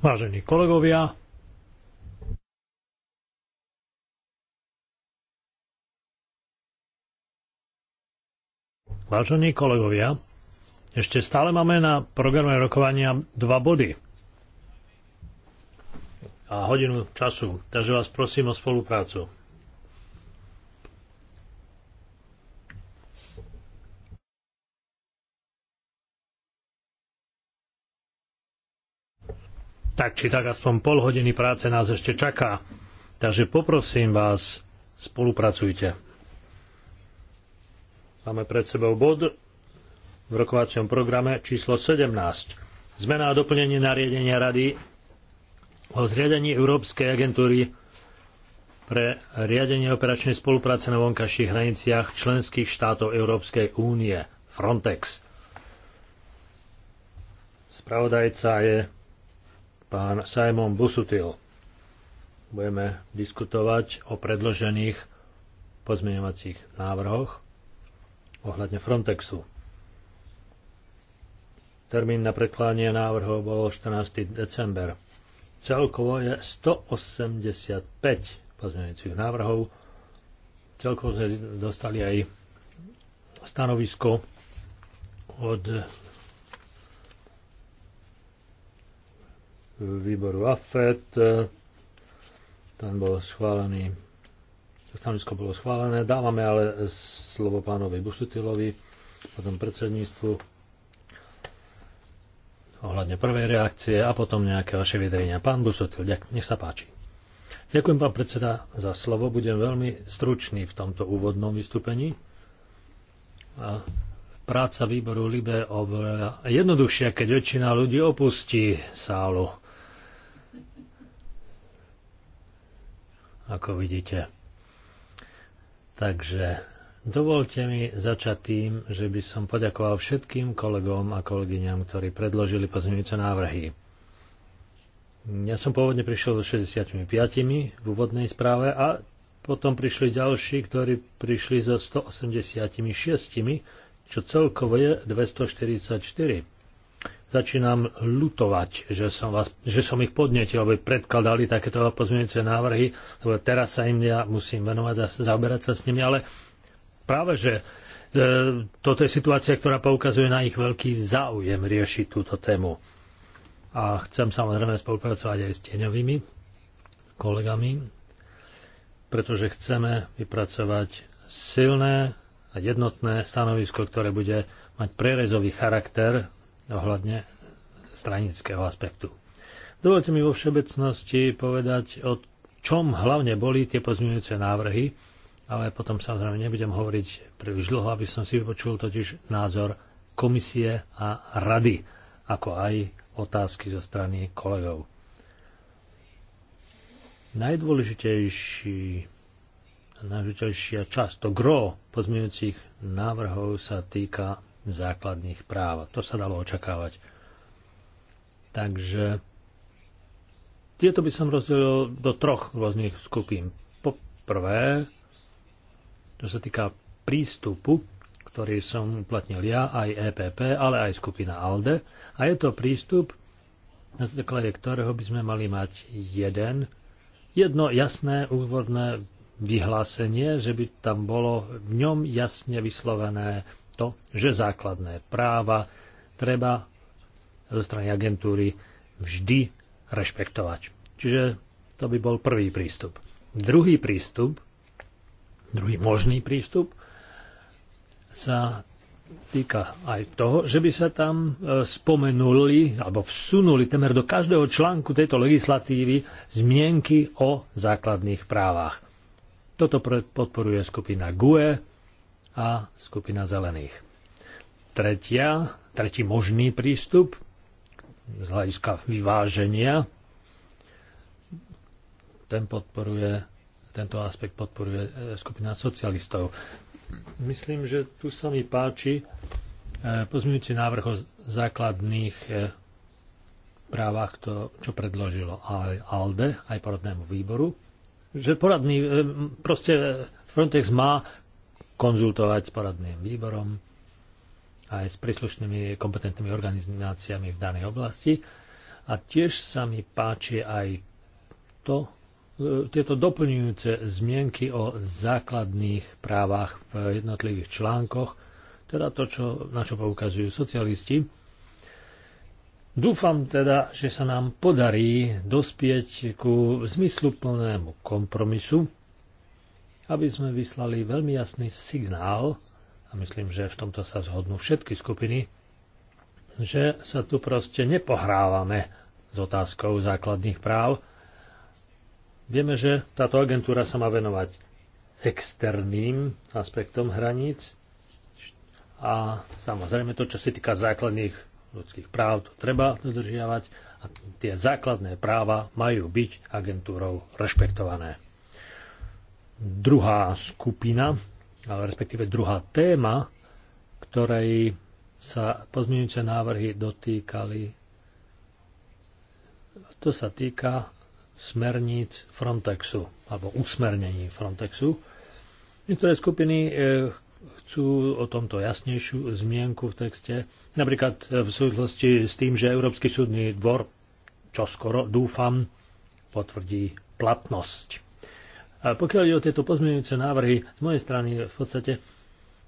Vážení kolegovia, Vážení kolegovia, ešte stále máme na programe rokovania dva body a hodinu času, takže vás prosím o spoluprácu. tak či tak aspoň pol hodiny práce nás ešte čaká. Takže poprosím vás, spolupracujte. Máme pred sebou bod v rokovacom programe číslo 17. Zmena a doplnenie nariadenia Rady o zriadení Európskej agentúry pre riadenie operačnej spolupráce na vonkajších hraniciach členských štátov Európskej únie Frontex. Spravodajca je pán Simon Busutil. Budeme diskutovať o predložených pozmeňovacích návrhoch ohľadne Frontexu. Termín na prekladanie návrhov bol 14. december. Celkovo je 185 pozmeňujúcich návrhov. Celkovo sme dostali aj stanovisko od výboru AFED. Tam bol schválený, stanovisko bolo schválené. Dávame ale slovo pánovi Busutilovi, potom predsedníctvu ohľadne prvej reakcie a potom nejaké vaše vyjadrenia. Pán Busutil, nech sa páči. Ďakujem, pán predseda, za slovo. Budem veľmi stručný v tomto úvodnom vystúpení. A práca výboru Libe oveľa jednoduchšia, keď väčšina ľudí opustí sálu. ako vidíte. Takže dovolte mi začať tým, že by som poďakoval všetkým kolegom a kolegyňam, ktorí predložili pozmeňujúce návrhy. Ja som pôvodne prišiel so 65 v úvodnej správe a potom prišli ďalší, ktorí prišli so 186, čo celkovo je 244 začínam lutovať, že som, vás, že som ich podnetil, aby predkladali takéto pozmeňujúce návrhy, lebo teraz sa im ja musím venovať a zaoberať sa s nimi, ale práve, že e, toto je situácia, ktorá poukazuje na ich veľký záujem riešiť túto tému. A chcem samozrejme spolupracovať aj s tieňovými kolegami, pretože chceme vypracovať silné a jednotné stanovisko, ktoré bude mať prerezový charakter ohľadne stranického aspektu. Dovolte mi vo všeobecnosti povedať, o čom hlavne boli tie pozmeňujúce návrhy, ale potom samozrejme nebudem hovoriť príliš dlho, aby som si vypočul totiž názor komisie a rady, ako aj otázky zo strany kolegov. Najdôležitejší najdôležitejšia časť, to gro pozmeňujúcich návrhov sa týka základných práv. To sa dalo očakávať. Takže tieto by som rozdelil do troch rôznych skupín. Po prvé, čo sa týka prístupu, ktorý som uplatnil ja, aj EPP, ale aj skupina ALDE. A je to prístup, na základe ktorého by sme mali mať jeden, jedno jasné úvodné vyhlásenie, že by tam bolo v ňom jasne vyslovené to, že základné práva treba zo strany agentúry vždy rešpektovať. Čiže to by bol prvý prístup. Druhý prístup, druhý možný prístup, sa týka aj toho, že by sa tam e, spomenuli alebo vsunuli temer do každého článku tejto legislatívy zmienky o základných právach. Toto podporuje skupina GUE a skupina zelených. Tretia, tretí možný prístup z hľadiska vyváženia. Ten podporuje, tento aspekt podporuje e, skupina socialistov. Myslím, že tu sa mi páči e, pozmiňujúci návrh o základných e, právach, to, čo predložilo aj ALDE, aj poradnému výboru, že poradný, proste Frontex má konzultovať s poradným výborom aj s príslušnými kompetentnými organizáciami v danej oblasti. A tiež sa mi páči aj to, e, tieto doplňujúce zmienky o základných právach v jednotlivých článkoch, teda to, čo, na čo poukazujú socialisti. Dúfam teda, že sa nám podarí dospieť ku zmysluplnému kompromisu, aby sme vyslali veľmi jasný signál, a myslím, že v tomto sa zhodnú všetky skupiny, že sa tu proste nepohrávame s otázkou základných práv. Vieme, že táto agentúra sa má venovať externým aspektom hraníc a samozrejme to, čo sa týka základných ľudských práv, to treba dodržiavať a tie základné práva majú byť agentúrou rešpektované druhá skupina, ale respektíve druhá téma, ktorej sa pozmienujúce návrhy dotýkali. To sa týka smerníc Frontexu, alebo usmernení Frontexu. Niektoré skupiny e, chcú o tomto jasnejšiu zmienku v texte, napríklad v súvislosti s tým, že Európsky súdny dvor, čo skoro dúfam, potvrdí platnosť a pokiaľ ide o tieto pozmeňujúce návrhy, z mojej strany v podstate,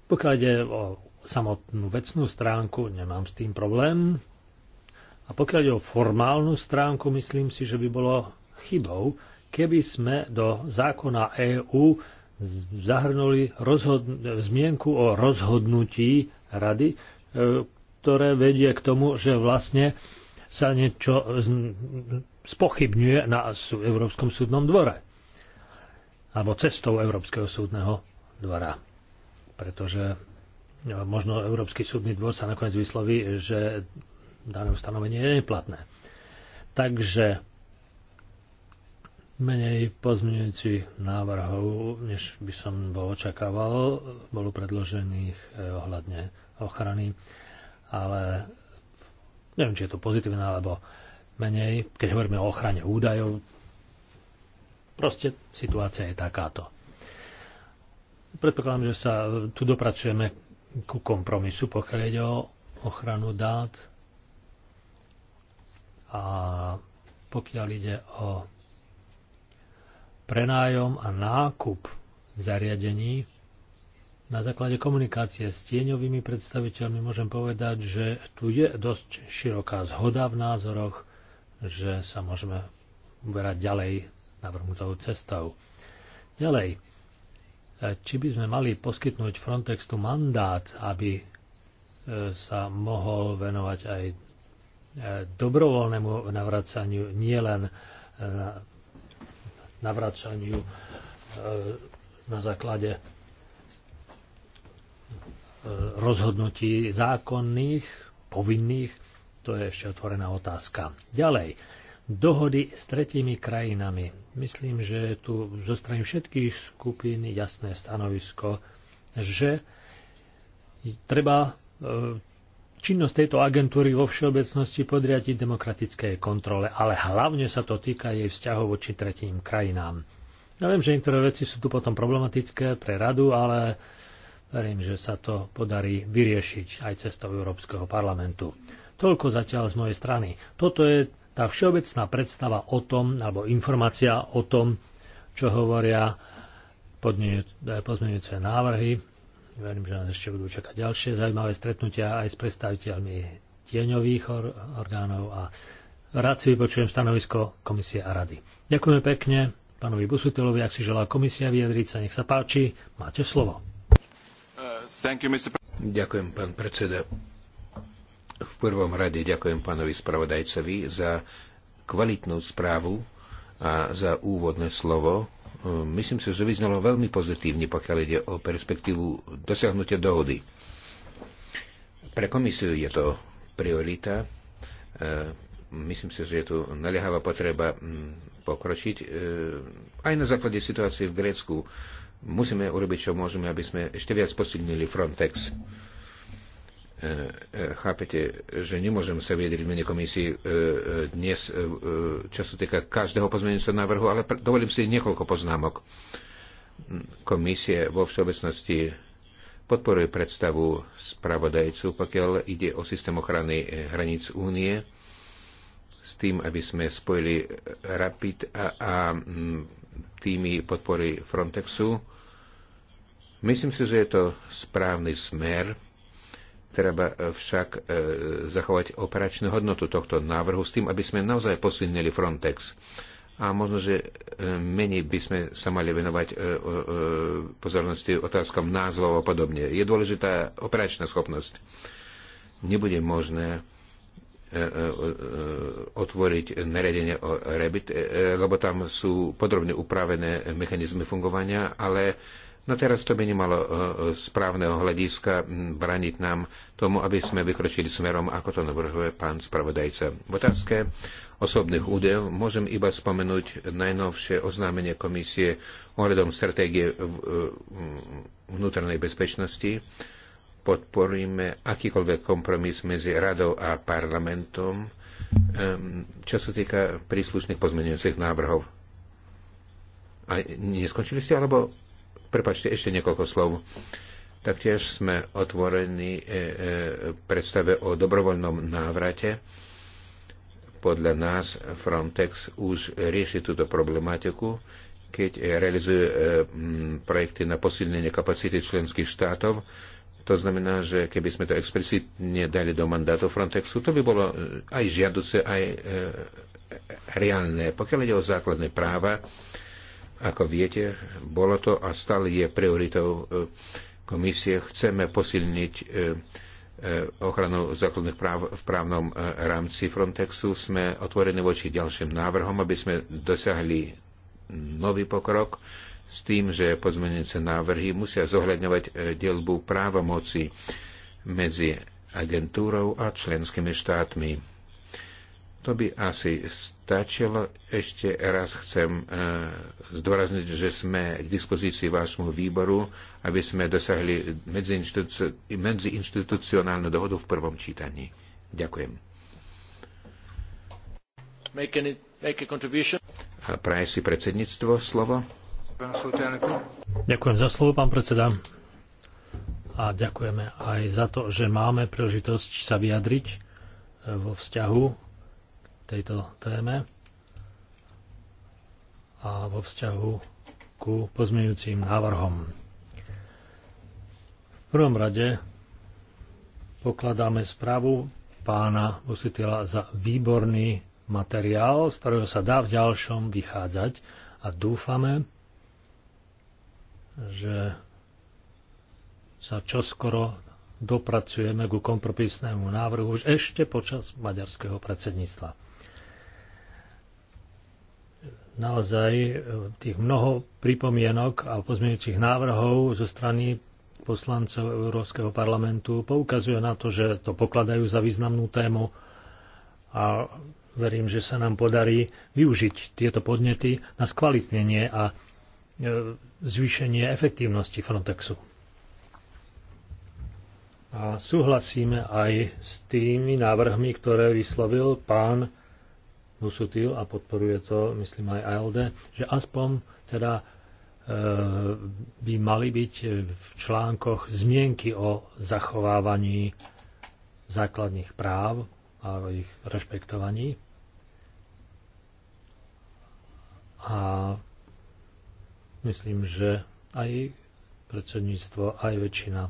pokiaľ ide o samotnú vecnú stránku, nemám s tým problém. A pokiaľ ide o formálnu stránku, myslím si, že by bolo chybou, keby sme do zákona EÚ zahrnuli zmienku o rozhodnutí rady, e, ktoré vedie k tomu, že vlastne sa niečo spochybňuje na Európskom súdnom dvore alebo cestou Európskeho súdneho dvora. Pretože e, možno Európsky súdny dvor sa nakoniec vysloví, že dané ustanovenie je neplatné. Takže menej pozmeňujúcich návrhov, než by som bol očakával, bolo predložených e, ohľadne ochrany, ale neviem, či je to pozitívne alebo menej. Keď hovoríme o ochrane údajov, Proste situácia je takáto. Predpokladám, že sa e, tu dopracujeme ku kompromisu, pokiaľ ide o ochranu dát a pokiaľ ide o prenájom a nákup zariadení, na základe komunikácie s tieňovými predstaviteľmi môžem povedať, že tu je dosť široká zhoda v názoroch, že sa môžeme uberať ďalej navrhnutou cestou. Ďalej, e, či by sme mali poskytnúť Frontextu mandát, aby e, sa mohol venovať aj e, dobrovoľnému navracaniu, nielen navracaniu na základe rozhodnutí zákonných, povinných, to je ešte otvorená otázka. Ďalej, dohody s tretími krajinami. Myslím, že tu zo strany všetkých skupín jasné stanovisko, že treba e, činnosť tejto agentúry vo všeobecnosti podriadiť demokratickej kontrole, ale hlavne sa to týka jej vzťahov voči tretím krajinám. Ja viem, že niektoré veci sú tu potom problematické pre radu, ale verím, že sa to podarí vyriešiť aj cestou Európskeho parlamentu. Toľko zatiaľ z mojej strany. Toto je tá všeobecná predstava o tom, alebo informácia o tom, čo hovoria pozmeňujúce návrhy. Verím, že nás ešte budú čakať ďalšie zaujímavé stretnutia aj s predstaviteľmi tieňových or- orgánov a rád si vypočujem stanovisko komisie a rady. Ďakujeme pekne pánovi Busutilovi, ak si želá komisia vyjadriť sa, nech sa páči, máte slovo. Uh, you, Ďakujem, pán predseda. V prvom rade ďakujem pánovi spravodajcovi za kvalitnú správu a za úvodné slovo. Myslím si, že vyznalo veľmi pozitívne, pokiaľ ide o perspektívu dosiahnutia dohody. Pre komisiu je to priorita. E, myslím si, že je tu naliehavá potreba pokročiť. E, aj na základe situácie v Grécku musíme urobiť, čo môžeme, aby sme ešte viac posilnili Frontex. E, e, chápete, že nemôžem sa vyjadriť v mene komisii e, dnes, čo sa týka každého pozmeňujúceho návrhu, ale dovolím si niekoľko poznámok. Komisie vo všeobecnosti podporuje predstavu spravodajcu, pokiaľ ide o systém ochrany hraníc únie, s tým, aby sme spojili RAPID a, a tými podpory Frontexu. Myslím si, že je to správny smer, Treba e, však e, zachovať operačnú hodnotu tohto návrhu s tým, aby sme naozaj posilnili Frontex. A možno, že e, menej by sme sa mali venovať pozornosti otázkom názvov a podobne. Je dôležitá operačná schopnosť. Nebude možné otvoriť naredenie, o REBIT, lebo tam sú podrobne upravené mechanizmy fungovania, ale No teraz to by nemalo e, e, správneho hľadiska braniť nám tomu, aby sme vykročili smerom, ako to navrhuje pán spravodajca. V otázke osobných údajov môžem iba spomenúť najnovšie oznámenie komisie ohľadom stratégie e, vnútornej bezpečnosti. Podporíme akýkoľvek kompromis medzi radou a parlamentom, čo sa týka príslušných pozmeňujúcich návrhov. A neskončili ste, alebo Prepačte, ešte niekoľko slov. Taktiež sme otvorení e, e, predstave o dobrovoľnom návrate. Podľa nás Frontex už rieši túto problematiku, keď realizuje e, projekty na posilnenie kapacity členských štátov. To znamená, že keby sme to explicitne dali do mandátu Frontexu, to by bolo aj žiaduce, aj reálne. Pokiaľ ide o základné práva, ako viete, bolo to a stále je prioritou e, komisie. Chceme posilniť e, e, ochranu základných práv v právnom rámci Frontexu. Sme otvorení voči ďalším návrhom, aby sme dosiahli nový pokrok s tým, že pozmenujúce návrhy musia zohľadňovať dielbu právomoci medzi agentúrou a členskými štátmi. To by asi stačilo. Ešte raz chcem e, zdôrazniť, že sme k dispozícii vášmu výboru, aby sme dosahli medziinstitucionálnu dohodu v prvom čítaní. Ďakujem. Make any, make a contribution. A praje si predsedníctvo slovo. Ďakujem za slovo, pán predseda. A ďakujeme aj za to, že máme príležitosť sa vyjadriť e, vo vzťahu tejto téme a vo vzťahu ku pozmeňujúcim návrhom. V prvom rade pokladáme správu pána Usitila za výborný materiál, z ktorého sa dá v ďalšom vychádzať a dúfame, že sa čoskoro dopracujeme ku kompromisnému návrhu už ešte počas maďarského predsedníctva naozaj e, tých mnoho pripomienok a pozmeňujúcich návrhov zo strany poslancov Európskeho parlamentu poukazuje na to, že to pokladajú za významnú tému a verím, že sa nám podarí využiť tieto podnety na skvalitnenie a e, zvýšenie efektívnosti Frontexu. A súhlasíme aj s tými návrhmi, ktoré vyslovil pán Busutil a podporuje to, myslím aj ALD, že aspoň teda e, by mali byť v článkoch zmienky o zachovávaní základných práv a o ich rešpektovaní. A myslím, že aj predsedníctvo, aj väčšina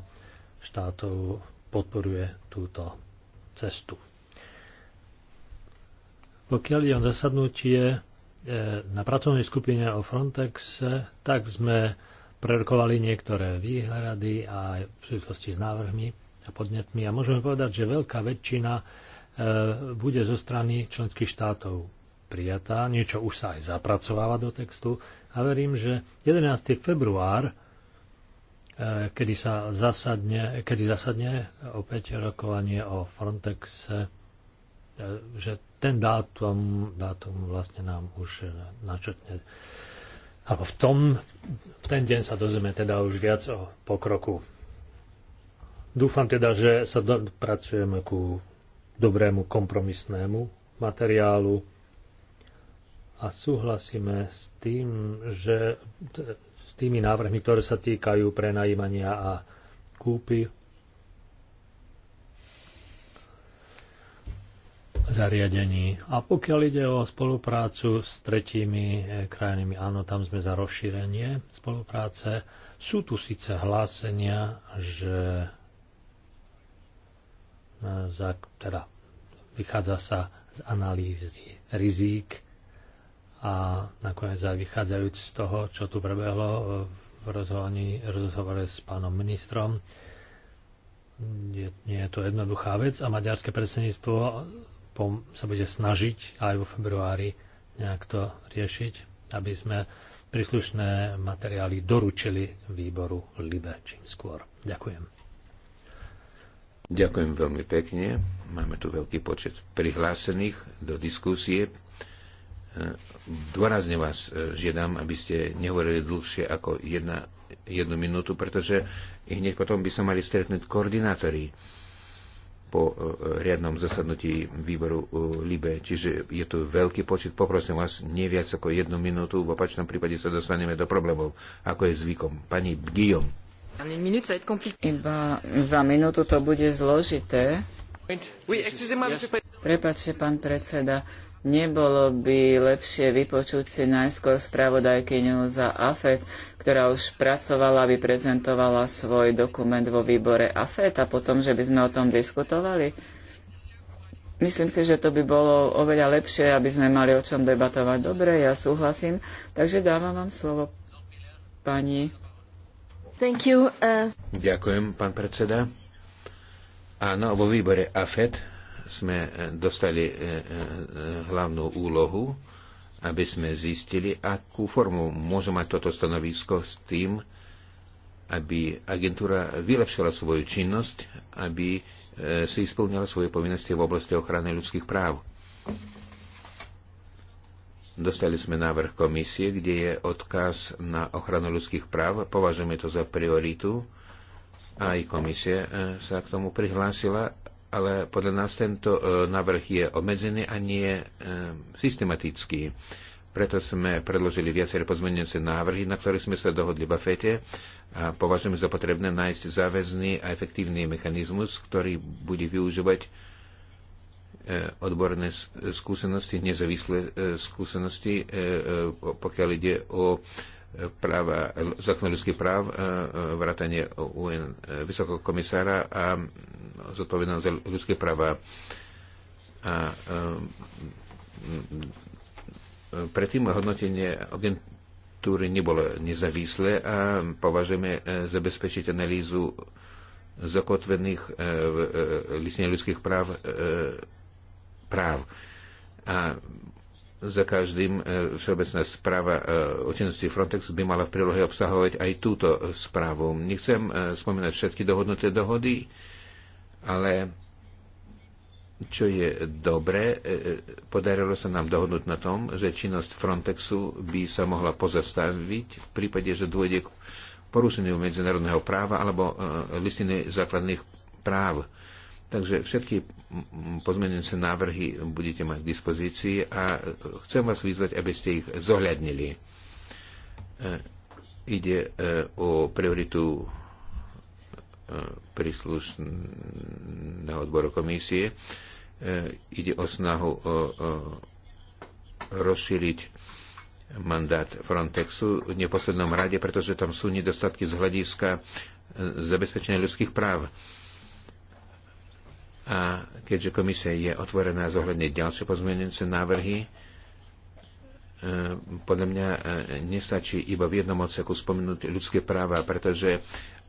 štátov podporuje túto cestu. Pokiaľ je o zasadnutie e, na pracovnej skupine o Frontexe, tak sme prerokovali niektoré výhrady a v súvislosti s návrhmi a podnetmi a môžeme povedať, že veľká väčšina e, bude zo strany členských štátov prijatá, niečo už sa aj zapracováva do textu a verím, že 11. február, e, kedy sa zasadne, kedy zasadne opäť rokovanie o Frontexe, že ten dátum, dátum vlastne nám už e, načotne Alebo v, tom, v ten deň sa dozvieme teda už viac o pokroku. Dúfam teda, že sa pracujeme ku dobrému kompromisnému materiálu a súhlasíme s tým, že s tými návrhmi, ktoré sa týkajú prenajímania a kúpy zariadení. A pokiaľ ide o spoluprácu s tretími e, krajinami, áno, tam sme za rozšírenie spolupráce. Sú tu síce hlásenia, že e, za, teda, vychádza sa z analýzy rizík a nakoniec aj vychádzajúc z toho, čo tu prebehlo e, v rozhovore s pánom ministrom, je, nie je to jednoduchá vec a maďarské predsedníctvo sa bude snažiť aj vo februári nejak to riešiť, aby sme príslušné materiály doručili výboru LIBE čím skôr. Ďakujem. Ďakujem veľmi pekne. Máme tu veľký počet prihlásených do diskusie. E, dôrazne vás e, žiadam, aby ste nehovorili dlhšie ako jedna, jednu minútu, pretože hneď potom by sa mali stretnúť koordinátori po e, riadnom zasadnutí výboru e, Libe. Čiže je tu veľký počet. Poprosím vás, nie viac ako jednu minútu. V opačnom prípade sa dostaneme do problémov, ako je zvykom. Pani Bgijom. Iba za minútu to bude zložité. Prepačte, pán predseda. Nebolo by lepšie vypočuť si najskôr spravodajkyňu za AFET, ktorá už pracovala, aby prezentovala svoj dokument vo výbore AFET a potom, že by sme o tom diskutovali? Myslím si, že to by bolo oveľa lepšie, aby sme mali o čom debatovať. Dobre, ja súhlasím. Takže dávam vám slovo pani. Thank you. Uh... Ďakujem, pán predseda. Áno, vo výbore AFET sme e, dostali e, e, hlavnú úlohu, aby sme zistili, akú formu môže mať toto stanovisko s tým, aby agentúra vylepšila svoju činnosť, aby si isplnila svoje povinnosti v oblasti ochrany ľudských práv. Dostali sme návrh komisie, kde je odkaz na ochranu ľudských práv. Považujeme to za prioritu. Aj komisie sa k tomu prihlásila ale podľa nás tento e, návrh je obmedzený a nie e, systematický. Preto sme predložili viaceré pozmeňujúce návrhy, na ktorých sme sa dohodli v Bafete a považujeme za potrebné nájsť záväzný a efektívny mechanizmus, ktorý bude využívať e, odborné skúsenosti, nezávislé skúsenosti, pokiaľ ide o práva, zákon ľudských práv, e, e, vrátanie UN e, vysokého komisára a no, zodpovednosť za ľudské práva. A predtým hodnotenie agentúry nebolo nezávislé a považujeme zabezpečiť analýzu zakotvených v listine ľudských práv práv. A za každým e, všeobecná správa e, o činnosti Frontex by mala v prílohe obsahovať aj túto správu. Nechcem e, spomínať všetky dohodnuté dohody, ale čo je dobré, podarilo sa nám dohodnúť na tom, že činnosť Frontexu by sa mohla pozastaviť v prípade, že dôjde k porušeniu medzinárodného práva alebo listiny základných práv. Takže všetky pozmenujúce návrhy budete mať k dispozícii a chcem vás vyzvať, aby ste ich zohľadnili. E, ide e, o prioritu e, príslušného odboru komisie. Ide o snahu rozšíriť mandát Frontexu v neposlednom rade, pretože tam sú nedostatky z hľadiska zabezpečenia ľudských práv. A keďže komisia je otvorená zohľadne ďalšie pozmeňujúce návrhy, e, podľa mňa e, nestačí iba v jednom odseku spomenúť ľudské práva, pretože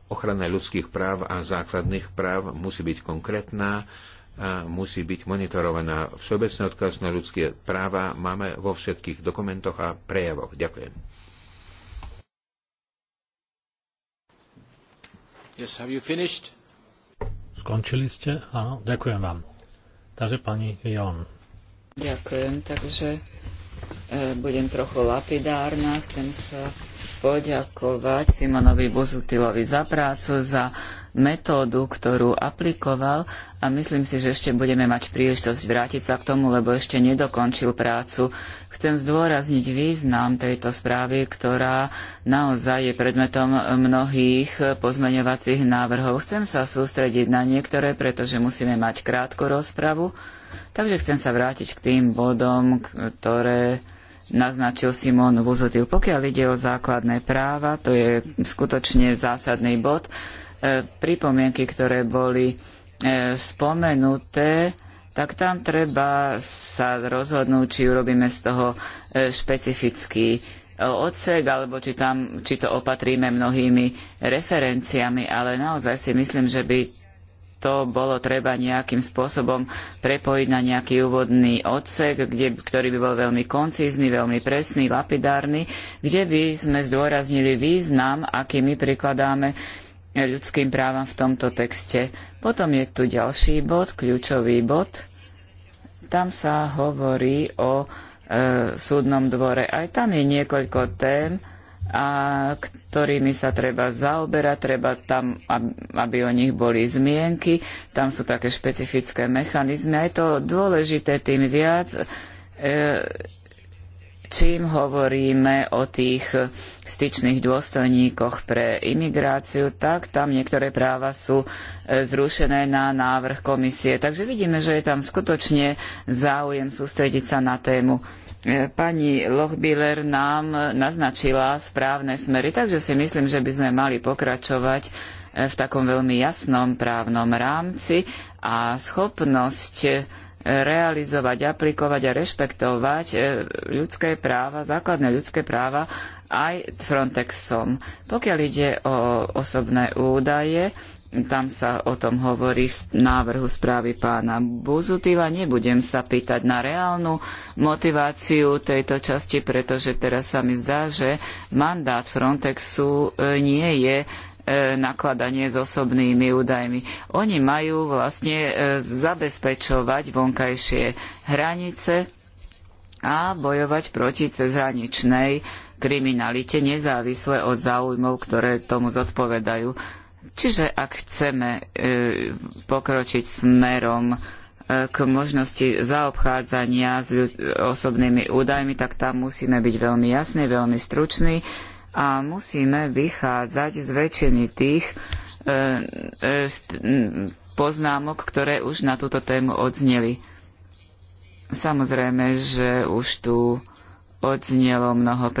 ochrana ľudských práv a základných práv musí byť konkrétna a musí byť monitorovaná. Všeobecný odkaz na ľudské práva máme vo všetkých dokumentoch a prejavoch. Ďakujem. Yes, have you finished? Skončili ste? Áno, ďakujem vám. Takže pani Jon. Ďakujem, takže e, budem trochu lapidárna. Chcem sa poďakovať Simonovi Buzutilovi za prácu, za metódu, ktorú aplikoval a myslím si, že ešte budeme mať príležitosť vrátiť sa k tomu, lebo ešte nedokončil prácu. Chcem zdôrazniť význam tejto správy, ktorá naozaj je predmetom mnohých pozmeňovacích návrhov. Chcem sa sústrediť na niektoré, pretože musíme mať krátku rozpravu, takže chcem sa vrátiť k tým bodom, ktoré naznačil Simon Vuzotil. Pokiaľ ide o základné práva, to je skutočne zásadný bod. E, pripomienky, ktoré boli e, spomenuté, tak tam treba sa rozhodnúť, či urobíme z toho e, špecifický odsek, alebo či, tam, či to opatríme mnohými referenciami, ale naozaj si myslím, že by to bolo treba nejakým spôsobom prepojiť na nejaký úvodný odsek, kde, ktorý by bol veľmi koncízny, veľmi presný, lapidárny, kde by sme zdôraznili význam, aký my prikladáme ľudským právam v tomto texte. Potom je tu ďalší bod, kľúčový bod. Tam sa hovorí o e, súdnom dvore. Aj tam je niekoľko tém, a ktorými sa treba zaoberať, treba tam, aby o nich boli zmienky. Tam sú také špecifické mechanizmy. A je to dôležité tým viac, e, čím hovoríme o tých styčných dôstojníkoch pre imigráciu, tak tam niektoré práva sú e, zrušené na návrh komisie. Takže vidíme, že je tam skutočne záujem sústrediť sa na tému. E, pani Lochbiller nám naznačila správne smery, takže si myslím, že by sme mali pokračovať e, v takom veľmi jasnom právnom rámci a schopnosť realizovať, aplikovať a rešpektovať e, ľudské práva, základné ľudské práva aj Frontexom. Pokiaľ ide o osobné údaje, tam sa o tom hovorí v návrhu správy pána Buzutila, Nebudem sa pýtať na reálnu motiváciu tejto časti, pretože teraz sa mi zdá, že mandát Frontexu e, nie je E, nakladanie s osobnými údajmi. Oni majú vlastne e, zabezpečovať vonkajšie hranice a bojovať proti cezhraničnej kriminalite nezávisle od záujmov, ktoré tomu zodpovedajú. Čiže ak chceme e, pokročiť smerom k možnosti zaobchádzania s osobnými údajmi, tak tam musíme byť veľmi jasní, veľmi struční a musíme vychádzať z väčšiny tých e, e, poznámok, ktoré už na túto tému odzneli. Samozrejme, že už tu odznelo mnoho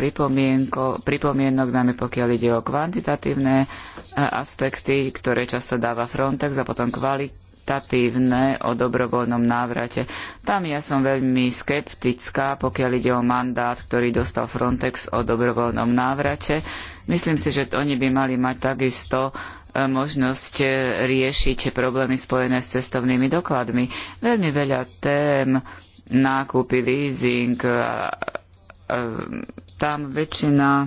pripomienok, najmä pokiaľ ide o kvantitatívne e, aspekty, ktoré často dáva Frontex a potom kvali, charitatívne o dobrovoľnom návrate. Tam ja som veľmi skeptická, pokiaľ ide o mandát, ktorý dostal Frontex o dobrovoľnom návrate. Myslím si, že oni by mali mať takisto e, možnosť e, riešiť problémy spojené s cestovnými dokladmi. Veľmi veľa tém, nákupy, leasing, tam väčšina e,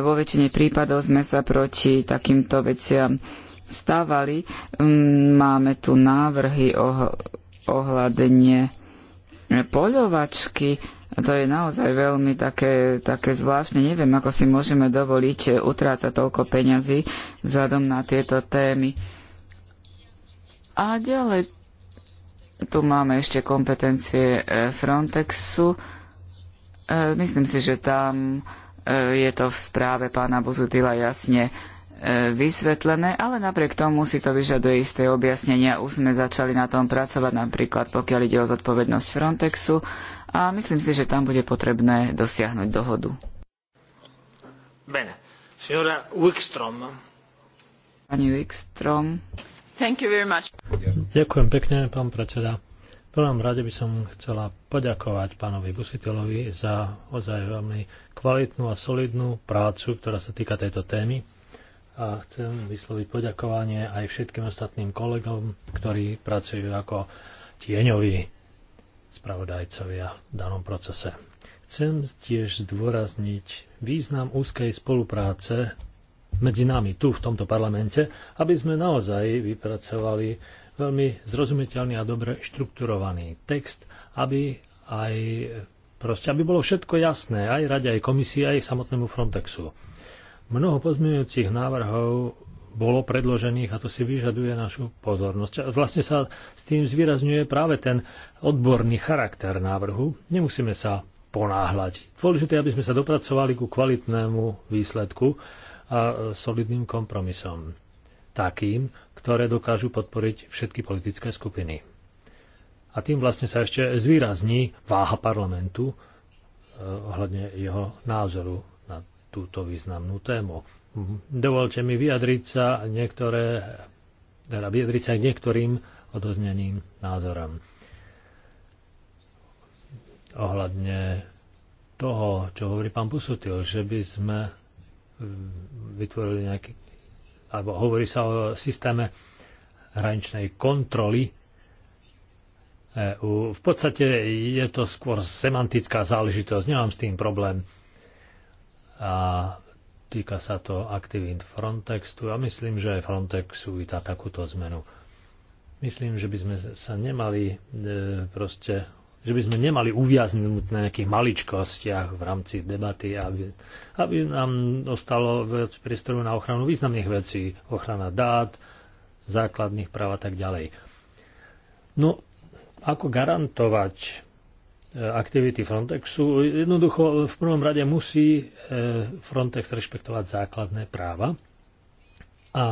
vo väčšine prípadov sme sa proti takýmto veciam stávali. Mm, máme tu návrhy o ohľadne poľovačky. To je naozaj veľmi také, také zvláštne. Neviem, ako si môžeme dovoliť eh, utrácať toľko peňazí vzhľadom na tieto témy. A ďalej tu máme ešte kompetencie eh, Frontexu. Eh, myslím si, že tam je to v správe pána Buzutila jasne vysvetlené, ale napriek tomu si to vyžaduje isté objasnenia. Už sme začali na tom pracovať, napríklad pokiaľ ide o zodpovednosť Frontexu a myslím si, že tam bude potrebné dosiahnuť dohodu. Bene. Signora Wickstrom. Pani Wickstrom. Thank you very much. Ďakujem pekne, pán predseda. V prvom rade by som chcela poďakovať pánovi Busitelovi za ozaj veľmi kvalitnú a solidnú prácu, ktorá sa týka tejto témy a chcem vysloviť poďakovanie aj všetkým ostatným kolegom, ktorí pracujú ako tieňoví spravodajcovia v danom procese. Chcem tiež zdôrazniť význam úzkej spolupráce medzi nami tu v tomto parlamente, aby sme naozaj vypracovali veľmi zrozumiteľný a dobre štrukturovaný text, aby aj proste, aby bolo všetko jasné aj rade, aj komisii, aj samotnému Frontexu. Mnoho pozmeňujúcich návrhov bolo predložených a to si vyžaduje našu pozornosť. A vlastne sa s tým zvýrazňuje práve ten odborný charakter návrhu. Nemusíme sa ponáhľať. Dôležité, aby sme sa dopracovali ku kvalitnému výsledku a solidným kompromisom. Takým, ktoré dokážu podporiť všetky politické skupiny. A tým vlastne sa ešte zvýrazní váha parlamentu eh, ohľadne jeho názoru túto významnú tému. Dovolte mi vyjadriť sa niektoré, teda vyjadriť sa aj niektorým odozneným názorom ohľadne toho, čo hovorí pán Pusutil, že by sme mm, vytvorili nejaký, alebo hovorí sa o systéme hraničnej kontroly EU. V podstate je to skôr semantická záležitosť, nemám s tým problém a týka sa to aktivít Frontextu a myslím, že aj Frontex uvíta takúto zmenu. Myslím, že by sme sa nemali e, proste že by sme nemali uviaznúť na nejakých maličkostiach v rámci debaty, aby, aby nám ostalo viac priestoru na ochranu významných vecí, ochrana dát, základných práv a tak ďalej. No, ako garantovať E, aktivity Frontexu. Jednoducho v prvom rade musí e, Frontex rešpektovať základné práva. A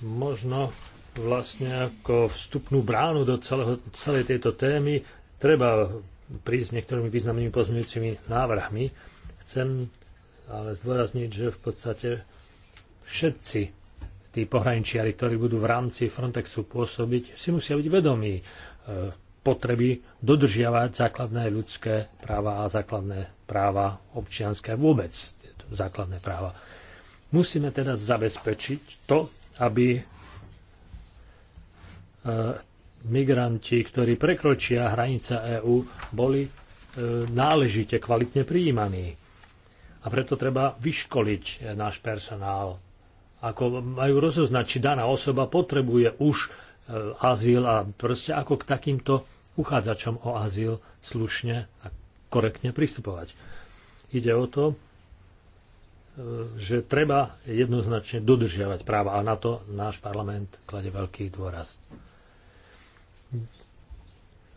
možno vlastne ako vstupnú bránu do celého, celej tejto témy treba prísť s niektorými významnými pozmeňujúcimi návrhmi. Chcem ale zdôrazniť, že v podstate všetci tí pohraničiari, ktorí budú v rámci Frontexu pôsobiť, si musia byť vedomí e, potreby dodržiavať základné ľudské práva a základné práva občianské vôbec tieto základné práva. Musíme teda zabezpečiť to, aby e, migranti, ktorí prekročia hranice EÚ, boli e, náležite kvalitne prijímaní. A preto treba vyškoliť náš personál ako majú rozoznať, či daná osoba potrebuje už e, azyl a proste ako k takýmto uchádzačom o azyl slušne a korektne pristupovať. Ide o to, e, že treba jednoznačne dodržiavať práva a na to náš parlament klade veľký dôraz.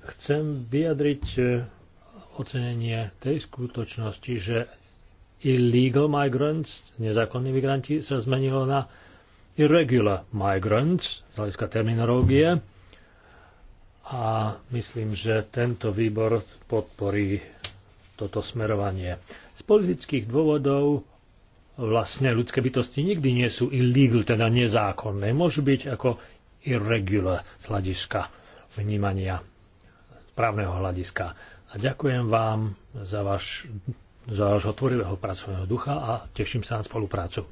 Chcem vyjadriť e, ocenenie tej skutočnosti, že illegal migrants, nezákonní migranti, sa zmenilo na irregular migrants z hľadiska terminológie. A myslím, že tento výbor podporí toto smerovanie. Z politických dôvodov vlastne ľudské bytosti nikdy nie sú illegal, teda nezákonné. Môžu byť ako irregular z hľadiska vnímania, právneho hľadiska. A ďakujem vám za váš za vášho tvorivého pracovného ducha a teším sa na spoluprácu.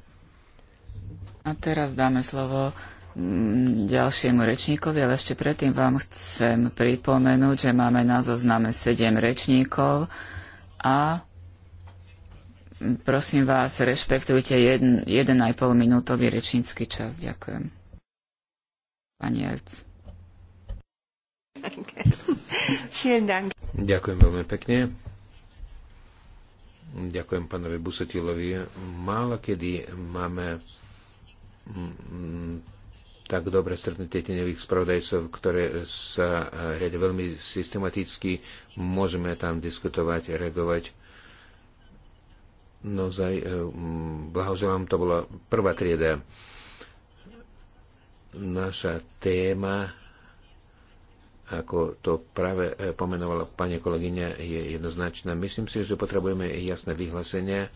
A teraz dáme slovo mm, ďalšiemu rečníkovi, ale ešte predtým vám chcem pripomenúť, že máme na zozname 7 rečníkov a prosím vás, rešpektujte 1,5 minútový rečnícky čas. Ďakujem. Pani Erc. Ďakujem veľmi pekne. Ďakujem pánovi Busetilovi. Málo kedy máme mm, tak dobre stretnutie tieňových spravodajcov, ktoré sa riade veľmi systematicky. Môžeme tam diskutovať, reagovať. No zaj, e, mm, blahoželám, to bola prvá trieda. Naša téma ako to práve e, pomenovala pani kolegyňa, je jednoznačné. Myslím si, že potrebujeme jasné vyhlásenie e,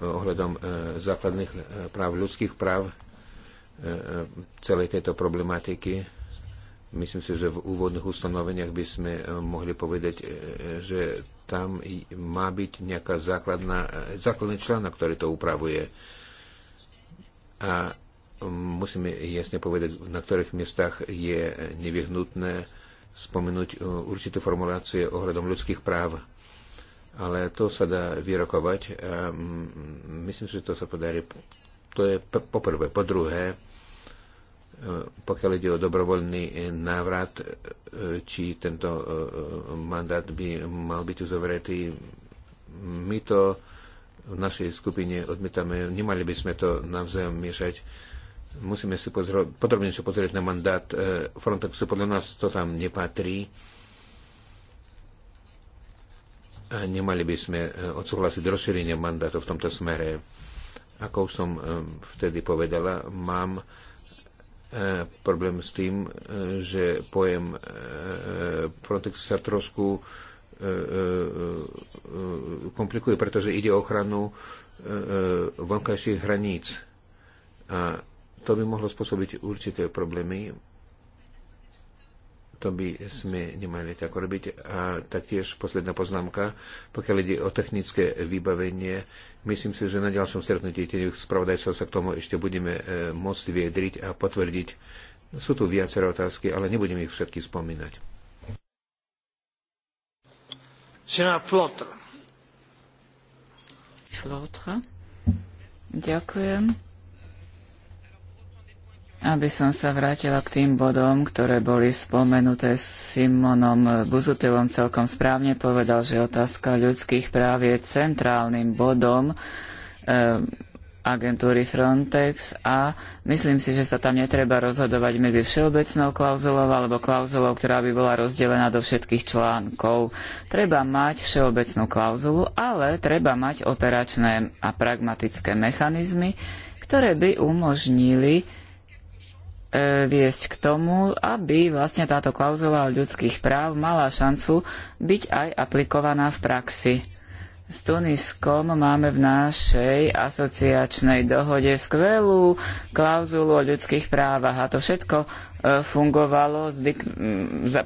ohľadom e, základných práv, ľudských práv celej tejto problematiky. Myslím si, že v úvodných ustanoveniach by sme mohli povedať, že tam má byť nejaká základná, základný článok, ktorý to upravuje. A musíme jasne povedať, na ktorých miestach je nevyhnutné spomenúť e, určité formulácie ohľadom ľudských práv. Ale to sa dá vyrokovať a mm, myslím, že to sa podarí. To je poprvé. Po druhé, e, pokiaľ ide o dobrovoľný návrat, e, či tento mandát by mal byť uzavretý, my to v našej skupine odmietame. Nemali by sme to navzájom miešať Musíme si pozrieť, podrobnejšie pozrieť na mandát e, Frontexu. Podľa nás to tam nepatrí. A nemali by sme e, odsúhlasiť rozšírenie mandátu v tomto smere. Ako už som e, vtedy povedala, mám problém s tým, že pojem Frontex sa trošku komplikuje, pretože ide o ochranu vonkajších hraníc. A to by mohlo spôsobiť určité problémy. To by sme nemali tak robiť. A taktiež posledná poznámka, pokiaľ ide o technické vybavenie, myslím si, že na ďalšom stretnutí tých spravodajcov sa k tomu ešte budeme e, môcť viedriť a potvrdiť. Sú tu viaceré otázky, ale nebudem ich všetky spomínať. Senát Flotra. Flotra. Ďakujem aby som sa vrátila k tým bodom, ktoré boli spomenuté Simonom Buzutilom celkom správne povedal, že otázka ľudských práv je centrálnym bodom e, agentúry Frontex a myslím si, že sa tam netreba rozhodovať medzi všeobecnou klauzulou alebo klauzulou, ktorá by bola rozdelená do všetkých článkov. Treba mať všeobecnú klauzulu, ale treba mať operačné a pragmatické mechanizmy, ktoré by umožnili E, viesť k tomu, aby vlastne táto klauzula ľudských práv mala šancu byť aj aplikovaná v praxi. S Tuniskom máme v našej asociačnej dohode skvelú klauzulu o ľudských právach a to všetko fungovalo dik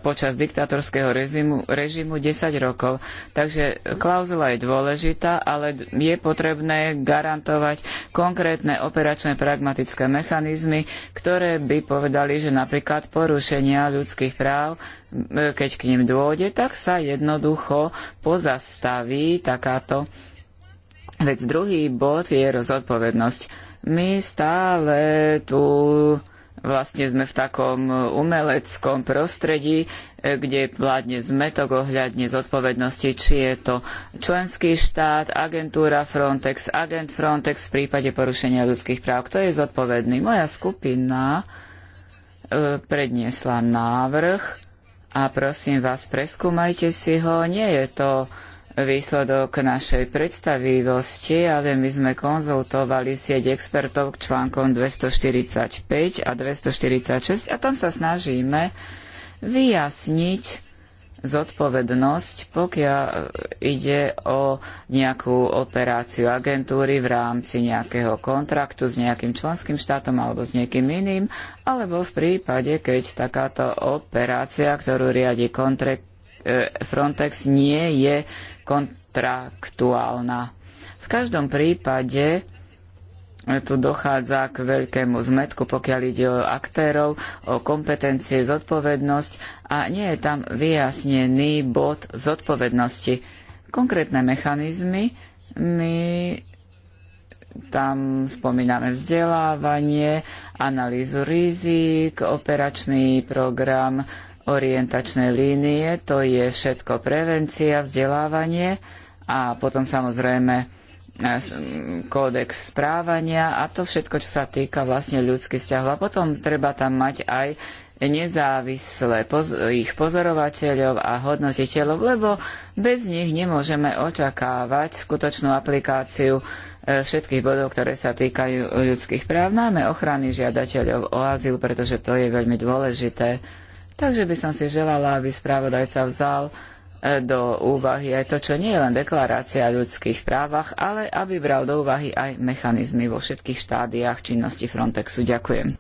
počas diktátorského režimu, režimu 10 rokov. Takže klauzula je dôležitá, ale je potrebné garantovať konkrétne operačné pragmatické mechanizmy, ktoré by povedali, že napríklad porušenia ľudských práv, e, keď k ním dôjde, tak sa jednoducho pozastaví takáto vec. Druhý bod je zodpovednosť. My stále tu vlastne sme v takom umeleckom prostredí, e, kde vládne zmetok ohľadne zodpovednosti, či je to členský štát, agentúra Frontex, agent Frontex v prípade porušenia ľudských práv. Kto je zodpovedný? Moja skupina e, predniesla návrh a prosím vás, preskúmajte si ho. Nie je to výsledok našej predstavivosti, ale my sme konzultovali sieť expertov k článkom 245 a 246 a tam sa snažíme vyjasniť zodpovednosť, pokiaľ ide o nejakú operáciu agentúry v rámci nejakého kontraktu s nejakým členským štátom alebo s niekým iným, alebo v prípade, keď takáto operácia, ktorú riadi kontrakt, e, Frontex nie je kontraktuálna. V každom prípade tu dochádza k veľkému zmetku, pokiaľ ide o aktérov, o kompetencie, zodpovednosť a nie je tam vyjasnený bod zodpovednosti. Konkrétne mechanizmy my tam spomíname vzdelávanie, analýzu rizik, operačný program, orientačné línie, to je všetko prevencia, vzdelávanie a potom samozrejme e, kódex správania a to všetko, čo sa týka vlastne ľudských vzťahov. A potom treba tam mať aj nezávislé poz ich pozorovateľov a hodnotiteľov, lebo bez nich nemôžeme očakávať skutočnú aplikáciu e, všetkých bodov, ktoré sa týkajú ľudských práv. Máme ochrany žiadateľov o azyl, pretože to je veľmi dôležité Takže by som si želala, aby spravodajca vzal e, do úvahy aj to, čo nie je len deklarácia o ľudských právach, ale aby bral do úvahy aj mechanizmy vo všetkých štádiách činnosti Frontexu. Ďakujem.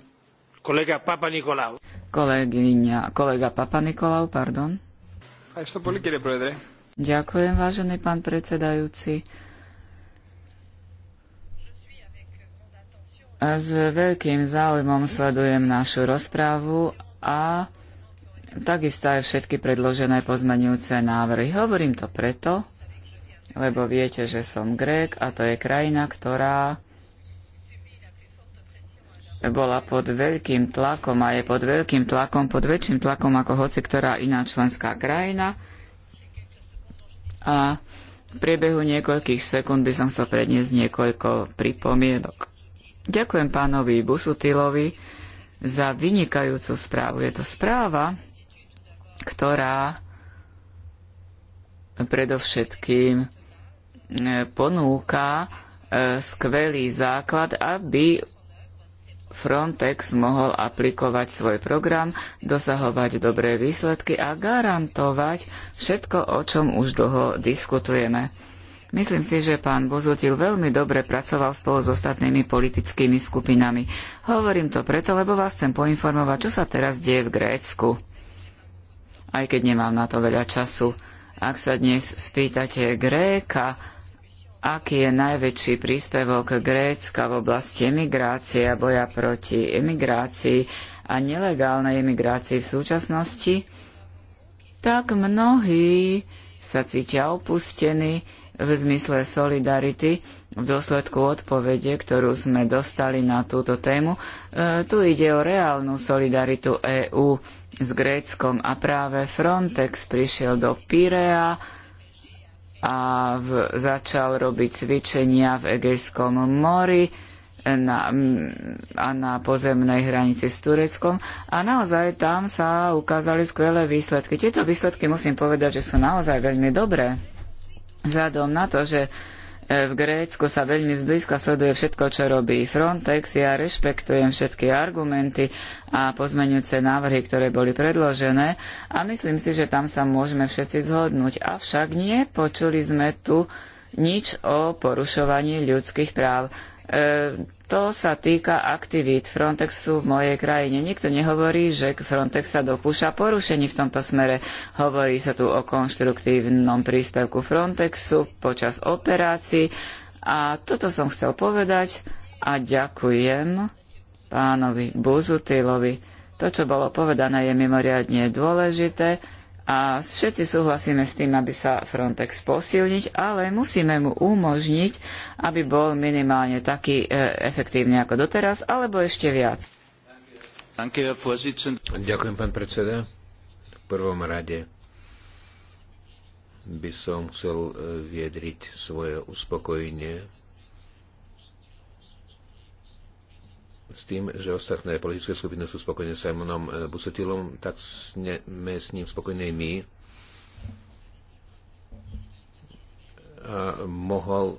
Kolega Papa Nikolau. Kolegyňa, kolega Papa Nikolau, pardon. Ďakujem, vážený pán predsedajúci. S veľkým záujmom sledujem našu rozprávu a takisto aj všetky predložené pozmenujúce návrhy. Hovorím to preto, lebo viete, že som Grék a to je krajina, ktorá bola pod veľkým tlakom a je pod veľkým tlakom, pod väčším tlakom ako hoci ktorá iná členská krajina. A v priebehu niekoľkých sekúnd by som chcel predniesť niekoľko pripomienok. Ďakujem pánovi Busutilovi za vynikajúcu správu. Je to správa, ktorá predovšetkým e, ponúka e, skvelý základ, aby Frontex mohol aplikovať svoj program, dosahovať dobré výsledky a garantovať všetko, o čom už dlho diskutujeme. Myslím si, že pán Bozutil veľmi dobre pracoval spolu s ostatnými politickými skupinami. Hovorím to preto, lebo vás chcem poinformovať, čo sa teraz deje v Grécku aj keď nemám na to veľa času. Ak sa dnes spýtate Gréka, aký je najväčší príspevok Grécka v oblasti emigrácie a boja proti emigrácii a nelegálnej emigrácii v súčasnosti, tak mnohí sa cítia opustení v zmysle solidarity v dôsledku odpovede, ktorú sme dostali na túto tému. E, tu ide o reálnu solidaritu EÚ s Gréckom a práve Frontex prišiel do Pirea a v, začal robiť cvičenia v Egejskom mori na, a na pozemnej hranici s Tureckom a naozaj tam sa ukázali skvelé výsledky. Tieto výsledky musím povedať, že sú naozaj veľmi dobré. Vzhľadom na to, že v Grécku sa veľmi zblízka sleduje všetko, čo robí Frontex. Ja rešpektujem všetky argumenty a pozmenujúce návrhy, ktoré boli predložené a myslím si, že tam sa môžeme všetci zhodnúť. Avšak nepočuli sme tu nič o porušovaní ľudských práv. E, to sa týka aktivít Frontexu v mojej krajine. Nikto nehovorí, že Frontex sa dopúša porušení v tomto smere. Hovorí sa tu o konštruktívnom príspevku Frontexu počas operácií. A toto som chcel povedať a ďakujem pánovi Buzutilovi. To, čo bolo povedané, je mimoriadne dôležité a všetci súhlasíme s tým, aby sa Frontex posilniť, ale musíme mu umožniť, aby bol minimálne taký e, efektívny ako doteraz, alebo ešte viac. Ďakujem, pán predseda. V prvom rade by som chcel e, vyjadriť svoje uspokojenie s tým, že ostatné politické skupiny sú spokojné s Simonom eh, Busetilom, tak sme s ním spokojní my. A mohol eh, eh,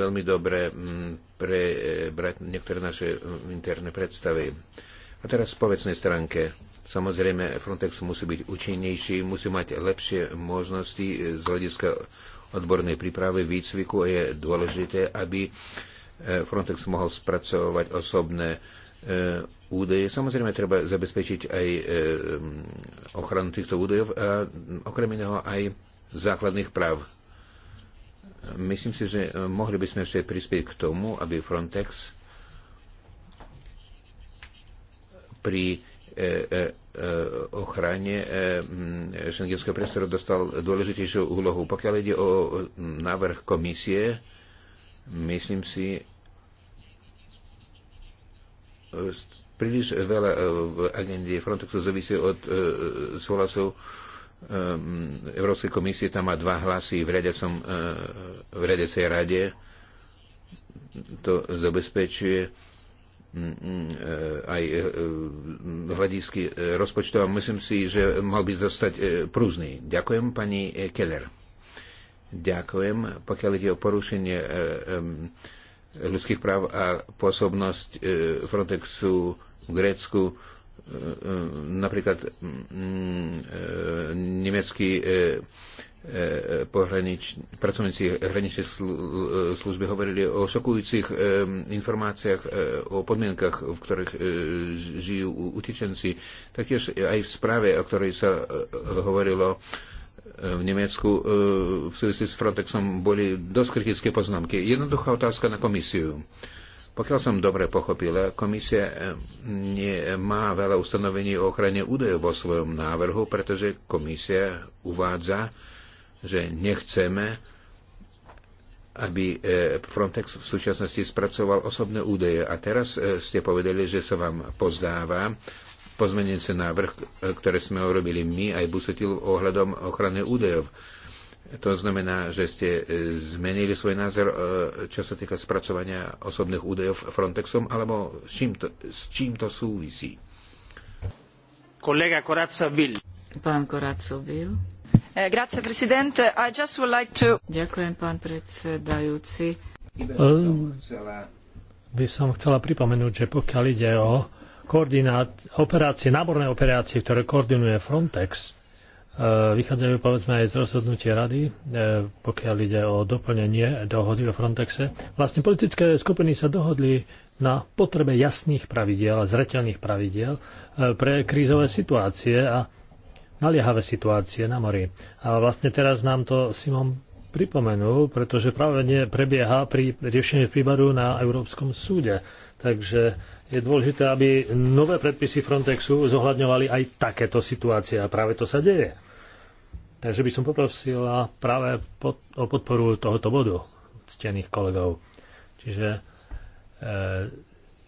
veľmi dobre mm, prebrať niektoré naše mm, interné predstavy. A teraz po vecnej stránke. Samozrejme, Frontex musí byť účinnejší, musí mať lepšie možnosti z hľadiska odbornej prípravy, výcviku a je dôležité, aby uh, Eh, Frontex mohol spracovať osobné eh, údaje. Samozrejme, treba zabezpečiť aj eh, ochranu týchto údajov a okrem iného aj základných práv. Myslím si, že mohli by sme ešte prispieť k tomu, aby Frontex pri ochrane šengenského priestoru dostal dôležitejšiu úlohu. Pokiaľ ide o návrh komisie, Myslím si, príliš veľa e, v agende Frontexu závisí od súhlasov e, e, Európskej komisie. Tam má dva hlasy v, riadiacom, v riadiacej rade. To zabezpečuje aj hľadisky rozpočtov a myslím si, že mal by zostať prúzný. Ďakujem pani Keller. Ďakujem. Pokiaľ ide o porušenie e, e, ľudských práv a pôsobnosť e, Frontexu v Grécku, napríklad mm, nemeckí pracovníci hraničnej služby hovorili o šokujúcich informáciách o podmienkach, v ktorých žijú utečenci. Taktiež aj v správe, o ktorej sa hovorilo, v Nemecku e, v súvislosti s Frontexom boli dosť kritické poznámky. Jednoduchá otázka na komisiu. Pokiaľ som dobre pochopila, komisia e, má veľa ustanovení o ochrane údajov vo svojom návrhu, pretože komisia uvádza, že nechceme, aby e, Frontex v súčasnosti spracoval osobné údaje. A teraz ste povedali, že sa vám pozdáva, pozmenujúce návrh, ktoré sme urobili my aj Busetil ohľadom ochrany údajov. To znamená, že ste e, zmenili svoj názor, e, čo sa týka spracovania osobných údajov Frontexom, alebo s čím to, s čím to súvisí? Kolega Koraca Bill. Pán Koraco Bill. E, grazie, presidente. I just would like to... Ďakujem, pán predsedajúci. Ehm, by som chcela pripomenúť, že pokiaľ ide o operácie, náborné operácie, ktoré koordinuje Frontex, e, vychádzajú povedzme aj z rozhodnutia rady, e, pokiaľ ide o doplnenie dohody o Frontexe. Vlastne politické skupiny sa dohodli na potrebe jasných pravidiel a zreteľných pravidiel e, pre krízové situácie a naliehavé situácie na mori. A vlastne teraz nám to Simon pripomenul, pretože práve prebieha pri riešení prípadu na Európskom súde. Takže je dôležité, aby nové predpisy Frontexu zohľadňovali aj takéto situácie a práve to sa deje. Takže by som poprosila práve pod, o podporu tohoto bodu ctených kolegov. Čiže e,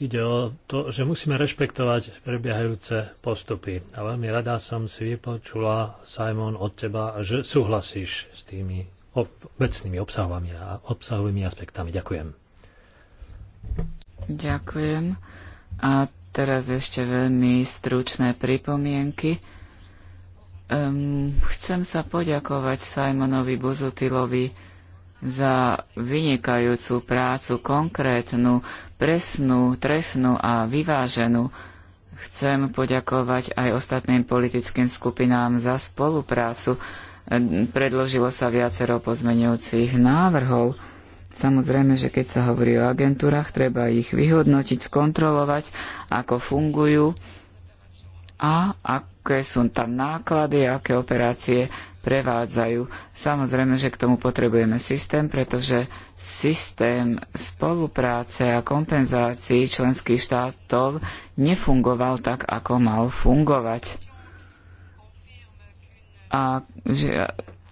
ide o to, že musíme rešpektovať prebiehajúce postupy. A veľmi rada som si vypočula, Simon, od teba, že súhlasíš s tými vecnými obsahovými a obsahovými aspektami. Ďakujem. Ďakujem. A teraz ešte veľmi stručné pripomienky. Um, chcem sa poďakovať Simonovi Buzutilovi za vynikajúcu prácu, konkrétnu, presnú, trefnú a vyváženú. Chcem poďakovať aj ostatným politickým skupinám za spoluprácu. Predložilo sa viacero pozmeňujúcich návrhov. Samozrejme, že keď sa hovorí o agentúrach, treba ich vyhodnotiť, skontrolovať, ako fungujú a aké sú tam náklady, aké operácie prevádzajú. Samozrejme, že k tomu potrebujeme systém, pretože systém spolupráce a kompenzácií členských štátov nefungoval tak, ako mal fungovať. A že,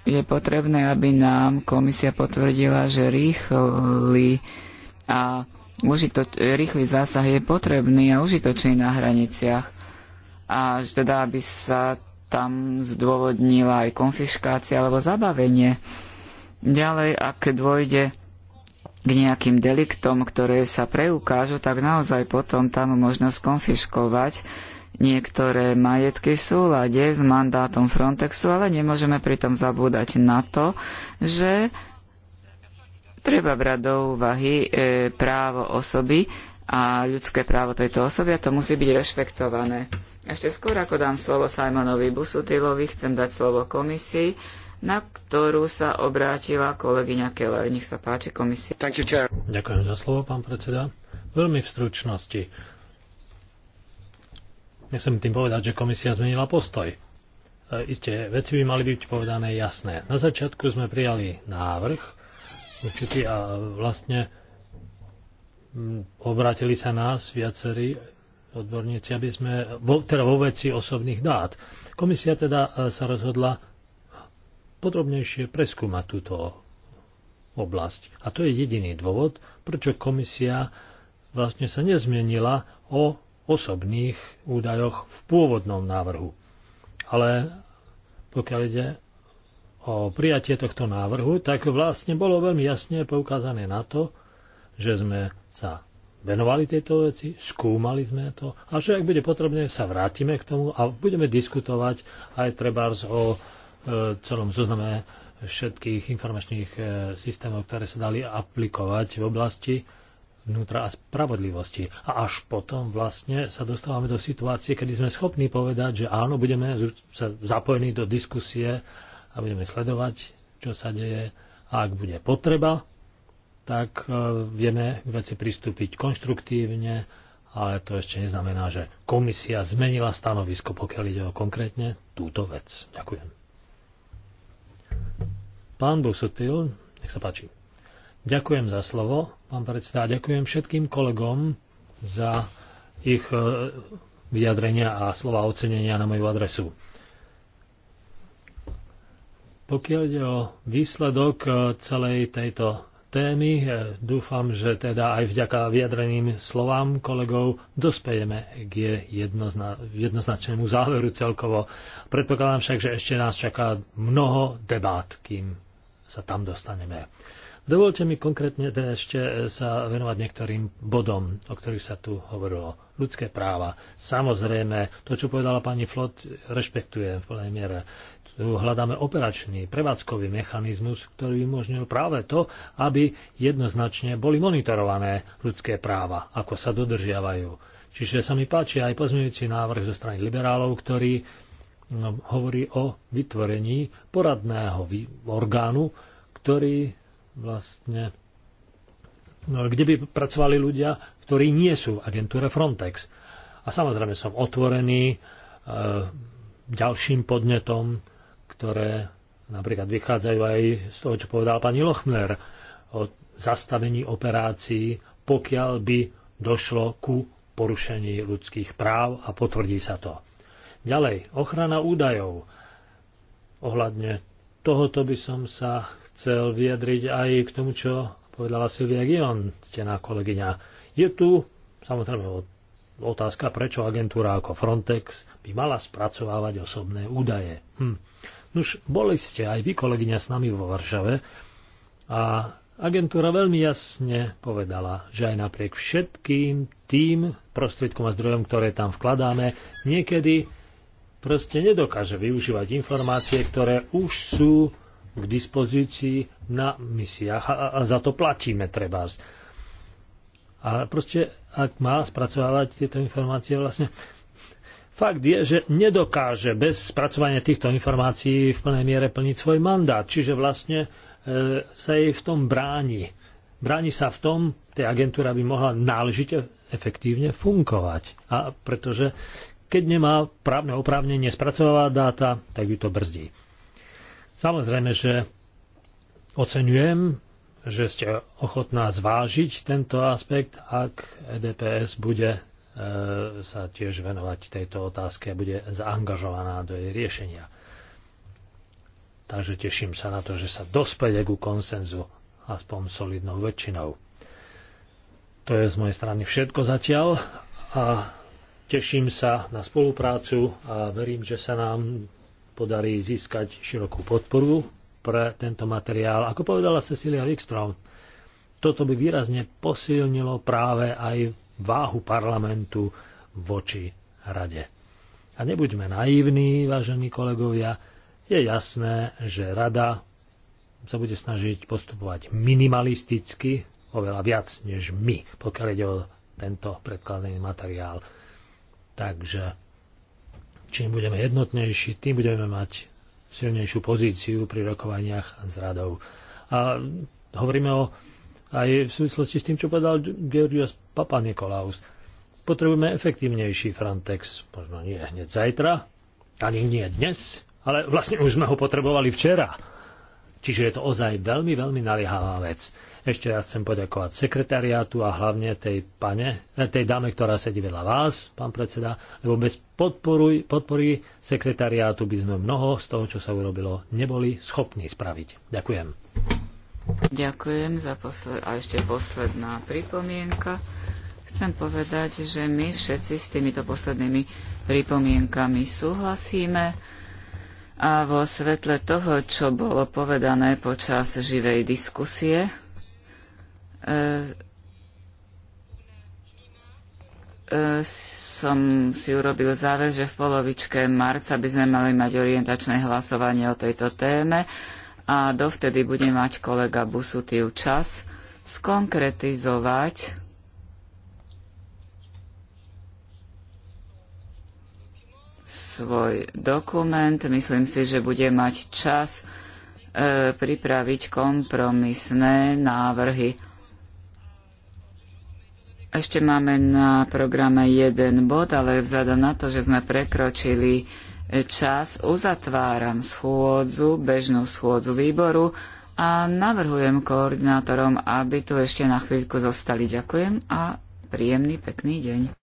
je potrebné, aby nám komisia potvrdila, že rýchly a užito, rýchly zásah je potrebný a užitočný na hraniciach. A teda, aby sa tam zdôvodnila aj konfiškácia alebo zabavenie. Ďalej, ak dôjde k nejakým deliktom, ktoré sa preukážu, tak naozaj potom tam možno skonfiškovať niektoré majetky sú lade s mandátom Frontexu, ale nemôžeme pritom zabúdať na to, že treba brať do úvahy e, právo osoby a ľudské právo tejto osoby a to musí byť rešpektované. Ešte skôr, ako dám slovo Simonovi Busutilovi, chcem dať slovo komisii, na ktorú sa obrátila kolegyňa Keller. Nech sa páči komisii. Ďakujem za slovo, pán predseda. Veľmi v stručnosti. Nechcem tým povedať, že komisia zmenila postoj. E, Isté, veci by mali byť povedané jasné. Na začiatku sme prijali návrh určitý a vlastne obrátili sa nás viacerí odborníci, aby sme, teda vo veci osobných dát. Komisia teda e, sa rozhodla podrobnejšie preskúmať túto oblasť. A to je jediný dôvod, prečo komisia vlastne sa nezmenila o osobných údajoch v pôvodnom návrhu. Ale pokiaľ ide o prijatie tohto návrhu, tak vlastne bolo veľmi jasne poukázané na to, že sme sa venovali tejto veci, skúmali sme to a že ak bude potrebné, sa vrátime k tomu a budeme diskutovať aj trebárs o e, celom zozname všetkých informačných e, systémov, ktoré sa dali aplikovať v oblasti vnútra a spravodlivosti. A až potom vlastne sa dostávame do situácie, kedy sme schopní povedať, že áno, budeme sa zapojení do diskusie a budeme sledovať, čo sa deje. A ak bude potreba, tak e, vieme k veci pristúpiť konštruktívne, ale to ešte neznamená, že komisia zmenila stanovisko, pokiaľ ide o konkrétne túto vec. Ďakujem. Pán Busutil, nech sa páči. Ďakujem za slovo, pán predseda. Ďakujem všetkým kolegom za ich e, vyjadrenia a slova ocenenia na moju adresu. Pokiaľ ide o výsledok e, celej tejto témy, e, dúfam, že teda aj vďaka vyjadreným slovám kolegov dospejeme k jednozna- jednoznačnému záveru celkovo. Predpokladám však, že ešte nás čaká mnoho debát, kým sa tam dostaneme. Dovolte mi konkrétne teda ešte e, sa venovať niektorým bodom, o ktorých sa tu hovorilo. Ľudské práva. Samozrejme, to, čo povedala pani Flot, rešpektuje v plnej miere. Tu hľadáme operačný, prevádzkový mechanizmus, ktorý umožnil práve to, aby jednoznačne boli monitorované ľudské práva, ako sa dodržiavajú. Čiže sa mi páči aj pozmeňujúci návrh zo strany liberálov, ktorý no, hovorí o vytvorení poradného orgánu, ktorý vlastne, no, kde by pracovali ľudia, ktorí nie sú v agentúre Frontex. A samozrejme som otvorený e, ďalším podnetom, ktoré napríklad vychádzajú aj z toho, čo povedal pani Lochmer, o zastavení operácií, pokiaľ by došlo ku porušení ľudských práv a potvrdí sa to. Ďalej, ochrana údajov. Ohľadne tohoto by som sa chcel vyjadriť aj k tomu, čo povedala Silvia Gion, stená kolegyňa. Je tu samozrejme otázka, prečo agentúra ako Frontex by mala spracovávať osobné údaje. Hm. Nuž, boli ste aj vy, kolegyňa, s nami vo Varšave a agentúra veľmi jasne povedala, že aj napriek všetkým tým prostriedkom a zdrojom, ktoré tam vkladáme, niekedy proste nedokáže využívať informácie, ktoré už sú k dispozícii na misiách a, a za to platíme treba. A proste, ak má spracovávať tieto informácie, vlastne fakt je, že nedokáže bez spracovania týchto informácií v plnej miere plniť svoj mandát. Čiže vlastne e, sa jej v tom bráni. Bráni sa v tom, tej agentúra by mohla náležite efektívne fungovať. A pretože keď nemá právne oprávnenie spracovávať dáta, tak ju to brzdí. Samozrejme, že oceňujem, že ste ochotná zvážiť tento aspekt, ak EDPS bude e, sa tiež venovať tejto otázke a bude zaangažovaná do jej riešenia. Takže teším sa na to, že sa dospede ku konsenzu aspoň solidnou väčšinou. To je z mojej strany všetko zatiaľ a teším sa na spoluprácu a verím, že sa nám podarí získať širokú podporu pre tento materiál. Ako povedala Cecilia Wikström, toto by výrazne posilnilo práve aj váhu parlamentu voči rade. A nebuďme naivní, vážení kolegovia, je jasné, že rada sa bude snažiť postupovať minimalisticky, oveľa viac než my, pokiaľ ide o tento predkladný materiál. Takže Čím budeme jednotnejší, tým budeme mať silnejšiu pozíciu pri rokovaniach s radou. A hovoríme o, aj v súvislosti s tým, čo povedal Georgios Papa Nikolaus. Potrebujeme efektívnejší Frontex, možno nie hneď zajtra, ani nie dnes, ale vlastne už sme ho potrebovali včera. Čiže je to ozaj veľmi, veľmi naliehavá vec. Ešte raz chcem poďakovať sekretariátu a hlavne tej, pane, eh, tej dáme, ktorá sedí vedľa vás, pán predseda, lebo bez podporuj, podpory sekretariátu by sme mnoho z toho, čo sa urobilo, neboli schopní spraviť. Ďakujem. Ďakujem za posled... a ešte posledná pripomienka. Chcem povedať, že my všetci s týmito poslednými pripomienkami súhlasíme. A vo svetle toho, čo bolo povedané počas živej diskusie, E, e, som si urobil záver, že v polovičke marca by sme mali mať orientačné hlasovanie o tejto téme a dovtedy bude mať kolega Busutil čas skonkretizovať svoj dokument. Myslím si, že bude mať čas e, pripraviť kompromisné návrhy ešte máme na programe jeden bod, ale vzhľadom na to, že sme prekročili čas, uzatváram schôdzu, bežnú schôdzu výboru a navrhujem koordinátorom, aby tu ešte na chvíľku zostali. Ďakujem a príjemný, pekný deň.